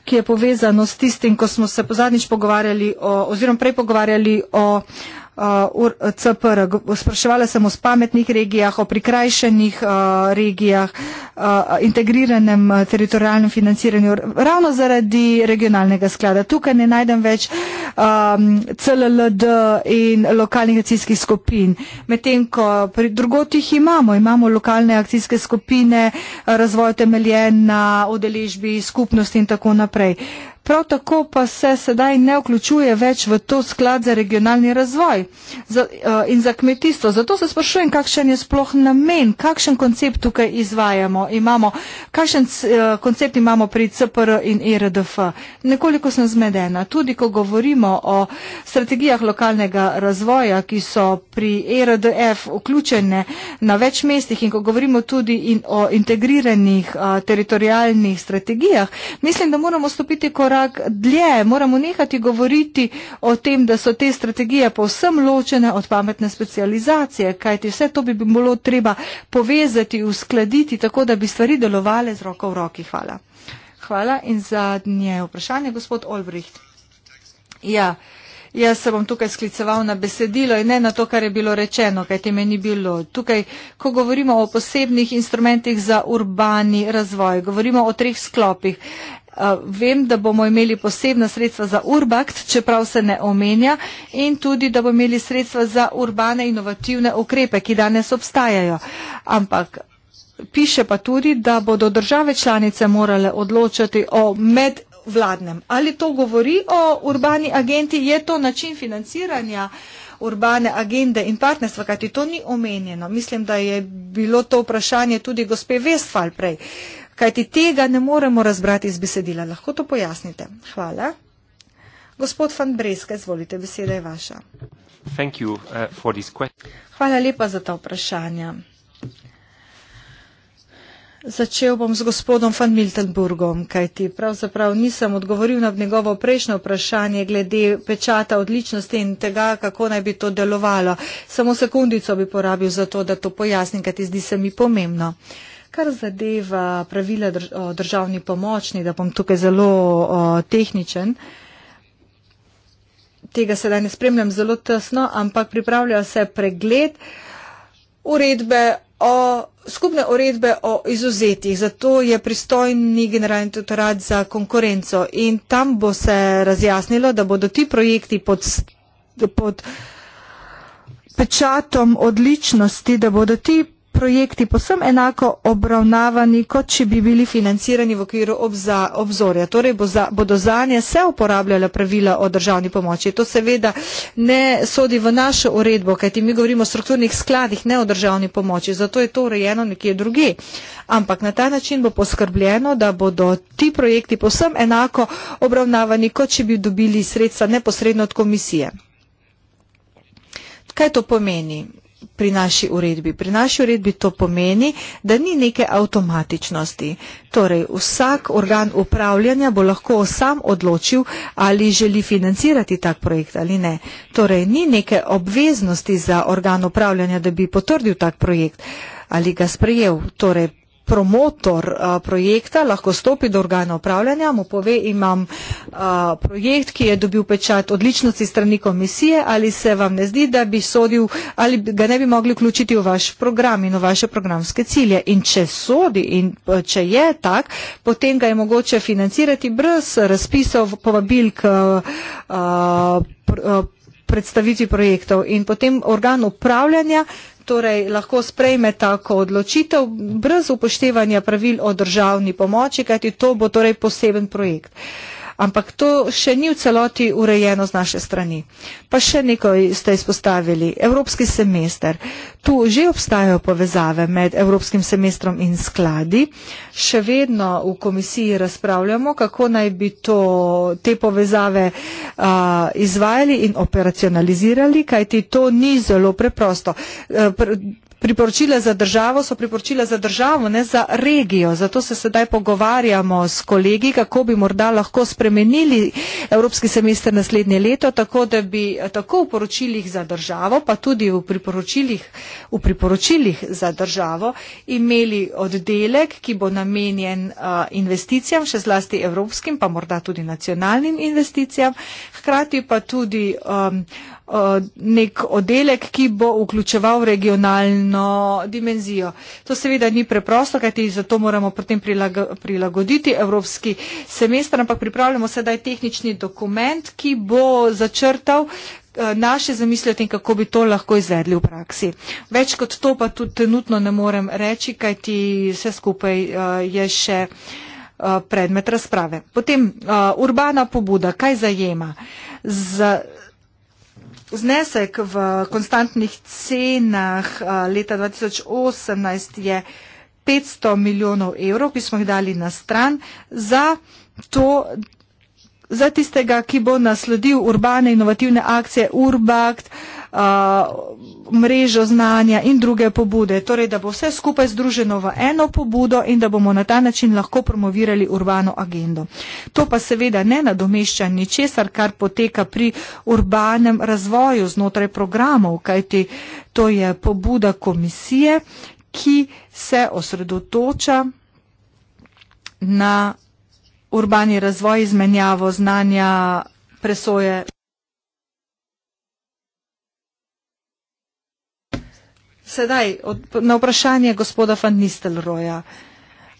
Speaker 2: ki je povezano s tistim, ko smo se pozadnjič pogovarjali o, oziroma prej pogovarjali o uh, uh, CPR. Spraševala sem o spametnih regijah, o prikrajšenih uh, regijah, uh, integriranem uh, teritorijalnem financiranju, ravno zaradi regionalnega sklada. Tukaj ne najdem več um, CLLD in lokalnih akcijskih skupin. Medtem, ko pri drugotih imamo, imamo lokalne akcijske skupine, uh, razvoj temeljen na odeležbi skupnosti in tako naprej. Uh, prav tako pa se sedaj ne vključuje več v to sklad za regionalni razvoj za, uh, in za kmetijstvo. Zato se sprašujem, kakšen je sploh namen, kakšen koncept tukaj izvajamo, imamo, kakšen uh, koncept imamo pri CPR in ERDF. Nekoliko sem zmedena. Tudi, ko govorimo o strategijah lokalnega razvoja, ki so pri ERDF vključene na več mestih in ko govorimo tudi in o integriranih uh, eh, teritorijalnih strategijah, mislim, da moramo stopiti korak korak dlje. Moramo nehati govoriti o tem, da so te strategije povsem ločene od pametne specializacije, kajti vse to bi bilo treba povezati, uskladiti, tako da bi stvari delovale z roko v roki. Hvala. Hvala in zadnje vprašanje, gospod Olbricht. Ja, jaz se bom tukaj skliceval na besedilo in ne na to, kar je bilo rečeno, kaj teme ni bilo. Tukaj, ko govorimo o posebnih instrumentih za urbani razvoj, govorimo o treh sklopih vem, da bomo imeli posebna sredstva za Urbakt, čeprav se ne omenja, in tudi, da bomo imeli sredstva za urbane inovativne ukrepe, ki danes obstajajo. Ampak piše pa tudi, da bodo države članice morale odločati o med. Vladnem. Ali to govori o urbani agenti, je to način financiranja urbane agende in partnerstva, kajti to ni omenjeno. Mislim, da je bilo to vprašanje tudi gospe Vestfal prej. Uh, kajti tega ne moremo razbrati iz besedila. Lahko to pojasnite. Hvala. Gospod Van Breske, izvolite, beseda je vaša.
Speaker 1: You, uh,
Speaker 2: Hvala lepa za ta vprašanja. Začel bom z gospodom Van Miltenburgom, kajti pravzaprav nisem odgovoril na njegovo prejšnjo vprašanje glede pečata odličnosti in tega, kako naj bi to delovalo. Samo sekundico bi porabil za to, da to pojasnim, kajti zdi se mi pomembno. Uh, Kar zadeva pravila drž državni pomočni, da bom tukaj zelo o, tehničen, tega sedaj ne spremljam zelo tesno, ampak pripravlja se pregled uredbe o, skupne uredbe o izuzetih. Zato je pristojni generalni tutorat za konkurenco in tam bo se razjasnilo, da bodo ti projekti pod. pod pečatom odličnosti, da bodo ti projekti posem enako obravnavani, kot če bi bili financirani v okviru obza, obzorja. Torej bo za, bodo zanje se uporabljala pravila o državni pomoči. To seveda ne sodi v našo uredbo, kajti mi govorimo o strukturnih skladih, ne o državni pomoči. Zato je to urejeno nekje druge. Ampak na ta način bo poskrbljeno, da bodo ti projekti posem enako obravnavani, kot če bi dobili sredstva neposredno od komisije. Kaj to pomeni? pri naši uredbi. Pri naši uredbi to pomeni, da ni neke avtomatičnosti. Torej, vsak organ upravljanja bo lahko sam odločil, ali želi financirati tak projekt ali ne. Torej, ni neke obveznosti za organ upravljanja, da bi potrdil tak projekt ali ga sprejel. Torej, promotor uh, projekta lahko stopi do organa upravljanja, mu pove, imam uh, projekt, ki je dobil pečat odličnosti strani komisije, ali se vam ne zdi, da bi sodil, ali ga ne bi mogli vključiti v vaš program in v vaše programske cilje. In če sodi in uh, če je tak, potem ga je mogoče financirati brez razpisov povabil k. Uh, pr, uh, predstaviti projektov in potem organ upravljanja uh, torej lahko sprejme tako odločitev brez upoštevanja pravil o državni pomoči, kajti to bo torej poseben projekt. Uh, ampak to še ni v celoti urejeno z naše strani. Pa še nekaj ste izpostavili, evropski semester. Tu že obstajajo povezave med evropskim semestrom in skladi. Še vedno v komisiji razpravljamo, kako naj bi to, te povezave uh, izvajali in operacionalizirali, kajti to ni zelo preprosto. Uh, pr priporočila za državo so priporočila za državo, ne za regijo. Zato se sedaj pogovarjamo s kolegi, kako bi morda lahko spremenili Evropski semester naslednje leto, tako da bi tako v poročilih za državo, pa tudi v priporočilih, v priporočilih za državo imeli oddelek, ki bo namenjen investicijam, še zlasti evropskim, pa morda tudi nacionalnim investicijam, hkrati pa tudi um, Eh, nek oddelek, ki bo vključeval regionalno dimenzijo. To seveda ni preprosto, kajti zato moramo potem prilagoditi evropski semester, ampak pripravljamo sedaj tehnični dokument, ki bo začrtal eh, naše zamisle o tem, kako bi to lahko izvedli v praksi. Več kot to pa tudi trenutno ne morem reči, kajti vse skupaj eh, je še predmet razprave. Potem urbana pobuda, kaj zajema? Z Vznesek v konstantnih cenah eh, leta 2018 je 500 milijonov evrov, ki smo jih dali na stran za, to, za tistega, ki bo nasledil urbane inovativne akcije Urbakt. Uh, Uh, mrežo znanja in druge pobude. Torej, da bo vse skupaj združeno v eno pobudo in da bomo na ta način lahko promovirali urbano agendo. To pa seveda ne nadomešča ničesar, kar poteka pri urbanem razvoju znotraj programov, kajti to je pobuda komisije, ki se osredotoča na urbani razvoj, izmenjavo znanja, presoje. Sedaj od, na vprašanje gospoda Van Nistelroja.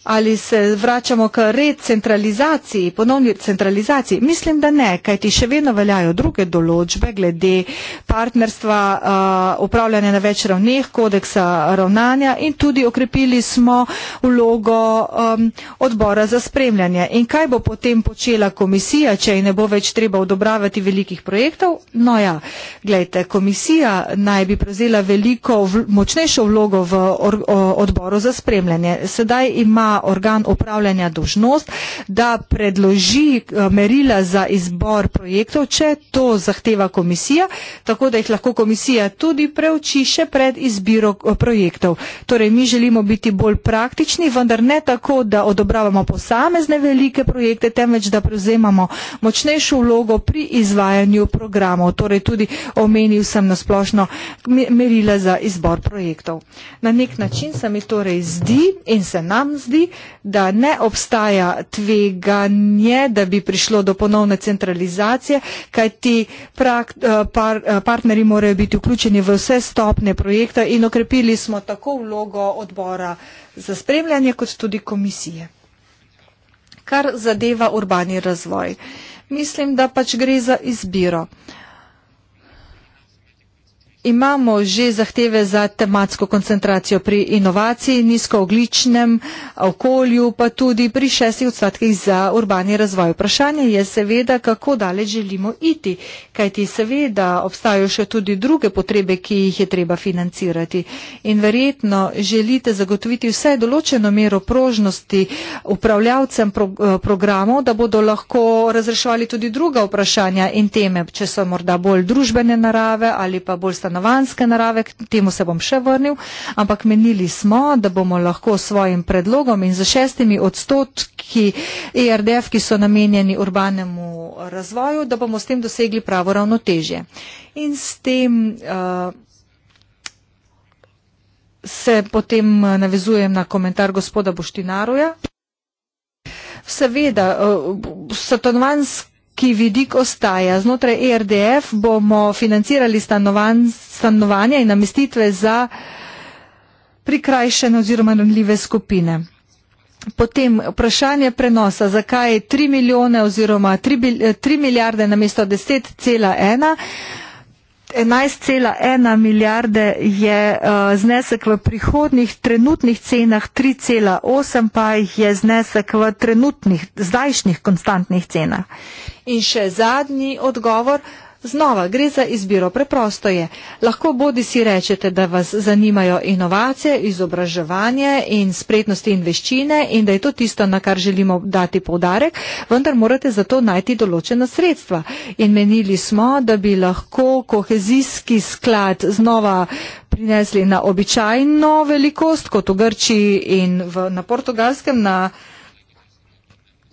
Speaker 2: Ali se vračamo k red centralizaciji, ponovni centralizaciji? Mislim, da ne, kajti še vedno veljajo druge določbe glede partnerstva, eh, upravljanja na več ravneh, kodeksa ravnanja in tudi okrepili smo vlogo eh, odbora za spremljanje. In kaj bo potem počela komisija, če ji ne bo več treba odobravati velikih projektov? No ja, gledajte, komisija naj bi prevzela veliko, močnejšo vlogo v odboru za spremljanje. Sedaj ima organ upravljanja dožnost, da predloži eh, merila za izbor projektov, če to zahteva komisija, tako da jih lahko komisija tudi preuči še pred izbiro eh, projektov. Torej, mi želimo biti bolj praktični, vendar ne tako, da odobravamo posamezne velike projekte, temveč da prevzemamo močnejšo vlogo pri izvajanju programov. Torej, tudi omenil sem na splošno merila za izbor projektov. Na nek način se mi torej zdi in se nam zdi, da ne obstaja tveganje, da bi prišlo do ponovne centralizacije, kaj ti prak, eh, par, eh, partneri morajo biti vključeni v vse stopne projekta in okrepili smo tako vlogo odbora za spremljanje kot tudi komisije. Kar zadeva urbani razvoj. Mislim, da pač gre za izbiro. Uh, Imamo že zahteve za tematsko koncentracijo pri inovaciji, nizkoogličnem okolju, pa tudi pri šestih odstotkih za urbani razvoj. Vprašanje je seveda, kako daleč želimo iti, kajti seveda obstajajo še tudi druge potrebe, ki jih je treba financirati. In verjetno želite zagotoviti vsaj določeno mero prožnosti upravljavcem pro, eh, programov, da bodo lahko razreševali tudi druga vprašanja in teme, če so morda bolj družbene narave ali pa bolj stanovne stanovanske narave, k temu se bom še vrnil, ampak menili smo, da bomo lahko s svojim predlogom in za šestimi odstotki ERDF, ki so namenjeni urbanemu razvoju, da bomo s tem dosegli pravo ravnotežje. In s tem uh, se potem eh, navezujem na komentar gospoda Boštinaroja. Seveda, uh, eh, stanovanske ki vidik ostaja. Znotraj ERDF bomo financirali stanovan, stanovanja in namestitve za prikrajšene oziroma ranljive skupine. Potem vprašanje prenosa, zakaj 3 milijone oziroma 3, 3 eh, milijarde namesto 10,1. 11,1 milijarde je eh, znesek v prihodnih trenutnih cenah, 3,8 pa jih je znesek v trenutnih zdajšnjih konstantnih cenah. In še zadnji odgovor, Znova gre za izbiro preprosto je. Lahko bodi si rečete, da vas zanimajo inovacije, izobraževanje in spretnosti in veščine in da je to tisto, na kar želimo dati povdarek, vendar morate za to najti določena sredstva. In menili smo, da bi lahko kohezijski sklad znova prinesli na običajno velikost, kot v Grčiji in v, na portugalskem, na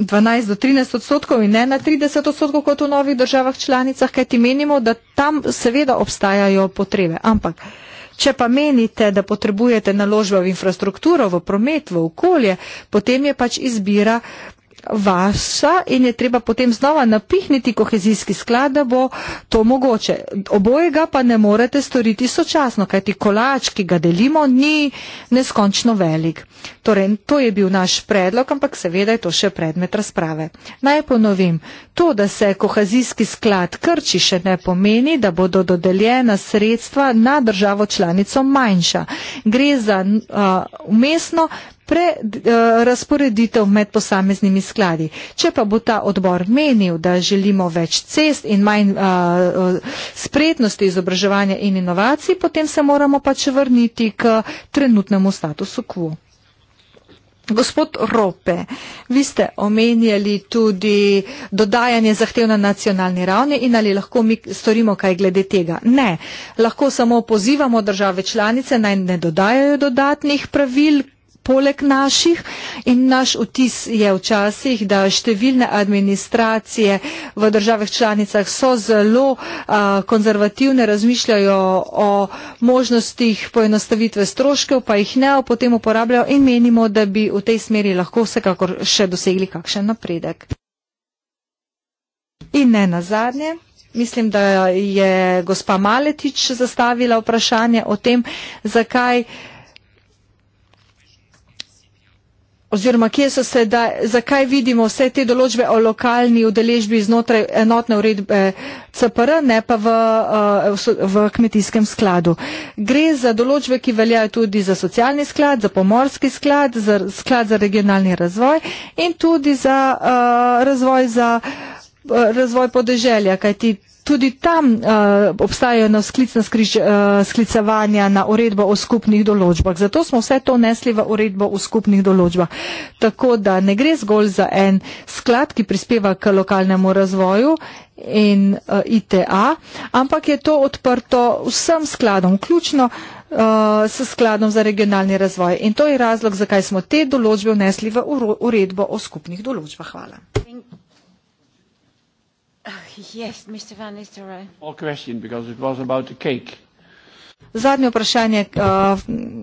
Speaker 2: 12 do 13 odstotkov in ne na 30 odstotkov kot v novih državah članicah, kajti menimo, da tam seveda obstajajo potrebe. Ampak, če pa menite, da potrebujete naložbe v infrastrukturo, v promet, v okolje, potem je pač izbira vaša in je treba potem znova napihniti kohezijski sklad, da bo to mogoče. Obojega pa ne morete storiti sočasno, kajti kolač, ki ga delimo, ni neskončno velik. Torej, to je bil naš predlog, ampak seveda je to še predmet razprave. Naj ponovim, to, da se kohezijski sklad krči, še ne pomeni, da bodo dodeljena sredstva na državo članico manjša. Gre za uh, umestno prerasporeditev eh, med posameznimi skladi. Če pa bo ta odbor menil, da želimo več cest in manj eh, eh, spretnosti izobraževanja in inovacij, potem se moramo pač vrniti k trenutnemu statusu quo. Gospod Rope, vi ste omenjali tudi dodajanje zahtev na nacionalni ravni in ali lahko mi storimo kaj glede tega? Ne, lahko samo pozivamo države članice naj ne dodajajo dodatnih pravil, poleg naših in naš vtis je včasih, da številne administracije v državah članicah so zelo a, konzervativne, razmišljajo o možnostih poenostavitve stroškov, pa jih ne, potem uporabljajo in menimo, da bi v tej smeri lahko vsekakor še dosegli kakšen napredek. In ne nazadnje. Mislim, da je gospa Maletič zastavila vprašanje o tem, zakaj uh, oziroma kje so se, da, zakaj vidimo vse te določbe o lokalni udeležbi znotraj enotne uredbe eh, CPR, ne pa v, eh, v kmetijskem skladu. Gre za določbe, ki veljajo tudi za socialni sklad, za pomorski sklad, za sklad za regionalni razvoj in tudi za uh, razvoj za uh, Eh, razvoj podeželja, kajti tudi tam uh, obstajajo na sklicna skriž, uh, sklicevanja na uredbo o skupnih določbah. Zato smo vse to nesli v uredbo o skupnih določbah. Tako da ne gre zgolj za en sklad, ki prispeva k lokalnemu razvoju in uh, ITA, ampak je to odprto vsem skladom, vključno uh, s skladom za regionalni razvoj. In to je razlog, zakaj smo te določbe vnesli v uredbo o skupnih določbah. Hvala. Zadnje vprašanje, uh,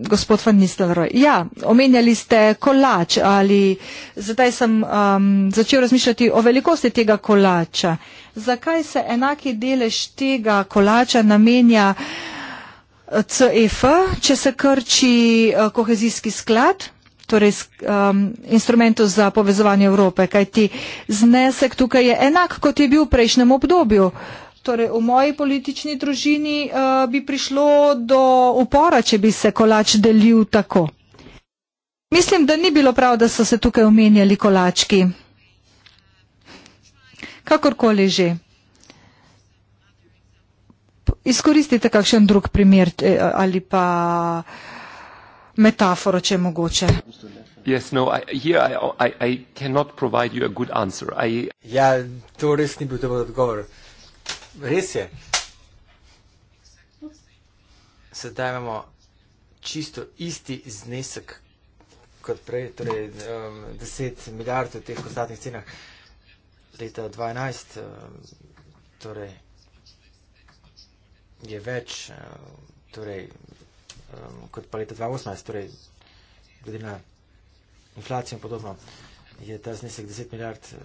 Speaker 2: gospod van Nistelrooy. Ja, omenjali ste kolač ali zdaj sem um, začel razmišljati o velikosti tega kolača. Zakaj se enaki delež tega kolača namenja uh, CEF, če se krči uh, kohezijski sklad? torej um, instrumentu za povezovanje Evrope, kajti znesek tukaj je enak, kot je bil v prejšnjem obdobju. Torej, v moji politični družini uh, bi prišlo do upora, če bi se kolač delil tako. Mislim, da ni bilo prav, da so se tukaj omenjali kolački. Kakorkoli že. Izkoristite kakšen drug primer eh, ali pa. Uh, metaforo, če je mogoče.
Speaker 1: Yes, no, I, I, I I... Ja, to res ni bil dober odgovor. Res je. Sedaj imamo čisto isti znesek kot prej, torej um, 10 milijard v teh ostatnih cenah leta 2012. Um, torej je več, um, torej um, kot pa leta 2018, torej glede na inflacijo in podobno, je ta znesek 10 milijard eh,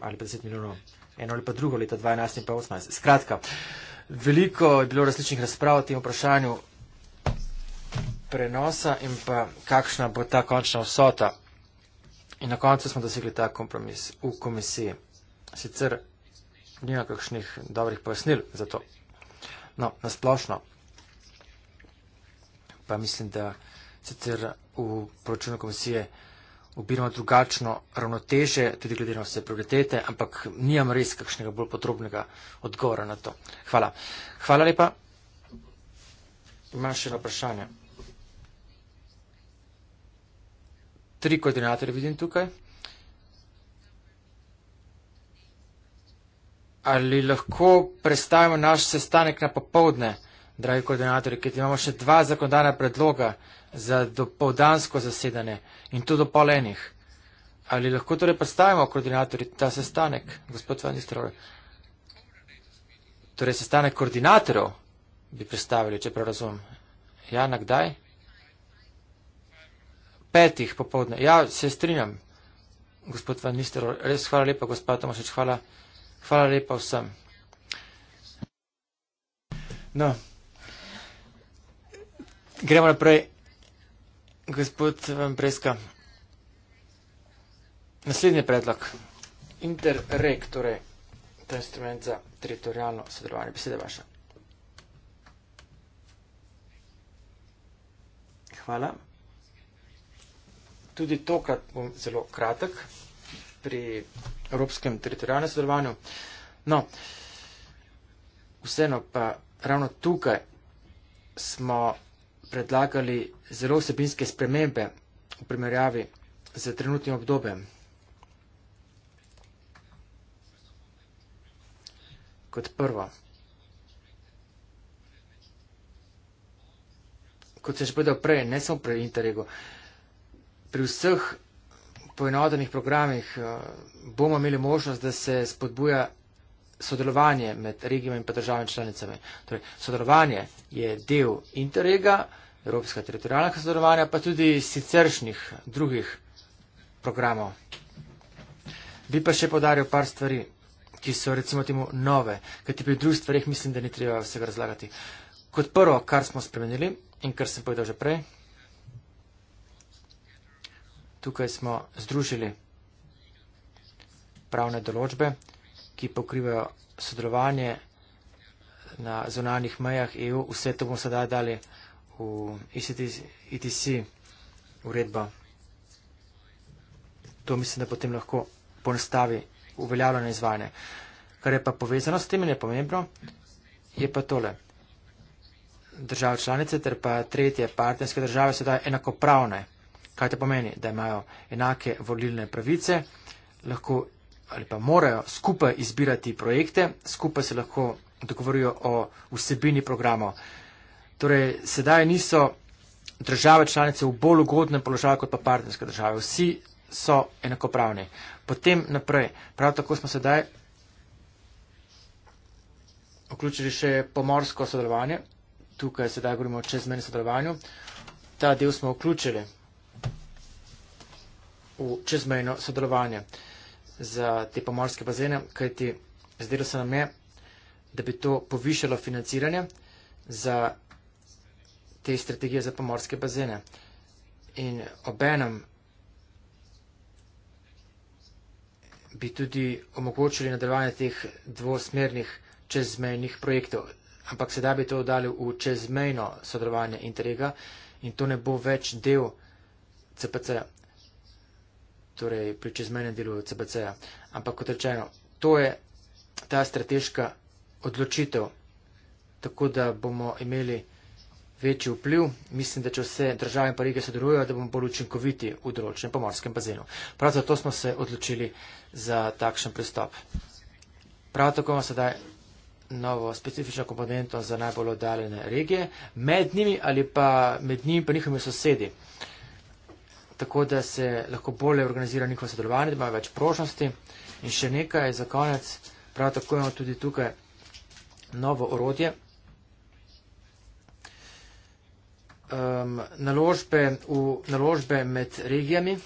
Speaker 1: ali pa 10 milijonov, eno ali pa drugo leta 2011 in pa 2018. Skratka, veliko je bilo različnih razprav o tem vprašanju prenosa in pa kakšna bo ta končna vsota. In na koncu smo dosegli ta kompromis v komisiji. Sicer nima kakšnih dobrih pojasnil za to. No, nasplošno pa mislim, da sicer v poročilu komisije obiramo drugačno ravnoteže, tudi glede na vse prioritete, ampak nijam res kakšnega bolj podrobnega odgovora na to. Hvala. Hvala lepa. Imam še eno vprašanje. Tri koordinatorje vidim tukaj. Ali lahko predstavimo naš sestanek na popovdne? dragi koordinatorji, ker imamo še dva zakonodana predloga za dopoldansko zasedanje in to do pol enih. Ali lahko torej predstavimo, koordinatorji, ta sestanek, gospod Van Nistelrooy? Torej, sestanek koordinatorov bi predstavili, če prav razumem. Ja, na kdaj? Petih popovdne. Ja, se strinjam, gospod Van Nistelrooy. Res hvala lepa, gospod Tomošič, hvala, hvala lepa vsem. No. Gremo naprej. Gospod Van Preska. Naslednji predlog. Interreg, torej ta instrument za teritorijalno sodelovanje. Beseda vaša. Hvala. Tudi tokrat bom zelo kratek pri evropskem teritorijalnem sodelovanju. No, vseeno pa ravno tukaj smo predlagali zelo vsebinske spremembe v primerjavi z trenutnim obdobjem. Kot prvo. Kot sem že povedal prej, ne samo pri Interregu, pri vseh poenotenih programih eh, bomo imeli možnost, da se spodbuja sodelovanje med regijami in državami članicami. Torej, sodelovanje je del Interrega evropska teritorijalna sodelovanja, pa tudi siceršnjih drugih programov. Bi pa še podaril par stvari, ki so recimo temu nove, kajti pri drugih stvarih mislim, da ni treba vsega razlagati. Kot prvo, kar smo spremenili in kar sem povedal že prej, tukaj smo združili pravne določbe, ki pokrivajo sodelovanje na zonalnih mejah EU. Vse to bomo sedaj dali v ECTC e uredba. To mislim, da potem lahko ponestavi uveljavljeno izvajanje. Kar je pa povezano s tem in je pomembno, je pa tole. Države članice ter pa tretje partnerske države so da enakopravne. Kaj to pomeni? Da imajo enake volilne pravice, lahko ali pa morajo skupaj izbirati projekte, skupaj se lahko dogovorijo o vsebini programov. Torej, sedaj niso države članice v bolj ugodnem položaju kot pa partnerske države. Vsi so enakopravni. Potem naprej, prav tako smo sedaj vključili še pomorsko sodelovanje. Tukaj sedaj govorimo o čezmenem sodelovanju. Ta del smo vključili v čezmejno sodelovanje za te pomorske bazene, kajti zdelo se nam je, da bi to povišalo financiranje za te strategije za pomorske bazene. In obenem bi tudi omogočili nadaljevanje teh dvosmernih čezmejnih projektov. Ampak sedaj bi to dali v čezmejno sodelovanje interega in to ne bo več del CPC, torej pri čezmejnem delu CPC. -ja. Ampak kot rečeno, to je ta strateška odločitev, tako da bomo imeli večji vpliv. Mislim, da če vse države in pa regije sodelujejo, da bomo bolj učinkoviti v določenem pomorskem bazenu. Prav zato smo se odločili za takšen pristop. Prav tako imamo sedaj novo specifično komponento za najbolj oddaljene regije, med njimi ali pa med njimi pa njihovimi sosedi. Tako da se lahko bolje organizira njihovo sodelovanje, da imajo več prožnosti. In še nekaj za konec. Prav tako imamo tudi tukaj novo orodje, um, naložbe, v, naložbe med regijami.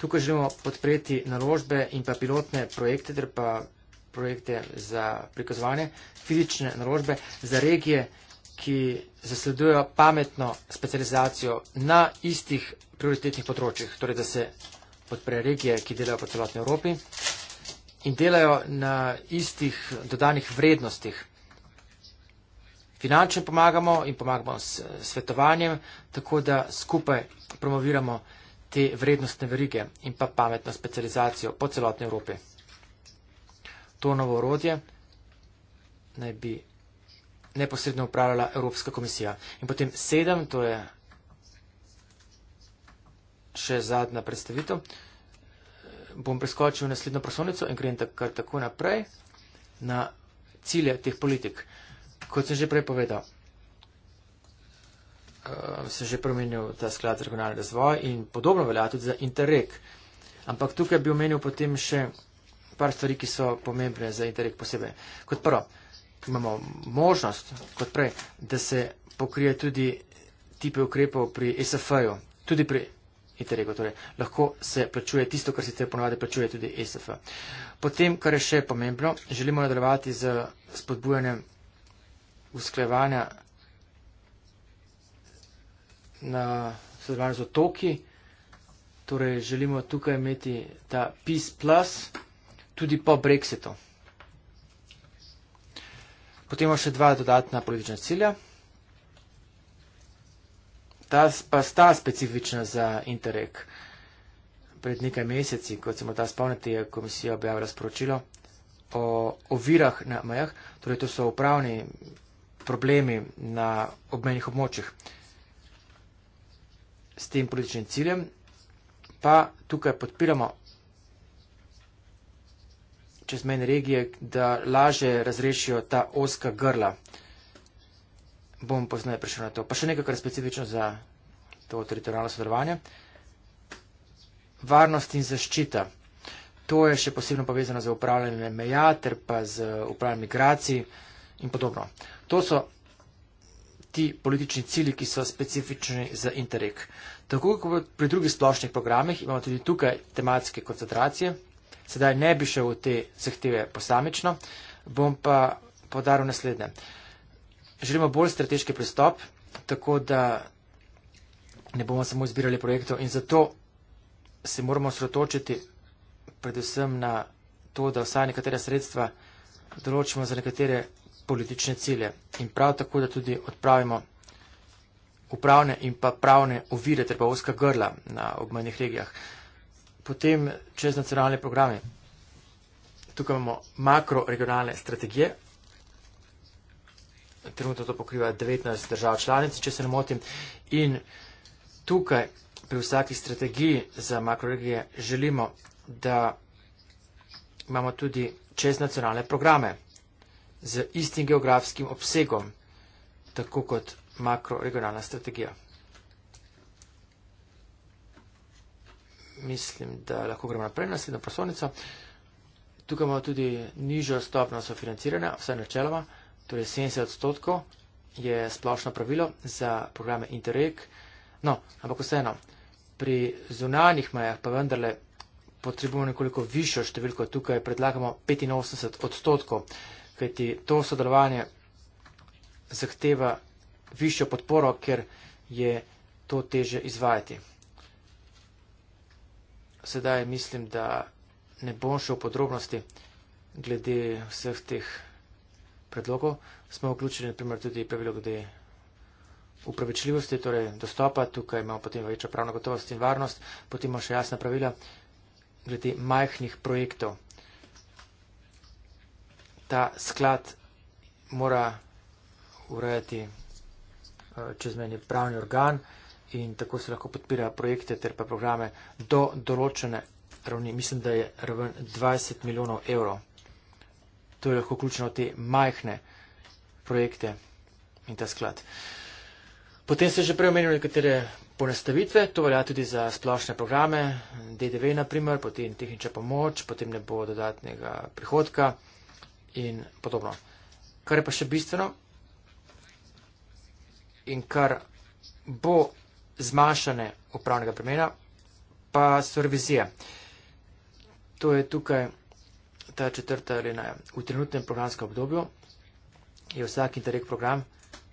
Speaker 1: Tukaj želimo podpreti naložbe in pa pilotne projekte ter pa projekte za prikazovanje, fizične naložbe za regije, ki zasledujejo pametno specializacijo na istih prioritetnih področjih, torej da se podpre regije, ki delajo po celotni Evropi in delajo na istih dodanih vrednostih finančno pomagamo in pomagamo s svetovanjem, tako da skupaj promoviramo te vrednostne verige in pa pametno specializacijo po celotni Evropi. To novo orodje naj bi neposredno upravljala Evropska komisija. In potem sedem, to je še zadnja predstavitev, bom preskočil v naslednjo prosovnico in grem takrat tako naprej na cilje teh politik kot sem že prej povedal, uh, sem že promenil ta sklad za regionalni razvoj in podobno velja tudi za Interreg. Ampak tukaj bi omenil potem še par stvari, ki so pomembne za Interreg posebej. Kot prvo, imamo možnost, kot prej, da se pokrije tudi tipe ukrepov pri SFJ-u, tudi pri Interregu. Torej, lahko se plačuje tisto, kar se te ponovadi plačuje tudi SFJ. Potem, kar je še pomembno, želimo nadaljevati z spodbujanjem usklajevanja na sodelovanju z otoki. Torej, želimo tukaj imeti ta Peace Plus tudi po Brexitu. Potem imamo še dva dodatna politična cilja. Ta pa sta specifična za Interreg. Pred nekaj meseci, kot se morda spomnite, je komisija objavila sporočilo o ovirah na mejah. Torej, to so upravni problemi na obmenjih območjih. S tem političnim ciljem pa tukaj podpiramo čezmejne regije, da laže razrešijo ta oska grla. Bom poznaje prišel na to. Pa še nekaj, kar je specifično za to teritorijalno sodelovanje. Varnost in zaščita. To je še posebno povezano z upravljanjem meja ter pa z upravljanjem migracij in podobno. To so ti politični cilji, ki so specifični za interreg. Tako kot pri drugih splošnih programih imamo tudi tukaj tematske koncentracije. Sedaj ne bi šel v te zahteve posamično, bom pa podaril naslednje. Želimo bolj strateški pristop, tako da ne bomo samo izbirali projektov in zato se moramo sredotočiti predvsem na to, da vsaj nekatere sredstva določimo za nekatere politične cilje in prav tako, da tudi odpravimo upravne in pa pravne ovire ter pa oska grla na obmanjih regijah. Potem čez nacionalne programe. Tukaj imamo makroregionalne strategije. Trenutno to pokriva 19 držav članic, če se ne motim. In tukaj pri vsaki strategiji za makroregije želimo, da imamo tudi čez nacionalne programe z istim geografskim obsegom, tako kot makroregionalna strategija. Mislim, da lahko gremo naprej na naslednjo prosovnico. Tukaj imamo tudi nižjo stopno sofinanciranja, vsaj načeloma, torej 70 odstotkov je splošno pravilo za programe Interreg. No, ampak vseeno, pri zunanjih mejah pa vendarle potrebujemo nekoliko višjo številko, tukaj predlagamo 85 odstotkov kajti to sodelovanje zahteva višjo podporo, ker je to teže izvajati. Sedaj mislim, da ne bom šel v podrobnosti glede vseh teh predlogov. Smo vključili naprimer tudi pravilo glede upravičljivosti, torej dostopa, tukaj imamo potem večjo pravno gotovost in varnost, potem imamo še jasna pravila glede majhnih projektov ta sklad mora urejati eh, čezmeni pravni organ in tako se lahko podpira projekte ter pa programe do določene ravni. Mislim, da je raven 20 milijonov evrov. To je lahko vključeno v te majhne projekte in ta sklad. Potem se že prej omenili nekatere ponestavitve, to velja tudi za splošne programe, DDV naprimer, potem tehnična pomoč, potem ne bo dodatnega prihodka in podobno. Kar je pa še bistveno in kar bo zmanjšane upravnega premena, pa so revizije. To je tukaj ta četrta alineja. V trenutnem programskem obdobju je vsak interreg program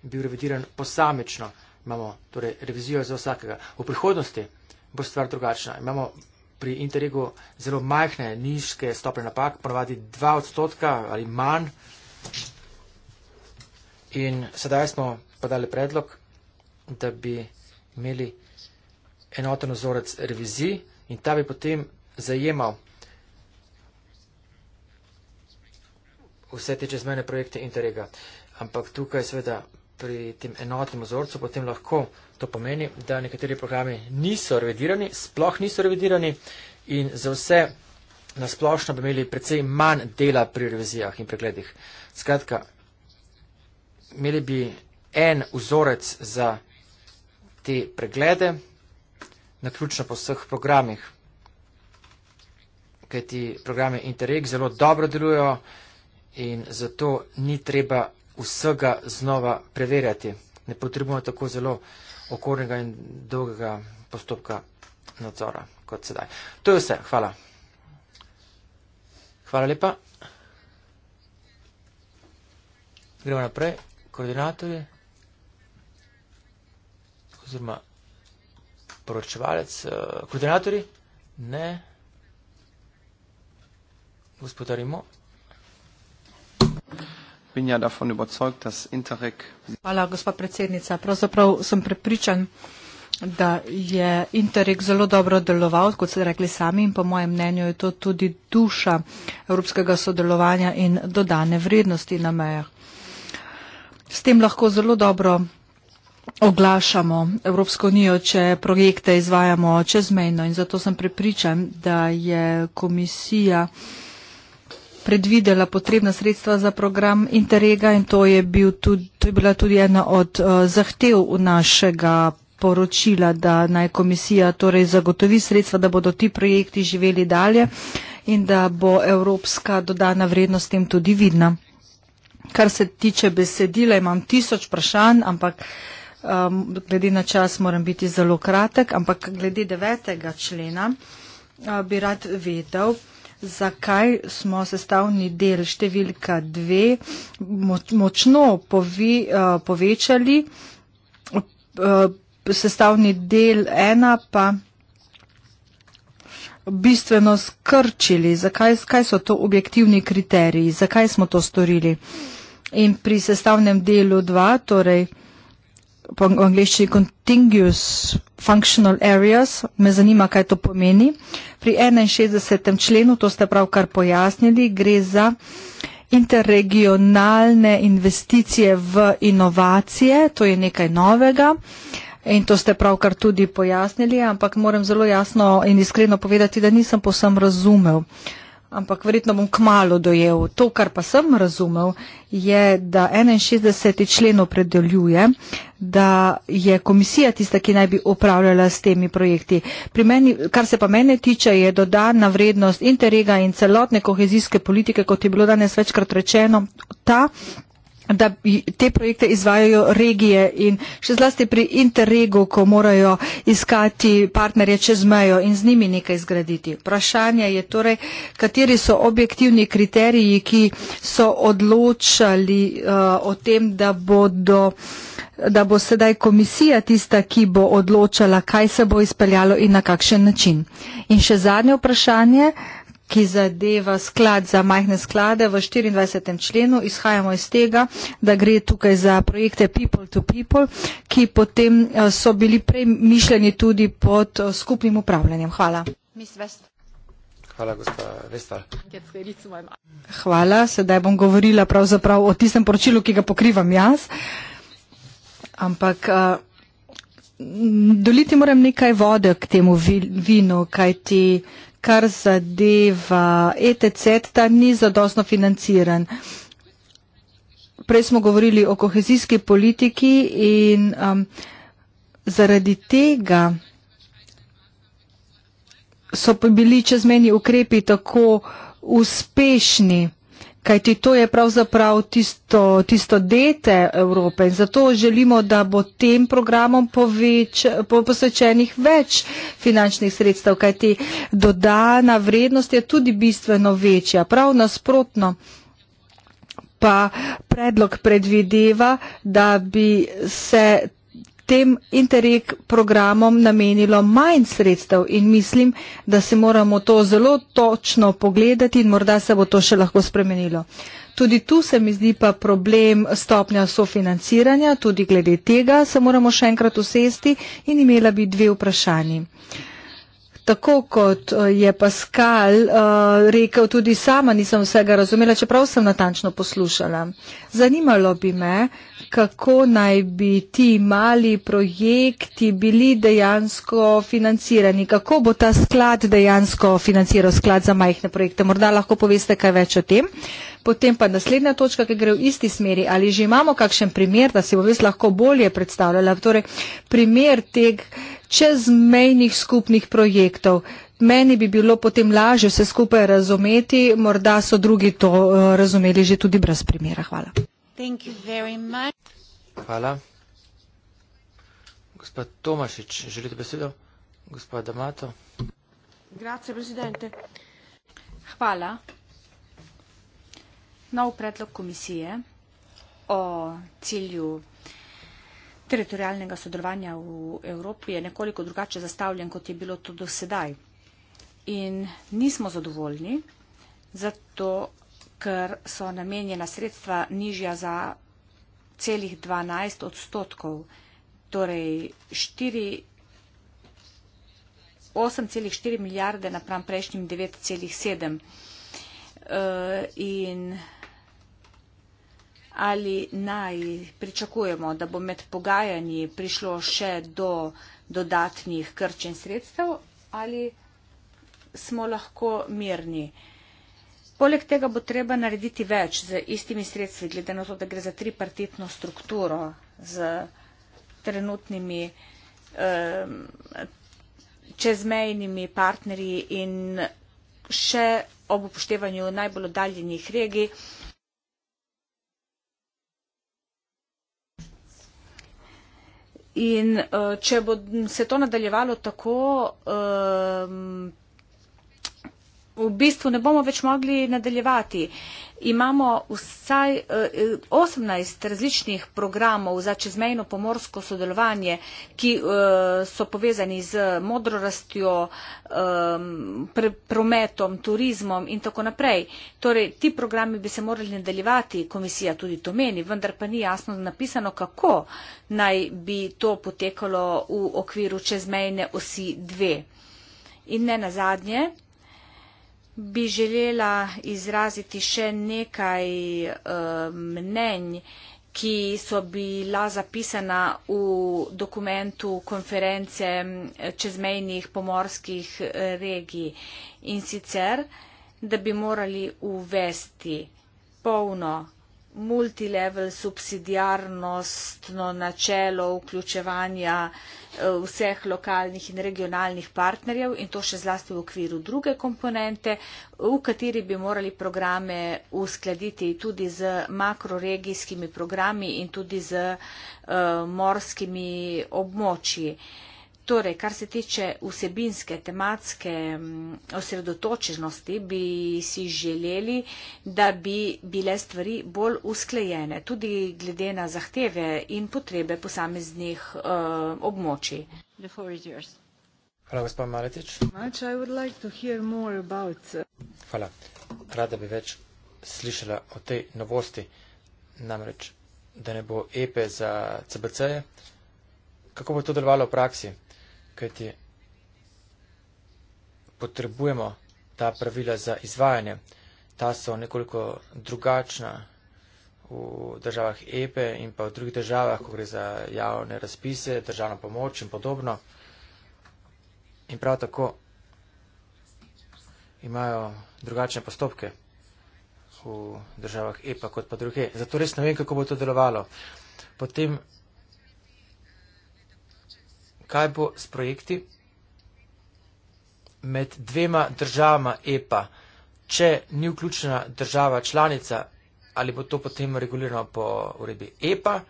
Speaker 1: bil revidiran posamično. Imamo torej revizijo za vsakega. V prihodnosti bo stvar drugačna. Imamo pri Interregu zelo majhne, nižke stopne napak, ponovadi 2 odstotka ali manj. In sedaj smo podali predlog, da bi imeli enoten ozorec revizij in ta bi potem zajemal vse te čezmene projekte Interrega. Ampak tukaj seveda pri tem enotnem ozorcu, potem lahko to pomeni, da nekateri programi niso revidirani, sploh niso revidirani in za vse nasplošno bi imeli precej manj dela pri revizijah in pregledih. Skratka, imeli bi en ozorec za te preglede, naključno po vseh programih, kajti programe Interreg zelo dobro delujo in zato ni treba vsega znova preverjati. Ne potrebujemo tako zelo okornega in dolgega postopka nadzora kot sedaj. To je vse. Hvala. Hvala lepa. Gremo naprej. Koordinatorje oziroma poročevalec. Eh, koordinatorji? Ne. Gospodarimo bin ja davon überzeugt, dass Interreg.
Speaker 2: Hvala, gospa predsednica. Pravzaprav sem prepričan, da je Interreg zelo dobro deloval, kot ste rekli sami, in po mojem mnenju je to tudi duša evropskega sodelovanja in dodane vrednosti na mejah. S tem lahko zelo dobro oglašamo Evropsko unijo, če projekte izvajamo čezmejno in zato sem prepričan, da je komisija predvidela potrebna sredstva za program Interrega in to je, bil tudi, to je bila tudi ena od uh, zahtev našega poročila, da naj komisija torej zagotovi sredstva, da bodo ti projekti živeli dalje in da bo evropska dodana vrednost tem tudi vidna. Kar se tiče besedila, imam tisoč vprašanj, ampak um, glede na čas moram biti zelo kratek, ampak glede devetega člena uh, bi rad vedel, zakaj smo sestavni del številka dve močno povi, eh, povečali, eh, sestavni del ena pa bistveno skrčili, zakaj, kaj so to objektivni kriteriji, zakaj smo to storili. In pri sestavnem delu dva, torej po angliščini contiguous functional areas, me zanima, kaj to pomeni. Pri 61. členu, to ste pravkar pojasnili, gre za interregionalne investicije v inovacije, to je nekaj novega. In to ste pravkar tudi pojasnili, ampak moram zelo jasno in iskreno povedati, da nisem posem razumel. Uh, ampak verjetno bom kmalo dojel. To, kar pa sem razumel, je, da 61. člen opredeljuje, da je komisija tista, ki naj bi upravljala s temi projekti. Pri meni, kar se pa mene tiče, je dodana vrednost interega in celotne kohezijske politike, kot je bilo danes večkrat rečeno, ta, da te projekte izvajajo regije in še zlasti pri interregu, ko morajo iskati partnerje čez mejo in z njimi nekaj zgraditi. Vprašanje je torej, kateri so objektivni kriteriji, ki so odločali uh, o tem, da, bodo, da bo sedaj komisija tista, ki bo odločala, kaj se bo izpeljalo in na kakšen način. In še zadnje vprašanje. Uh, ki zadeva sklad za majhne sklade v 24. členu. Izhajamo iz tega, da gre tukaj za projekte People to People, ki potem eh, so bili prej mišljeni tudi pod eh, skupnim upravljanjem. Hvala.
Speaker 1: Hvala, gospa Vestal.
Speaker 2: Hvala, sedaj bom govorila pravzaprav o tistem poročilu, ki ga pokrivam jaz. Ampak uh, doliti moram nekaj vode k temu vinu, kajti. Uh, kar zadeva ETC, ta ni zadostno financiran. Prej smo govorili o kohezijski politiki in um, zaradi tega so bili čezmeni ukrepi tako uspešni kajti to je pravzaprav tisto, tisto dete Evrope in zato želimo, da bo tem programom poveč, po posvečenih več finančnih sredstev, kajti dodana vrednost je tudi bistveno večja. Prav nasprotno pa predlog predvideva, da bi se tem interreg programom namenilo manj sredstev in mislim, da se moramo to zelo točno pogledati in morda se bo to še lahko spremenilo. Tudi tu se mi zdi pa problem stopnja sofinanciranja, tudi glede tega se moramo še enkrat usesti in imela bi dve vprašanji. Uh, Tako kot eh, je Pascal uh, rekel, tudi sama nisem vsega razumela, čeprav sem natančno poslušala. Zanimalo bi me, kako naj bi ti mali projekti bili dejansko financirani, kako bo ta sklad dejansko financiral sklad za majhne projekte. Morda lahko poveste kaj več o tem. Potem pa naslednja točka, ki gre v isti smeri. Ali že imamo kakšen primer, da si bo res lahko bolje predstavljala? Torej, primer tega čezmejnih skupnih projektov. Meni bi bilo potem lažje vse skupaj razumeti, morda so drugi to eh, razumeli že tudi brez primera. Hvala.
Speaker 1: Hvala. Gospod Tomašič, želite besedo? Gospod Damato.
Speaker 3: Grazie, presidente. Hvala. Nov predlog komisije o cilju teritorijalnega sodelovanja v Evropi je nekoliko drugače zastavljen, kot je bilo to do sedaj. In nismo zadovoljni, zato ker so namenjena sredstva nižja za celih 12 odstotkov, torej 4. 8,4 milijarde napram prejšnjim 9,7. E, in ali naj pričakujemo, da bo med pogajanji prišlo še do dodatnih krčen sredstev ali smo lahko mirni. Poleg tega bo treba narediti več z istimi sredstvi, glede na to, da gre za tripartitno strukturo z trenutnimi eh, čezmejnimi partnerji in še ob upoštevanju najbolj oddaljenih regij. In uh, če bo se to nadaljevalo tako, uh, v bistvu ne bomo več mogli nadaljevati. Imamo vsaj 18 eh, različnih programov za čezmejno pomorsko sodelovanje, ki eh, so povezani z modro rastjo, eh, prometom, turizmom in tako naprej. Torej, ti programi bi se morali nadaljevati, komisija tudi to meni, vendar pa ni jasno napisano, kako naj bi to potekalo v okviru čezmejne osi 2. In ne nazadnje, bi želela izraziti še nekaj eh, mnenj, ki so bila zapisana v dokumentu konference eh, čezmejnih pomorskih eh, regij. In sicer, da bi morali uvesti polno multilevel subsidiarnostno načelo vključevanja eh, vseh lokalnih in regionalnih partnerjev in to še zlasti v okviru druge komponente, v kateri bi morali programe uskladiti tudi z makroregijskimi programi in tudi z uh, morskimi območji. Uh, Torej, kar se tiče vsebinske, tematske mm, osredotočenosti, bi si želeli, da bi bile stvari bolj usklejene, tudi glede na zahteve in potrebe posameznih uh, območij. Hvala,
Speaker 1: gospod Maletič. Hvala. Rada bi več slišala o tej novosti, namreč, da ne bo EPE za CBC. -je. Kako bo to delovalo v praksi? kajti potrebujemo ta pravila za izvajanje. Ta so nekoliko drugačna v državah EPE e in pa v drugih državah, ko gre za javne razpise, državno pomoč in podobno. In prav tako imajo drugačne postopke v državah EPA e kot pa druge. Zato res ne vem, kako bo to delovalo. Potem kaj bo s projekti med dvema državama EPA, če ni vključena država članica, ali bo to potem regulirano po uredbi EPA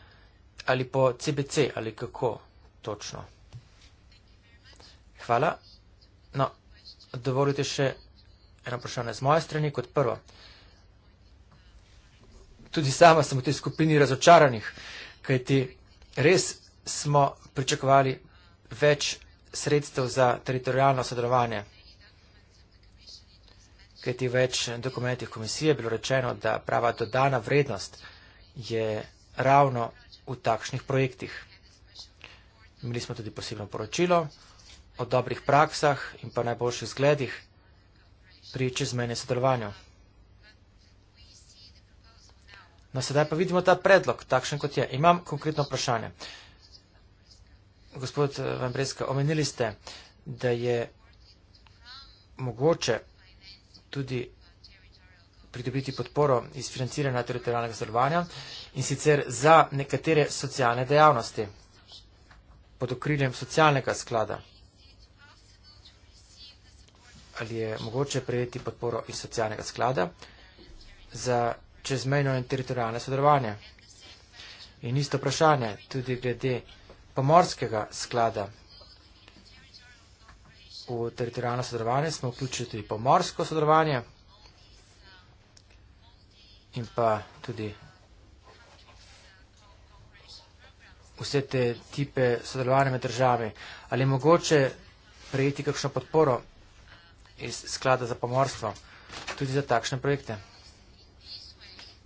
Speaker 1: ali po CBC ali kako točno. Hvala. No, dovolite še eno vprašanje z moje strani kot prvo. Tudi sama sem v tej skupini razočaranih, kajti res smo pričakovali več sredstev za teritorijalno sodelovanje. Kajti več dokumentih komisije je bilo rečeno, da prava dodana vrednost je ravno v takšnih projektih. Imeli smo tudi posebno poročilo o dobrih praksah in pa najboljših zgledih pri čezmeni sodelovanju. No, sedaj pa vidimo ta predlog, takšen kot je. Imam konkretno vprašanje. Gospod eh, Van Breska, omenili ste, da je mogoče tudi pridobiti podporo iz financiranja teritorijalnega sodelovanja in sicer za nekatere socialne dejavnosti pod okriljem socialnega sklada. Ali je mogoče prejeti podporo iz socialnega sklada za čezmejno in teritorijalno sodelovanje? In isto vprašanje tudi glede pomorskega sklada. V teritorijalno sodelovanje smo vključili tudi pomorsko sodelovanje in pa tudi vse te tipe sodelovanja med državami. Ali je mogoče prejeti kakšno podporo iz sklada za pomorstvo tudi za takšne projekte?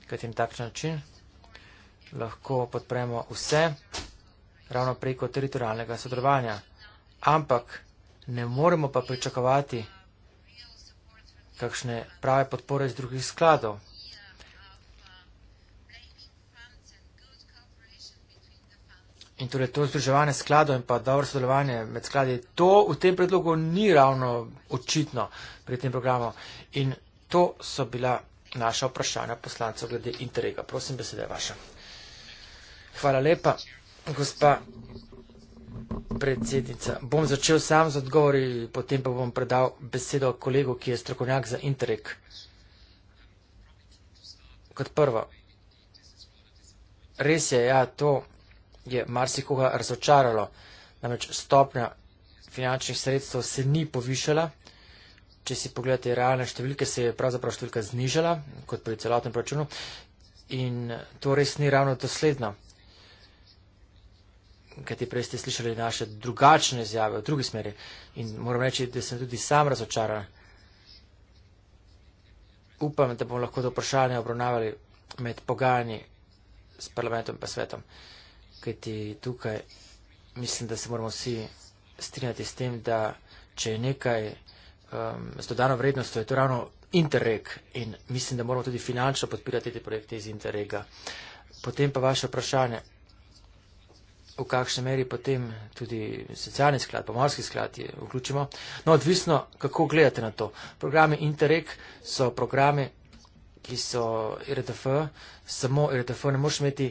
Speaker 1: Kaj tem takšen način? Lahko podpremo vse ravno preko teritorijalnega sodelovanja. Ampak ne moremo pa pričakovati kakšne prave podpore iz drugih skladov. In torej to združevanje skladov in pa dobro sodelovanje med skladi, to v tem predlogu ni ravno očitno pri tem programu. In to so bila naša vprašanja poslancev glede interega. Prosim, beseda je vaša. Hvala lepa gospa predsednica. Bom začel sam z odgovori, potem pa bom predal besedo kolegu, ki je strokovnjak za Interreg. Kot prvo, res je, ja, to je marsikoga razočaralo, namreč stopnja finančnih sredstev se ni povišala. Če si pogledate realne številke, se je pravzaprav številka znižala, kot pri celotnem računu. In to res ni ravno dosledno kaj ti prej ste slišali naše drugačne izjave v drugi smeri. In moram reči, da sem tudi sam razočaran. Upam, da bomo lahko to vprašanje obravnavali med pogajanji s parlamentom in pa svetom. Kaj ti tukaj mislim, da se moramo vsi strinjati s tem, da če je nekaj um, z dodano vrednostjo, je to ravno interreg in mislim, da moramo tudi finančno podpirati te projekte iz interrega. Potem pa vaše vprašanje v kakšni meri potem tudi socialni sklad, pomorski sklad je vključimo. No, odvisno, kako gledate na to. Programi Interreg so programi, ki so RDF, samo RDF ne moreš imeti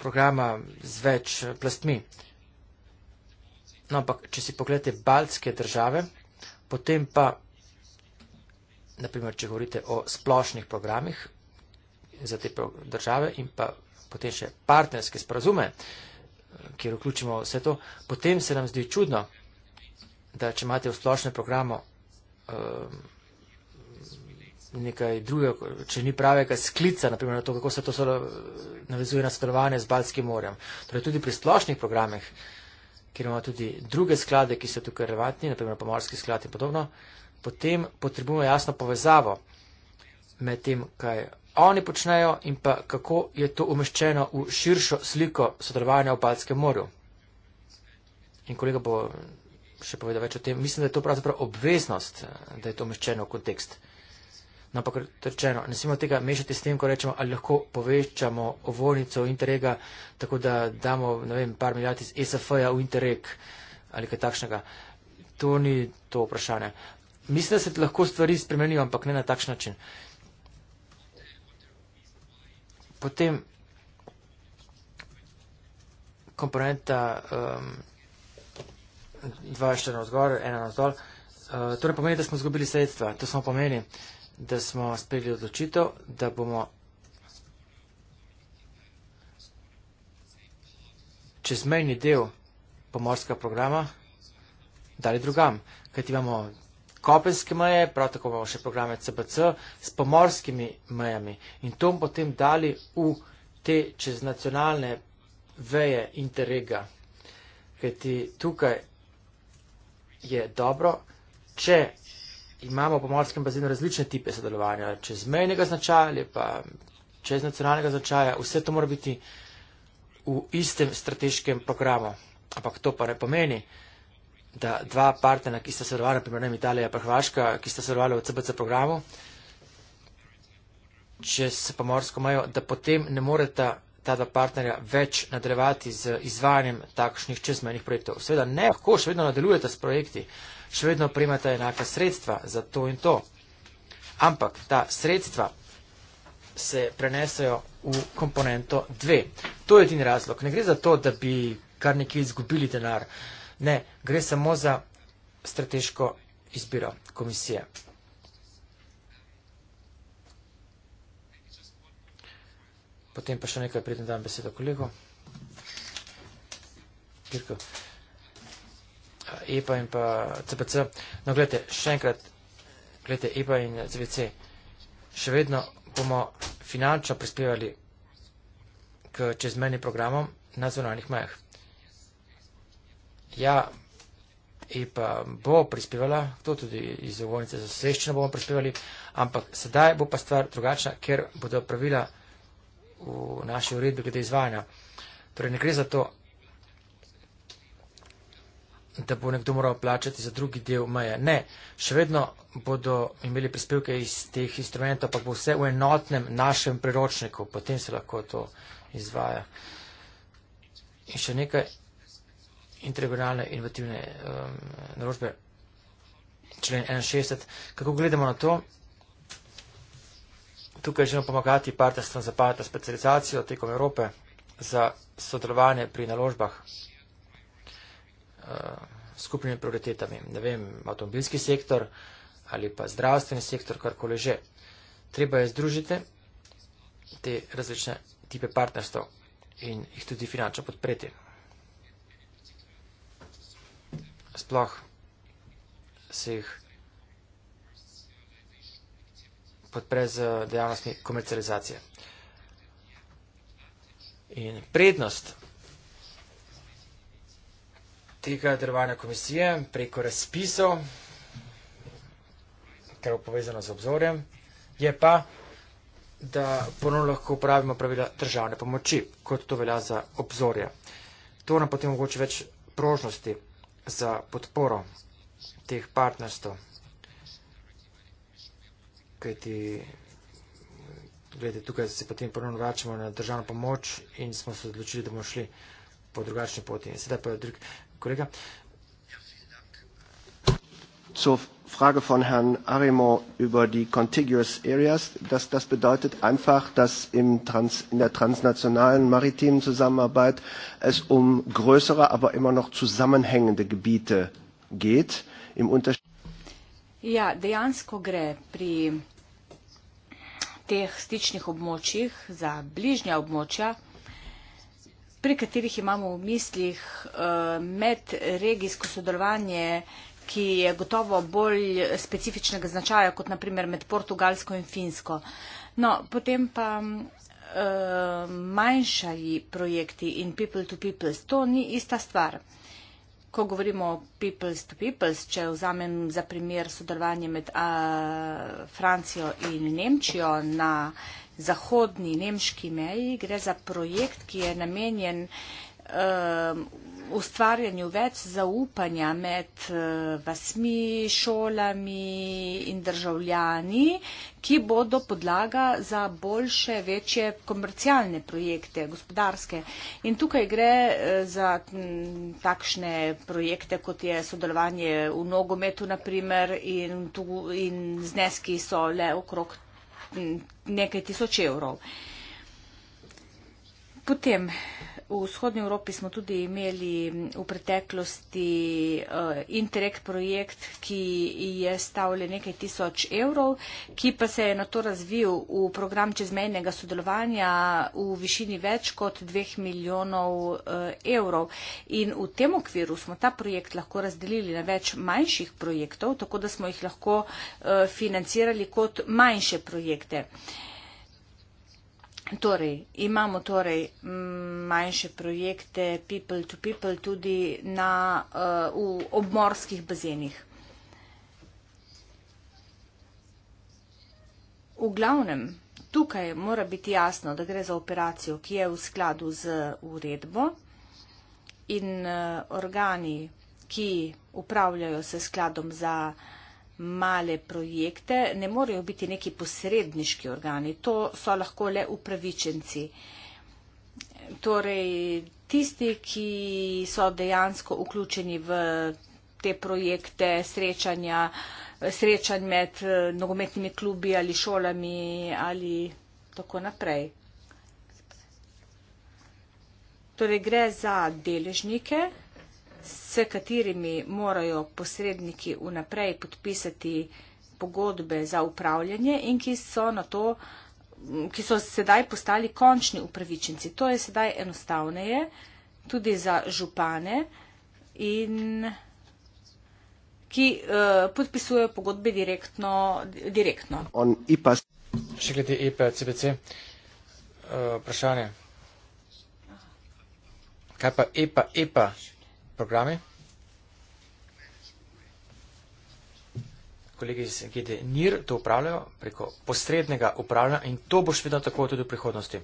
Speaker 1: programa z več plastmi. No, ampak, če si pogledate baltske države, potem pa, naprimer, če govorite o splošnih programih za te države in pa potem še partnerske sprazume, kjer vključimo vse to, potem se nam zdi čudno, da če imate v splošnem programu um, nekaj drugega, če ni pravega sklica, naprimer na to, kako se to solo, navezuje na sodelovanje z Balskim morjem. Torej tudi pri splošnih programih, kjer imamo tudi druge sklade, ki so tukaj relevantni, naprimer pomorski sklad in podobno, potem potrebujemo jasno povezavo med tem, kaj oni počnejo in pa kako je to umeščeno v širšo sliko sodelovanja v Balskem morju. In kolega bo še povedal več o tem. Mislim, da je to pravzaprav obveznost, da je to umeščeno v kontekst. No, pa rečeno, ne smemo tega mešati s tem, ko rečemo, ali lahko povečamo ovojnico interega, tako da damo, ne vem, par milijard iz SFJ-a v interreg ali kaj takšnega. To ni to vprašanje. Mislim, da se lahko stvari spremenijo, ampak ne na takšen način. Uh, potem komponenta um, dva še na vzgor, ena na vzdol. Uh, torej pomeni, da smo zgubili sredstva. To samo pomeni, da smo sprejeli odločitev, da bomo čezmejni del pomorskega programa dali drugam, kajti imamo kopenske meje, prav tako imamo še programe CBC s pomorskimi mejami in to bomo potem dali v te čez nacionalne veje interrega. Ker ti tukaj je dobro, če imamo v pomorskem bazenu različne tipe sodelovanja, čez mejnega značaja ali pa čez nacionalnega značaja, vse to mora biti v istem strateškem programu. Ampak to pa ne pomeni, da dva partnera, ki sta sodelovala, naprimer Italija in Hrvaška, ki sta sodelovala v CBC programu, če se pomorsko imajo, da potem ne moreta ta dva partnerja več nadaljevati z izvajanjem takšnih čezmejnih projektov. Seveda ne, lahko še vedno nadaljujete s projekti, še vedno prijemate enaka sredstva za to in to. Ampak ta sredstva se prenesejo v komponento 2. To je edini razlog. Ne gre za to, da bi kar nekje izgubili denar. Uh, Ne, gre samo za strateško izbiro komisije. Potem pa še nekaj pridem dan besedo kolego. Kirko. EPA in pa CPC. No, gledajte, še enkrat, gledajte, EPA in CPC. Še vedno bomo finančno prispevali k čezmeni programom na zvonalnih majah. Ja, in pa bo prispevala, to tudi iz ovojnice za soseščino bomo prispevali, ampak sedaj bo pa stvar drugačna, ker bodo pravila v naši uredbi glede izvajanja. Torej ne gre za to, da bo nekdo moral plačati za drugi del meje. Ne, še vedno bodo imeli prispevke iz teh instrumentov, pa bo vse v enotnem našem priročniku, potem se lahko to izvaja. In še nekaj, integralne inovativne um, naložbe, člen 61. Kako gledamo na to? Tukaj želimo pomagati partnerstvom za partner specializacijo tekom Evrope za sodelovanje pri naložbah uh, skupnimi prioritetami. Ne vem, avtomobilski sektor ali pa zdravstveni sektor, karkoli že. Treba je združiti te različne type partnerstv in jih tudi finančno podpreti. sploh se jih podpre z dejavnostmi komercializacije. In prednost tega delovanja komisije preko razpisov, kar je povezano z obzorjem, je pa, da ponovno lahko uporabimo pravila državne pomoči, kot to velja za obzorje. To nam potem mogoče več prožnosti za podporo teh partnerstv. Kajti, gledajte, tukaj se potem ponovno vračamo na državno pomoč in smo se odločili, da bomo šli po drugačni poti. In sedaj pa je drug kolega.
Speaker 3: Frage von Herrn Arimo über die contiguous areas, dass das bedeutet einfach, dass im Trans, in der transnationalen maritimen Zusammenarbeit es um größere, aber immer noch zusammenhängende Gebiete geht. Im ja, dejansko gre pri teh stičnih območjih za bližnja območja, pri katerih imamo v mislih eh, medregijsko sodelovanje ki je gotovo bolj specifičnega značaja kot naprimer med Portugalsko in Finsko. No, potem pa uh, manjšaji projekti in people to people, to ni ista stvar. Ko govorimo o people to people, če vzamem za primer sodelovanje med uh, Francijo in Nemčijo na zahodni nemški meji, gre za projekt, ki je namenjen uh, Um, ustvarjanju več zaupanja med uh, vasmi, šolami in državljani, ki bodo podlaga za boljše, večje komercialne projekte, gospodarske. In tukaj gre uh, za takšne projekte, kot je sodelovanje v nogometu, naprimer, in, tu, in zneski so le okrog nekaj tisoč evrov. Potem v vzhodni Evropi smo tudi imeli v preteklosti uh, Interreg projekt, ki je stal le nekaj tisoč evrov, ki pa se je na to razvil v program čezmejnega sodelovanja v višini več kot dveh milijonov uh, evrov. In v tem okviru smo ta projekt lahko razdelili na več manjših projektov, tako da smo jih lahko uh, financirali kot manjše projekte. Uh, Torej, imamo torej mm, manjše projekte people to people tudi na, uh, v obmorskih bazenih. V glavnem, tukaj mora biti jasno, da gre za operacijo, ki je v skladu z uredbo in uh, organi, ki upravljajo se skladom za uh, male projekte, ne morejo biti neki posredniški organi, to so lahko le upravičenci. Torej, tisti, ki so dejansko vključeni v te projekte srečanja, srečanj med eh, nogometnimi klubi ali šolami ali tako naprej. Torej, gre za deležnike, s katerimi morajo posredniki vnaprej podpisati pogodbe za upravljanje in ki so, to, ki so sedaj postali končni upravičenci. To je sedaj enostavneje tudi za župane, in, ki uh, podpisujejo pogodbe direktno. direktno.
Speaker 1: Še glede IP, CBC, uh, vprašanje. Kaj pa IPA, e IPA? E programe. Kolegi iz GD NIR to upravljajo preko posrednega upravljanja in to bo še vedno tako tudi v prihodnosti.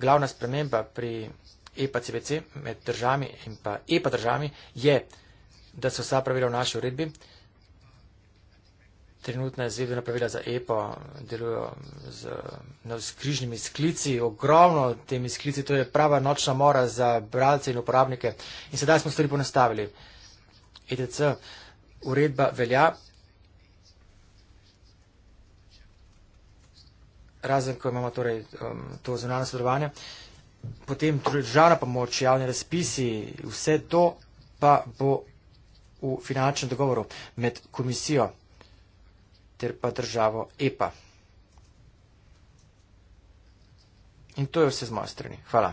Speaker 1: Glavna sprememba pri EPA-CBC med državami in pa EPA državami je, da so vsa pravila v naši uredbi trenutna izvedena pravila za EPO delujejo z navskrižnimi sklici, ogromno temi sklici, to je prava nočna mora za bralce in uporabnike. In sedaj smo stvari ponastavili. ETC, uredba velja. Razen, ko imamo torej, um, to zunanje sodelovanje, potem torej državna pomoč, javni razpisi, vse to pa bo v finančnem dogovoru med komisijo ter pa državo EPA. In to je vse z moje strani. Hvala.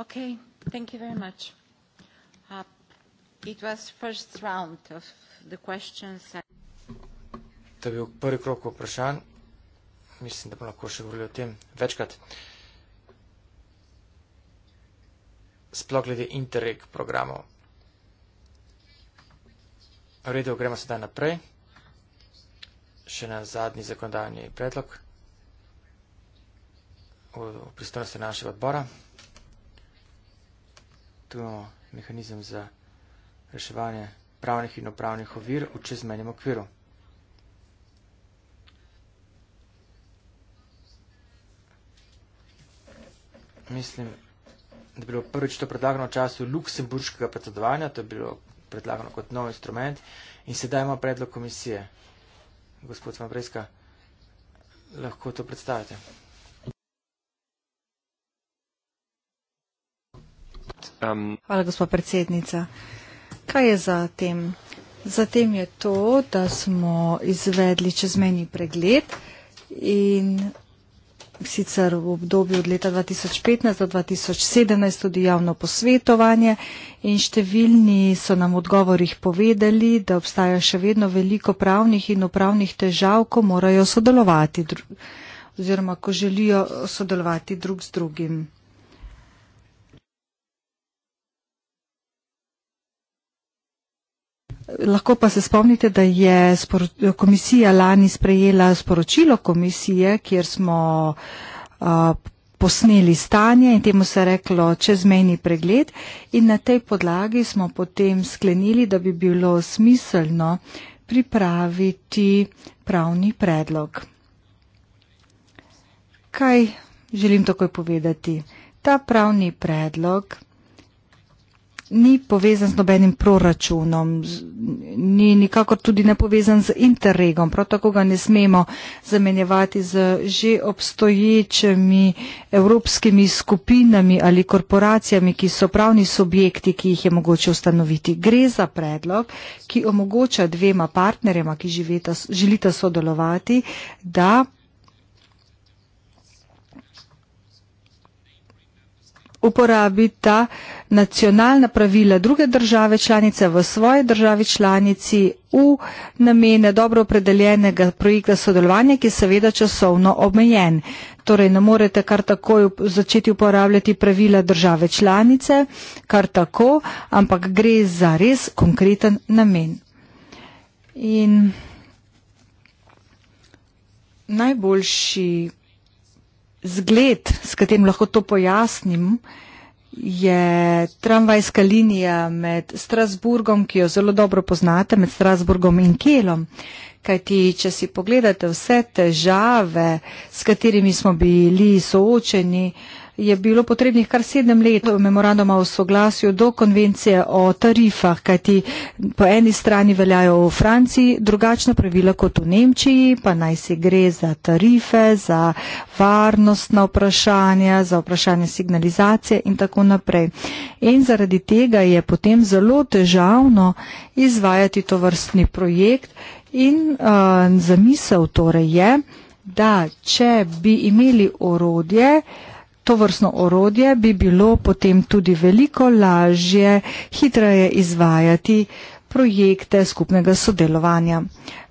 Speaker 3: Ok, thank you very much. Uh, it was first round of the questions.
Speaker 1: To je bil prvi krok vprašanj. Mislim, da bomo lahko še govorili o tem večkrat. Sploh glede interreg programov. V redu, gremo sedaj naprej. Še na zadnji zakonodajni predlog v pristojnosti našega odbora. Tu imamo mehanizem za reševanje pravnih in upravnih ovir v čezmenjem okviru. Mislim, da je bilo prvič to predlagano v času luksemburškega predsedovanja, to je bilo predlagano kot nov instrument in sedaj ima predlog komisije. Gospod Vambreska, lahko to predstavite. Um,
Speaker 2: Hvala, gospod predsednica. Kaj je za tem? Za tem je to, da smo izvedli čezmeni pregled in sicer v obdobju od leta 2015 do 2017 tudi javno posvetovanje in številni so nam v odgovorih povedali, da obstaja še vedno veliko pravnih in upravnih težav, ko morajo sodelovati oziroma ko želijo sodelovati drug z drugim. Lahko pa se spomnite, da je komisija lani sprejela sporočilo komisije, kjer smo posneli stanje in temu se reklo čezmejni pregled in na tej podlagi smo potem sklenili, da bi bilo smiselno pripraviti pravni predlog. Kaj želim takoj povedati? Ta pravni predlog ni povezan z nobenim proračunom, ni nikakor tudi ne povezan z interregom, prav tako ga ne smemo zamenjevati z že obstoječimi evropskimi skupinami ali korporacijami, ki so pravni subjekti, ki jih je mogoče ustanoviti. Gre za predlog, ki omogoča dvema partnerjema, ki živeta, želita sodelovati, da uporabita nacionalna pravila druge države članice v svoji državi članici v namene dobro opredeljenega projekta sodelovanja, ki je seveda časovno omejen. Torej ne morete kar takoj začeti uporabljati pravila države članice, kar tako, ampak gre za res konkreten namen. In najboljši zgled, s katerim lahko to pojasnim, je tramvajska linija med Strasburgom, ki jo zelo dobro poznate, med Strasburgom in Kelom. Kajti, če si pogledate vse težave, s katerimi smo bili soočeni, uh, je bilo potrebnih kar sedem let memoranduma o soglasju do konvencije o tarifah, kajti po eni strani veljajo v Franciji drugačna pravila kot v Nemčiji, pa naj se gre za tarife, za varnostna vprašanja, za vprašanje signalizacije in tako naprej. In zaradi tega je potem zelo težavno izvajati to vrstni projekt in uh, zamisel torej je, da če bi imeli orodje, to vrstno orodje bi bilo potem tudi veliko lažje, hitreje izvajati projekte skupnega sodelovanja.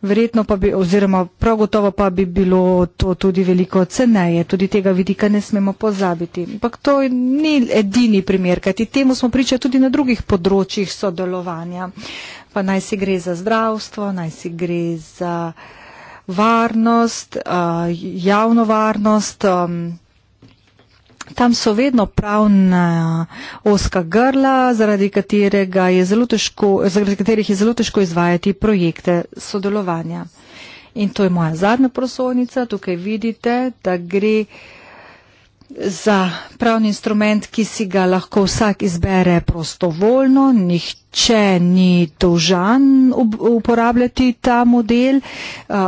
Speaker 2: Verjetno pa bi, oziroma prav gotovo pa bi bilo to tudi veliko ceneje, tudi tega vidika ne smemo pozabiti. Ampak to ni edini primer, kajti temu smo pričali tudi na drugih področjih sodelovanja. Pa naj si gre za zdravstvo, naj si gre za varnost, eh, javno varnost, Tam so vedno pravna oska grla, zaradi, je težko, zaradi katerih je zelo težko izvajati projekte sodelovanja. In to je moja zadnja prosovnica. Tukaj vidite, da gre za pravni instrument, ki si ga lahko vsak izbere prostovoljno. Nihče nihče ni dolžan uporabljati ta model.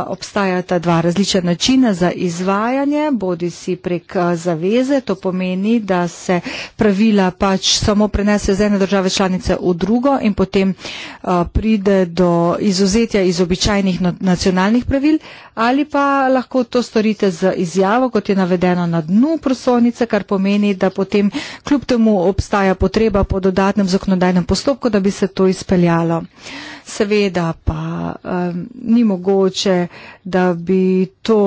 Speaker 2: Obstajata dva različna načina za izvajanje, bodi si prek zaveze, to pomeni, da se pravila pač samo prenesejo z ene države članice v drugo in potem pride do izuzetja iz običajnih nacionalnih pravil ali pa lahko to storite z izjavo, kot je navedeno na dnu prosovnice, kar pomeni, da potem kljub temu obstaja potreba po dodatnem zakonodajnem postopku, da bi se to izpeljalo. Seveda pa um, ni mogoče, da bi to,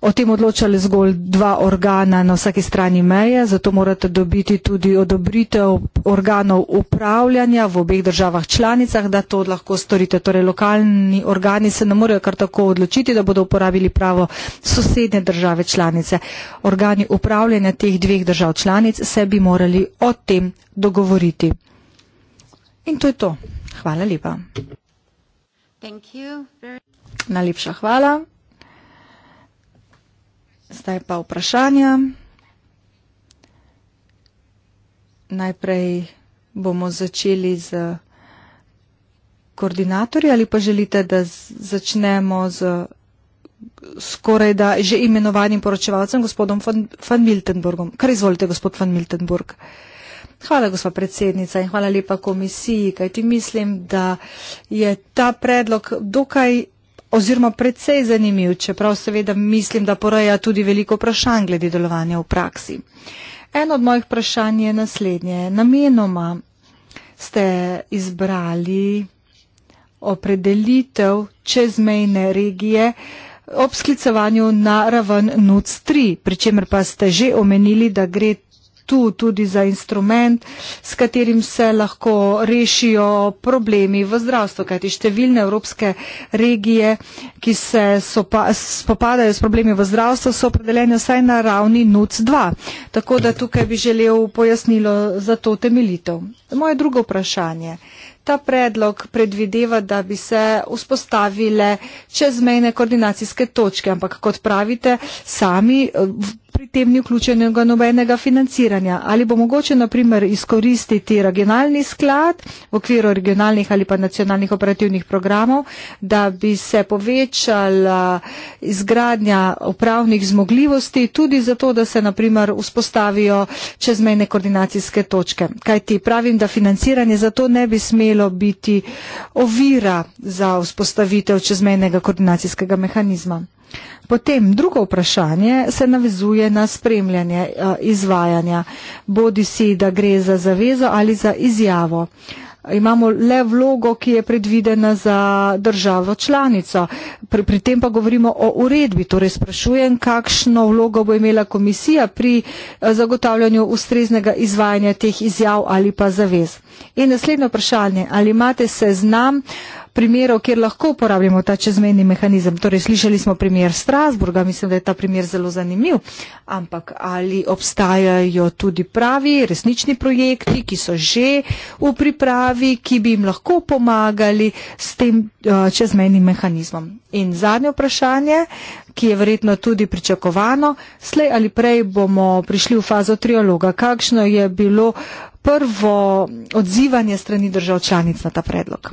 Speaker 2: o tem odločali zgolj dva organa na vsaki strani meje, zato morate dobiti tudi odobritev organov upravljanja v obeh državah članicah, da to lahko storite. Torej, lokalni organi se ne morejo kar tako odločiti, da bodo uporabili pravo sosednje države članice. Organi upravljanja teh dveh držav članic se bi morali o tem dogovoriti. In to je to. Hvala lepa. Najlepša hvala. Zdaj pa vprašanja. Najprej bomo začeli z koordinatorji ali pa želite, da začnemo z skoraj da že imenovanim poročevalcem, gospodom van, van Miltenburgom. Kar izvolite, gospod van Miltenburg. Uh, Hvala, gospod predsednica in hvala lepa komisiji, kaj ti mislim, da je ta predlog dokaj oziroma predvsej zanimiv, čeprav seveda mislim, da poraja tudi veliko vprašanj glede delovanja v praksi. Eno od mojih vprašanj je naslednje. Namenoma ste izbrali opredelitev čezmejne regije ob sklicovanju na raven NUC3, pri čemer pa ste že omenili, da gre tu tudi za instrument, s katerim se lahko rešijo problemi v zdravstvu, kajti številne evropske regije, ki se sopa, spopadajo s problemi v zdravstvu, so opredeljene vsaj na ravni NUC2. Tako da tukaj bi želel pojasnilo za to temeljitev. Moje drugo vprašanje. Ta predlog predvideva, da bi se vzpostavile čezmejne koordinacijske točke, ampak kot pravite, sami eh, pri tem ni vključenega nobenega financiranja. Ali bo mogoče, na primer, izkoristiti regionalni sklad v okviru regionalnih ali pa nacionalnih operativnih programov, da bi se povečala izgradnja upravnih zmogljivosti tudi zato, da se, na primer, vzpostavijo čezmejne koordinacijske točke. Kajti pravim, da financiranje zato ne bi smelo biti ovira za vzpostavitev čezmejnega koordinacijskega mehanizma. Potem drugo vprašanje se navezuje na spremljanje eh, izvajanja, bodi si, da gre za zavezo ali za izjavo. Imamo le vlogo, ki je predvidena za državo članico. Pri, pri tem pa govorimo o uredbi. Torej sprašujem, kakšno vlogo bo imela komisija pri eh, zagotavljanju ustreznega izvajanja teh izjav ali pa zavez. In naslednje vprašanje, ali imate seznam uh, primerov, kjer lahko uporabljamo ta čezmejni mehanizem. Torej, slišali smo primer Strasburga, mislim, da je ta primer zelo zanimiv, ampak ali obstajajo tudi pravi, resnični projekti, ki so že v pripravi, ki bi jim lahko pomagali s tem uh, čezmejnim mehanizmom. In zadnje vprašanje, ki je verjetno tudi pričakovano, slej ali prej bomo prišli v fazo trialoga. Kakšno je bilo prvo odzivanje strani držav članic na ta predlog?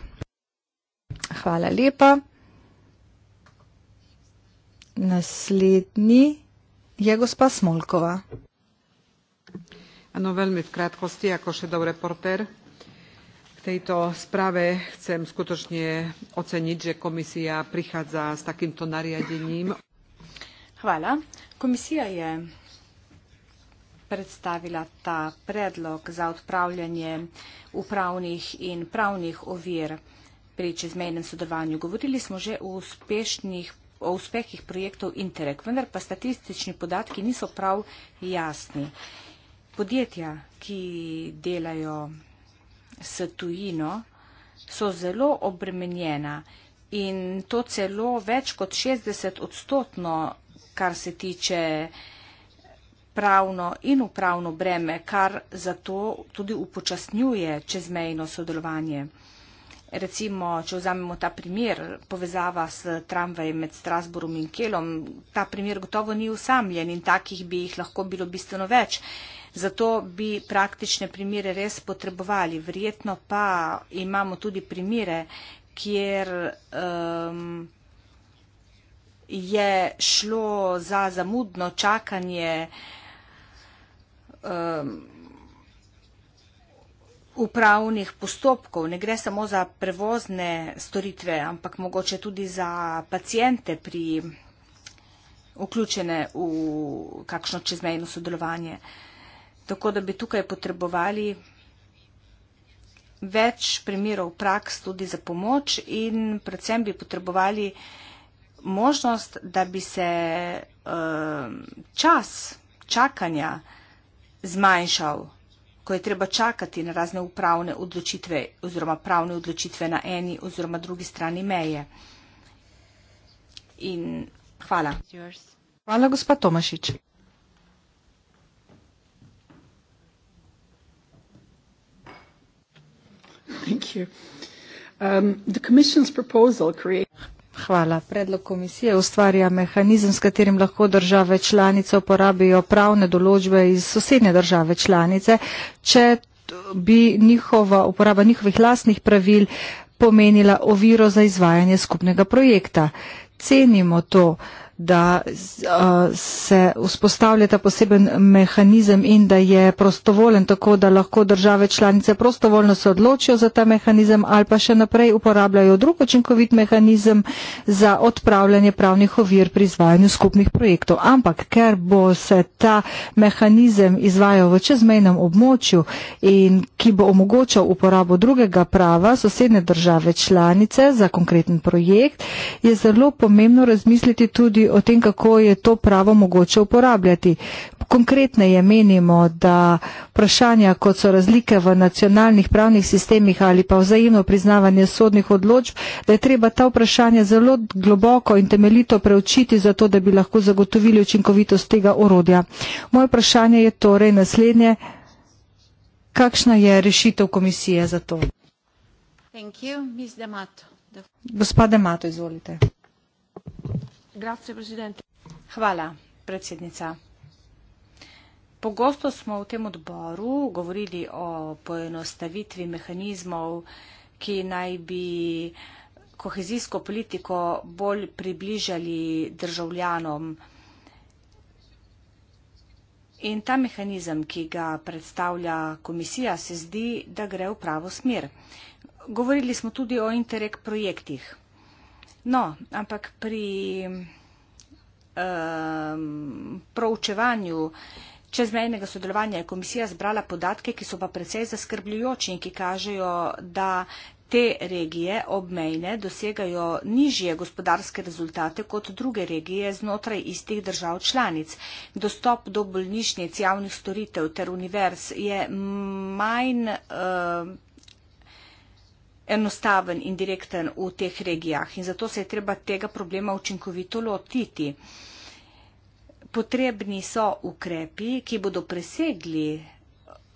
Speaker 2: Hvala lepa. Naslednji je gospa Smolkova. Ano, veľmi v krátkosti, ako šedov reportér k tejto správe chcem skutočne oceniť, že komisia prichádza s takýmto
Speaker 3: nariadením. Hvala. Komisija je predstavila ta predlog za odpravljanje upravnih in pravnih ovir pri čezmejnem sodelovanju. Govorili smo že o uspešnih o uspehih projektov Interreg, vendar pa statistični podatki niso prav jasni. Podjetja, ki delajo s tujino, so zelo obremenjena in to celo več kot 60 odstotno, kar se tiče pravno in upravno breme, kar zato tudi upočasnjuje čezmejno sodelovanje. Recimo, če vzamemo ta primer, povezava s tramvajem med Strasburom in Kelom, ta primer gotovo ni usamljen in takih bi jih lahko bilo bistveno več. Zato bi praktične primere res potrebovali. Verjetno pa imamo tudi primere, kjer um, je šlo za zamudno čakanje. Um, upravnih postopkov, ne gre samo za prevozne storitve, ampak mogoče tudi za pacijente pri vključene v kakšno čezmejno sodelovanje. Tako da bi tukaj potrebovali več primerov praks tudi za pomoč in predvsem bi potrebovali možnost, da bi se um, čas čakanja zmanjšal ko je treba čakati na razne upravne odločitve oziroma pravne odločitve na eni oziroma drugi strani meje. In hvala.
Speaker 2: Hvala, gospa Tomašič. Thank you. Um, the commission's proposal create... Hvala. Predlog komisije ustvarja mehanizem, s katerim lahko države članice uporabijo pravne določbe iz sosednje države članice, če bi njihova, uporaba njihovih lastnih pravil pomenila oviro za izvajanje skupnega projekta. Cenimo to. Uh, da uh, se vzpostavljata poseben mehanizem in da je prostovolen, tako da lahko države članice prostovoljno se odločijo za ta mehanizem ali pa še naprej uporabljajo drug očinkovit mehanizem za odpravljanje pravnih ovir pri izvajanju skupnih projektov. Ampak ker bo se ta mehanizem izvajal v čezmejnem območju in ki bo omogočal uporabo drugega prava sosedne države članice za konkreten projekt, je zelo pomembno razmisliti tudi o tem, kako je to pravo mogoče uporabljati. Konkretneje menimo, da vprašanja, kot so razlike v nacionalnih pravnih sistemih ali pa vzajemno priznavanje sodnih odločb, da je treba ta vprašanja zelo globoko in temeljito preučiti, zato da bi lahko zagotovili učinkovitost tega orodja. Moje vprašanje je torej naslednje. Kakšna je rešitev komisije za to? Gospa Demato, izvolite.
Speaker 3: Hvala, predsednica. Pogosto smo v tem odboru govorili o poenostavitvi mehanizmov, ki naj bi kohezijsko politiko bolj približali državljanom. In ta mehanizem, ki ga predstavlja komisija, se zdi, da gre v pravo smer. Govorili smo tudi o interreg projektih. No, ampak pri um, proučevanju čezmejnega sodelovanja je komisija zbrala podatke, ki so pa precej zaskrbljujoči in ki kažejo, da te regije obmejne dosegajo nižje gospodarske rezultate kot druge regije znotraj istih držav članic. Dostop do bolnišnic, javnih storitev ter univerz je manj. Um, enostaven in direkten v teh regijah in zato se je treba tega problema učinkovito lotiti. Potrebni so ukrepi, ki bodo presegli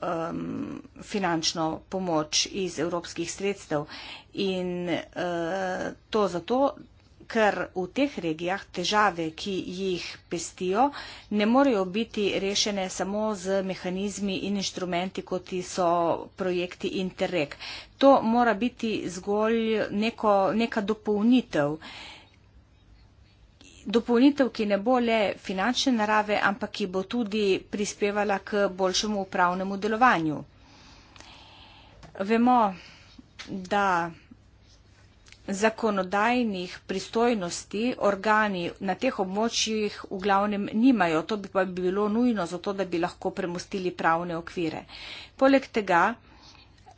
Speaker 3: um, finančno pomoč iz evropskih sredstev in uh, to zato, ker v teh regijah težave, ki jih pestijo, ne morejo biti rešene samo z mehanizmi in inštrumenti, kot so projekti Interreg. To mora biti zgolj neko, neka dopolnitev. Dopolnitev, ki ne bo le finančne narave, ampak ki bo tudi prispevala k boljšemu upravnemu delovanju. Vemo, da zakonodajnih pristojnosti organi na teh območjih v glavnem nimajo. To bi pa bilo nujno zato, da bi lahko premustili pravne okvire. Poleg tega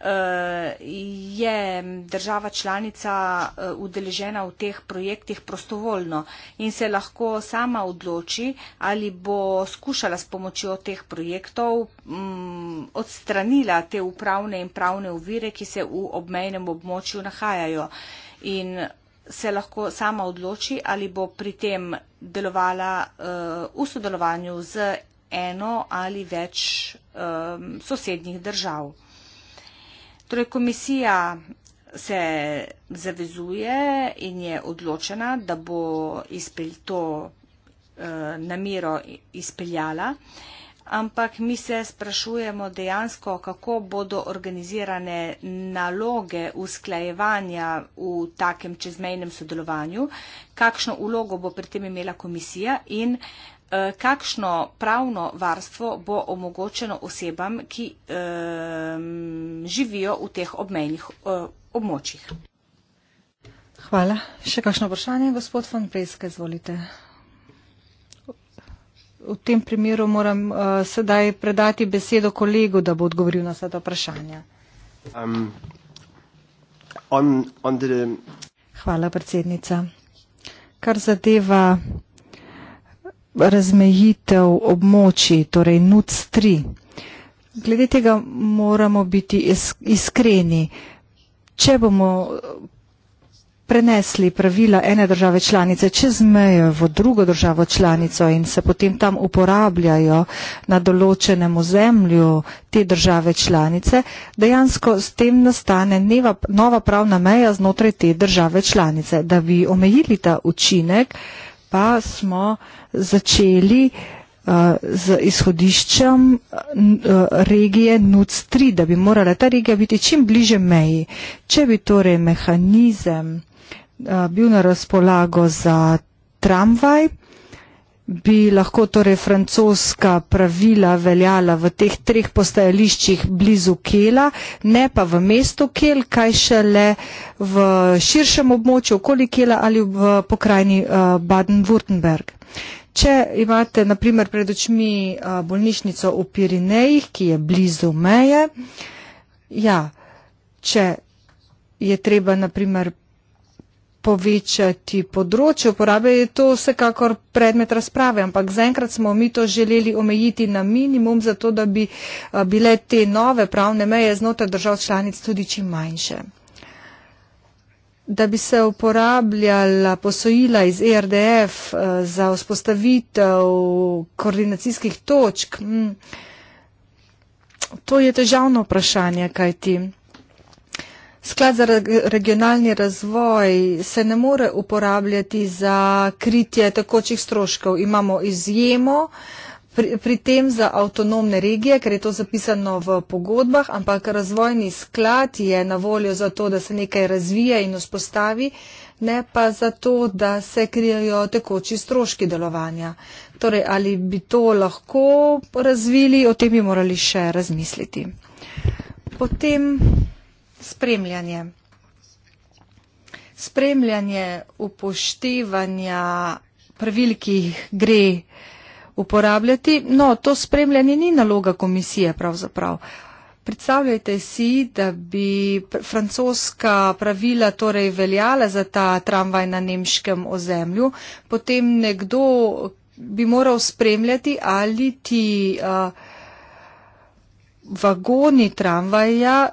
Speaker 3: eh, je država članica eh, udeležena v teh projektih prostovoljno in se lahko sama odloči ali bo skušala s pomočjo teh projektov mm, odstranila te upravne in pravne ovire, ki se v obmejnem območju nahajajo in se lahko sama odloči, ali bo pri tem delovala uh, v sodelovanju z eno ali več um, sosednjih držav. Torej, komisija se zavezuje in je odločena, da bo izpel to uh, namero izpeljala. Uh, ampak mi se sprašujemo dejansko, kako bodo organizirane naloge usklajevanja v takem čezmejnem sodelovanju, kakšno ulogo bo pri tem imela komisija in eh, kakšno pravno varstvo bo omogočeno osebam, ki um, živijo v teh obmejnih um, območjih.
Speaker 2: Hvala. Še kakšno vprašanje, gospod Fanpreske, izvolite v tem primeru moram uh, sedaj predati besedo kolegu, da bo odgovoril na vsa ta vprašanja.
Speaker 3: Um, on, on the...
Speaker 2: Hvala, predsednica. Kar zadeva razmejitev območij, torej NUC3. Glede tega moramo biti iskreni. Če bomo prenesli pravila ene države članice čez meje v drugo državo članico in se potem tam uporabljajo na določenem ozemlju te države članice, dejansko s tem nastane neva, nova pravna meja znotraj te države članice. Da bi omejili ta učinek, pa smo začeli uh, z izhodiščem uh, regije NUC3, da bi morala ta regija biti čim bliže meji. Če bi torej mehanizem Eh, bil na razpolago za tramvaj, bi lahko torej francoska pravila veljala v teh treh postajališčih blizu Kela, ne pa v mestu Kel, kaj šele v širšem območju okoli Kela ali v pokrajini eh, Baden-Württemberg. Če imate naprimer pred očmi eh, bolnišnico v Pirinejih, ki je blizu meje, ja, če je treba naprimer povečati področje uporabe, je to vsekakor predmet razprave, ampak zaenkrat smo mi to želeli omejiti na minimum, zato da bi bile te nove pravne meje znotraj držav članic tudi čim manjše. Da bi se uporabljala posojila iz ERDF za vzpostavitev koordinacijskih točk, mm, to je težavno vprašanje, kaj ti. Sklad za regionalni razvoj se ne more uporabljati za kritje takočih stroškov. Imamo izjemo pri, pri tem za avtonomne regije, ker je to zapisano v pogodbah, ampak razvojni sklad je na voljo za to, da se nekaj razvije in vzpostavi, ne pa za to, da se krijejo takoči stroški delovanja. Torej, ali bi to lahko razvili, o tem bi morali še razmisliti. Potem spremljanje. Spremljanje upoštevanja pravil, ki jih gre uporabljati, no, to spremljanje ni naloga komisije pravzaprav. Predstavljajte si, da bi francoska pravila torej veljala za ta tramvaj na nemškem ozemlju, potem nekdo bi moral spremljati ali ti uh, vagoni tramvaja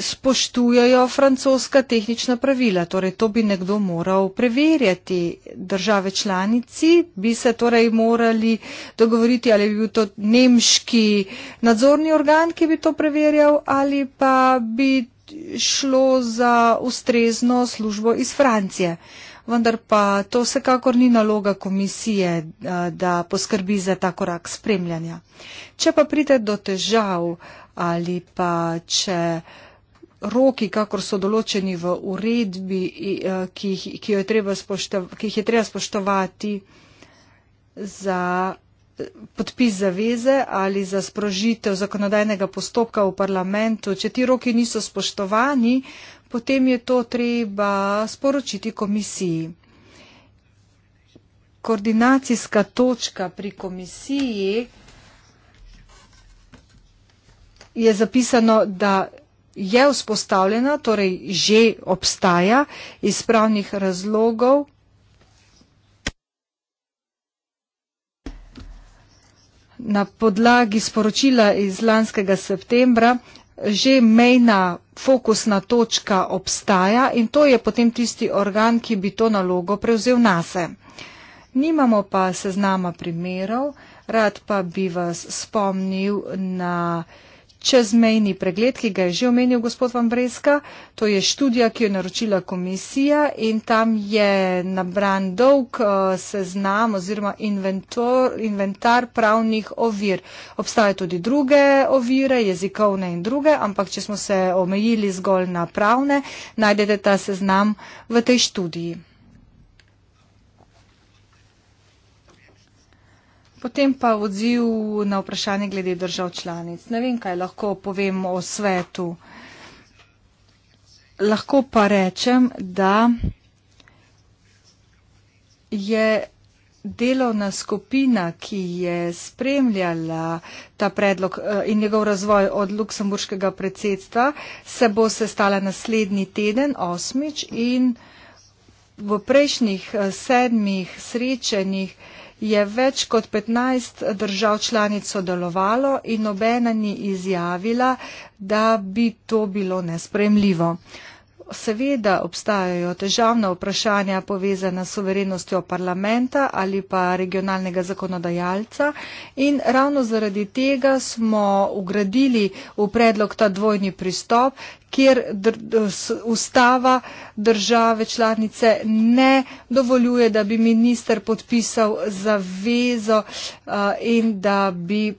Speaker 2: spoštujajo francoska tehnična pravila. Torej, to bi nekdo moral preverjati. Države članici bi se torej morali dogovoriti, ali bi bil to nemški nadzorni organ, ki bi to preverjal, ali pa bi šlo za ustrezno službo iz Francije. Vendar pa to vsekakor ni naloga komisije, da poskrbi za ta korak spremljanja. Če pa pride do težav ali pa če uh, roki, kakor so določeni v uredbi, eh, ki jih, ki jo je, treba ki jih je treba spoštovati za eh, podpis zaveze ali za sprožitev zakonodajnega postopka v parlamentu. Če ti roki niso spoštovani, potem je to treba sporočiti komisiji. Koordinacijska točka pri komisiji je zapisano, da je vzpostavljena, torej že obstaja iz pravnih razlogov. Na podlagi sporočila iz lanskega septembra že mejna fokusna točka obstaja in to je potem tisti organ, ki bi to nalogo prevzel na se. Nimamo pa seznama primerov, rad pa bi vas spomnil na čezmejni pregled, ki ga je že omenil gospod Van Breska. To je študija, ki jo je naročila komisija in tam je nabran dolg eh, seznam oziroma inventor, inventar pravnih ovir. Obstajajo tudi druge ovire, jezikovne in druge, ampak če smo se omejili zgolj na pravne, najdete ta seznam v tej študiji. potem pa odziv na vprašanje glede držav članic. Ne vem, kaj lahko povem o svetu. Lahko pa rečem, da je delovna skupina, ki je spremljala ta predlog eh, in njegov razvoj od luksemburškega predsedstva, se bo sestala naslednji teden, osmič, in v prejšnjih eh, sedmih srečenjih je več kot 15 držav članic sodelovalo in nobena ni izjavila, da bi to bilo nespremljivo. Seveda obstajajo težavna vprašanja povezana s soverenostjo parlamenta ali pa regionalnega zakonodajalca in ravno zaradi tega smo ugradili v predlog ta dvojni pristop, kjer dr ustava države članice ne dovoljuje, da bi minister podpisal zavezo uh, in da bi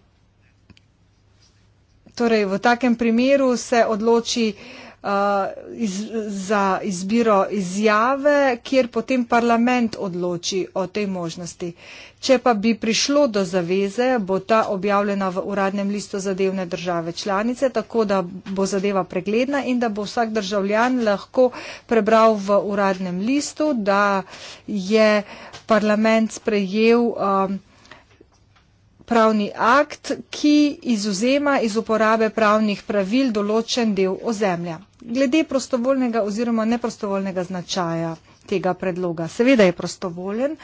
Speaker 2: torej, v takem primeru se odloči, uh, Eh, iz, za izbiro izjave, kjer potem parlament odloči o tej možnosti. Če pa bi prišlo do zaveze, bo ta objavljena v uradnem listu zadevne države članice, tako da bo zadeva pregledna in da bo vsak državljan lahko prebral v uradnem listu, da je parlament sprejel um, pravni akt, ki izuzema iz uporabe pravnih pravil določen del ozemlja. Glede prostovoljnega oziroma neprostovoljnega značaja tega predloga. Seveda je prostovoljen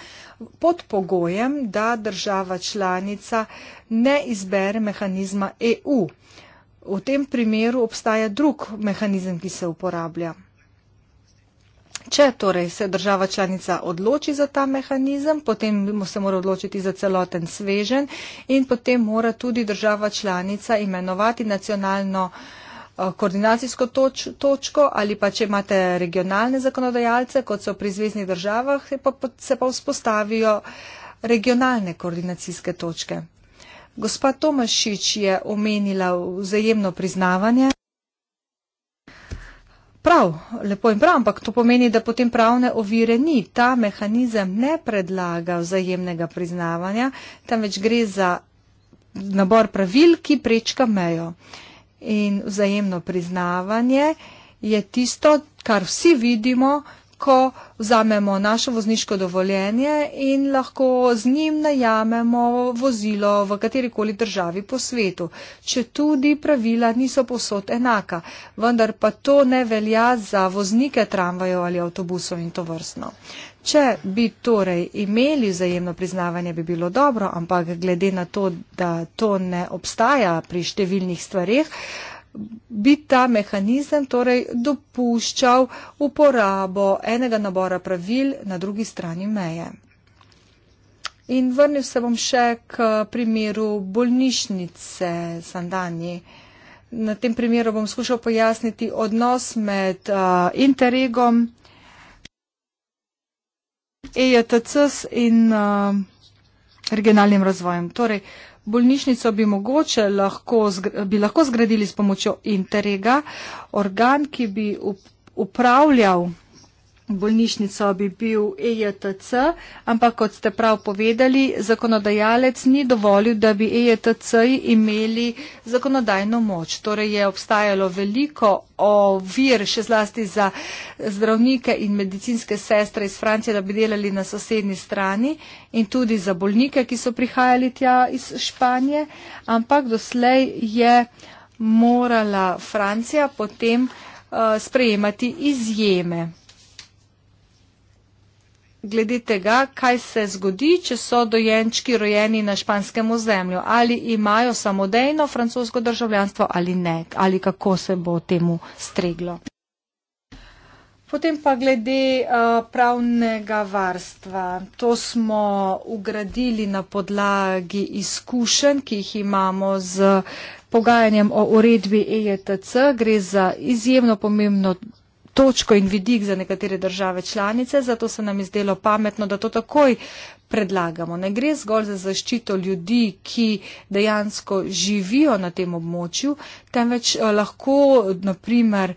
Speaker 2: pod pogojem, da država članica ne izbere mehanizma EU. V tem primeru obstaja drug mehanizem, ki se uporablja. Če torej se država članica odloči za ta mehanizem, potem se mora odločiti za celoten svežen in potem mora tudi država članica imenovati nacionalno eh, koordinacijsko toč, točko ali pa če imate regionalne zakonodajalce, kot so pri zvezdnih državah, se pa, se pa vzpostavijo regionalne koordinacijske točke. Gospa Tomašič je omenila vzajemno priznavanje. Prav, lepo in prav, ampak to pomeni, da potem pravne ovire ni. Ta mehanizem ne predlaga vzajemnega priznavanja, temveč gre za nabor pravil, ki prečka mejo. In vzajemno priznavanje je tisto, kar vsi vidimo, ko vzamemo naše vozniško dovoljenje in lahko z njim najamemo vozilo v katerikoli državi po svetu. Če tudi pravila niso posod enaka, vendar pa to ne velja za voznike tramvajev ali avtobusov in to vrstno. Če bi torej imeli vzajemno priznavanje, bi bilo dobro, ampak glede na to, da to ne obstaja pri številnih stvarih, uh, bi ta mehanizem torej dopuščal uporabo enega nabora pravil na drugi strani meje. In vrnil se bom še k primeru bolnišnice Sandani. Na tem primeru bom skušal pojasniti odnos med uh, interregom, EJTCS in uh, regionalnim razvojem. Torej, uh, Bolnišnico bi mogoče lahko, bi lahko zgradili s pomočjo interega, organ, ki bi upravljal bolnišnico bi bil EJTC, ampak kot ste prav povedali, zakonodajalec ni dovolil, da bi EJTC imeli zakonodajno moč. Torej je obstajalo veliko ovir, še zlasti za zdravnike in medicinske sestre iz Francije, da bi delali na sosednji strani in tudi za bolnike, ki so prihajali tja iz Španije, ampak doslej je morala Francija potem uh, sprejemati izjeme glede tega, kaj se zgodi, če so dojenčki rojeni na španskem ozemlju, ali imajo samodejno francosko državljanstvo ali ne, ali kako se bo temu streglo. Potem pa glede uh, pravnega varstva. To smo ugradili na podlagi izkušenj, ki jih imamo z pogajanjem o uredbi EJTC. Gre za izjemno pomembno točko in vidik za nekatere države članice, zato se nam je zdelo pametno, da to takoj predlagamo. Ne gre zgolj za zaščito ljudi, ki dejansko živijo na tem območju, temveč eh, lahko, naprimer,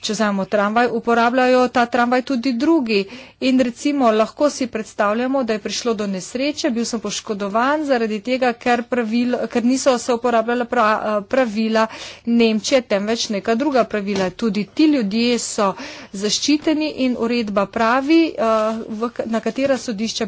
Speaker 2: Če vzamemo tramvaj, uporabljajo ta tramvaj tudi drugi. In recimo lahko si predstavljamo, da je prišlo do nesreče, bil sem poškodovan zaradi tega, ker, pravil, ker niso se uporabljala eh, pravila Nemčije, temveč neka druga pravila. Tudi ti ljudje so zaščiteni in uredba pravi, eh, na katera sodišča.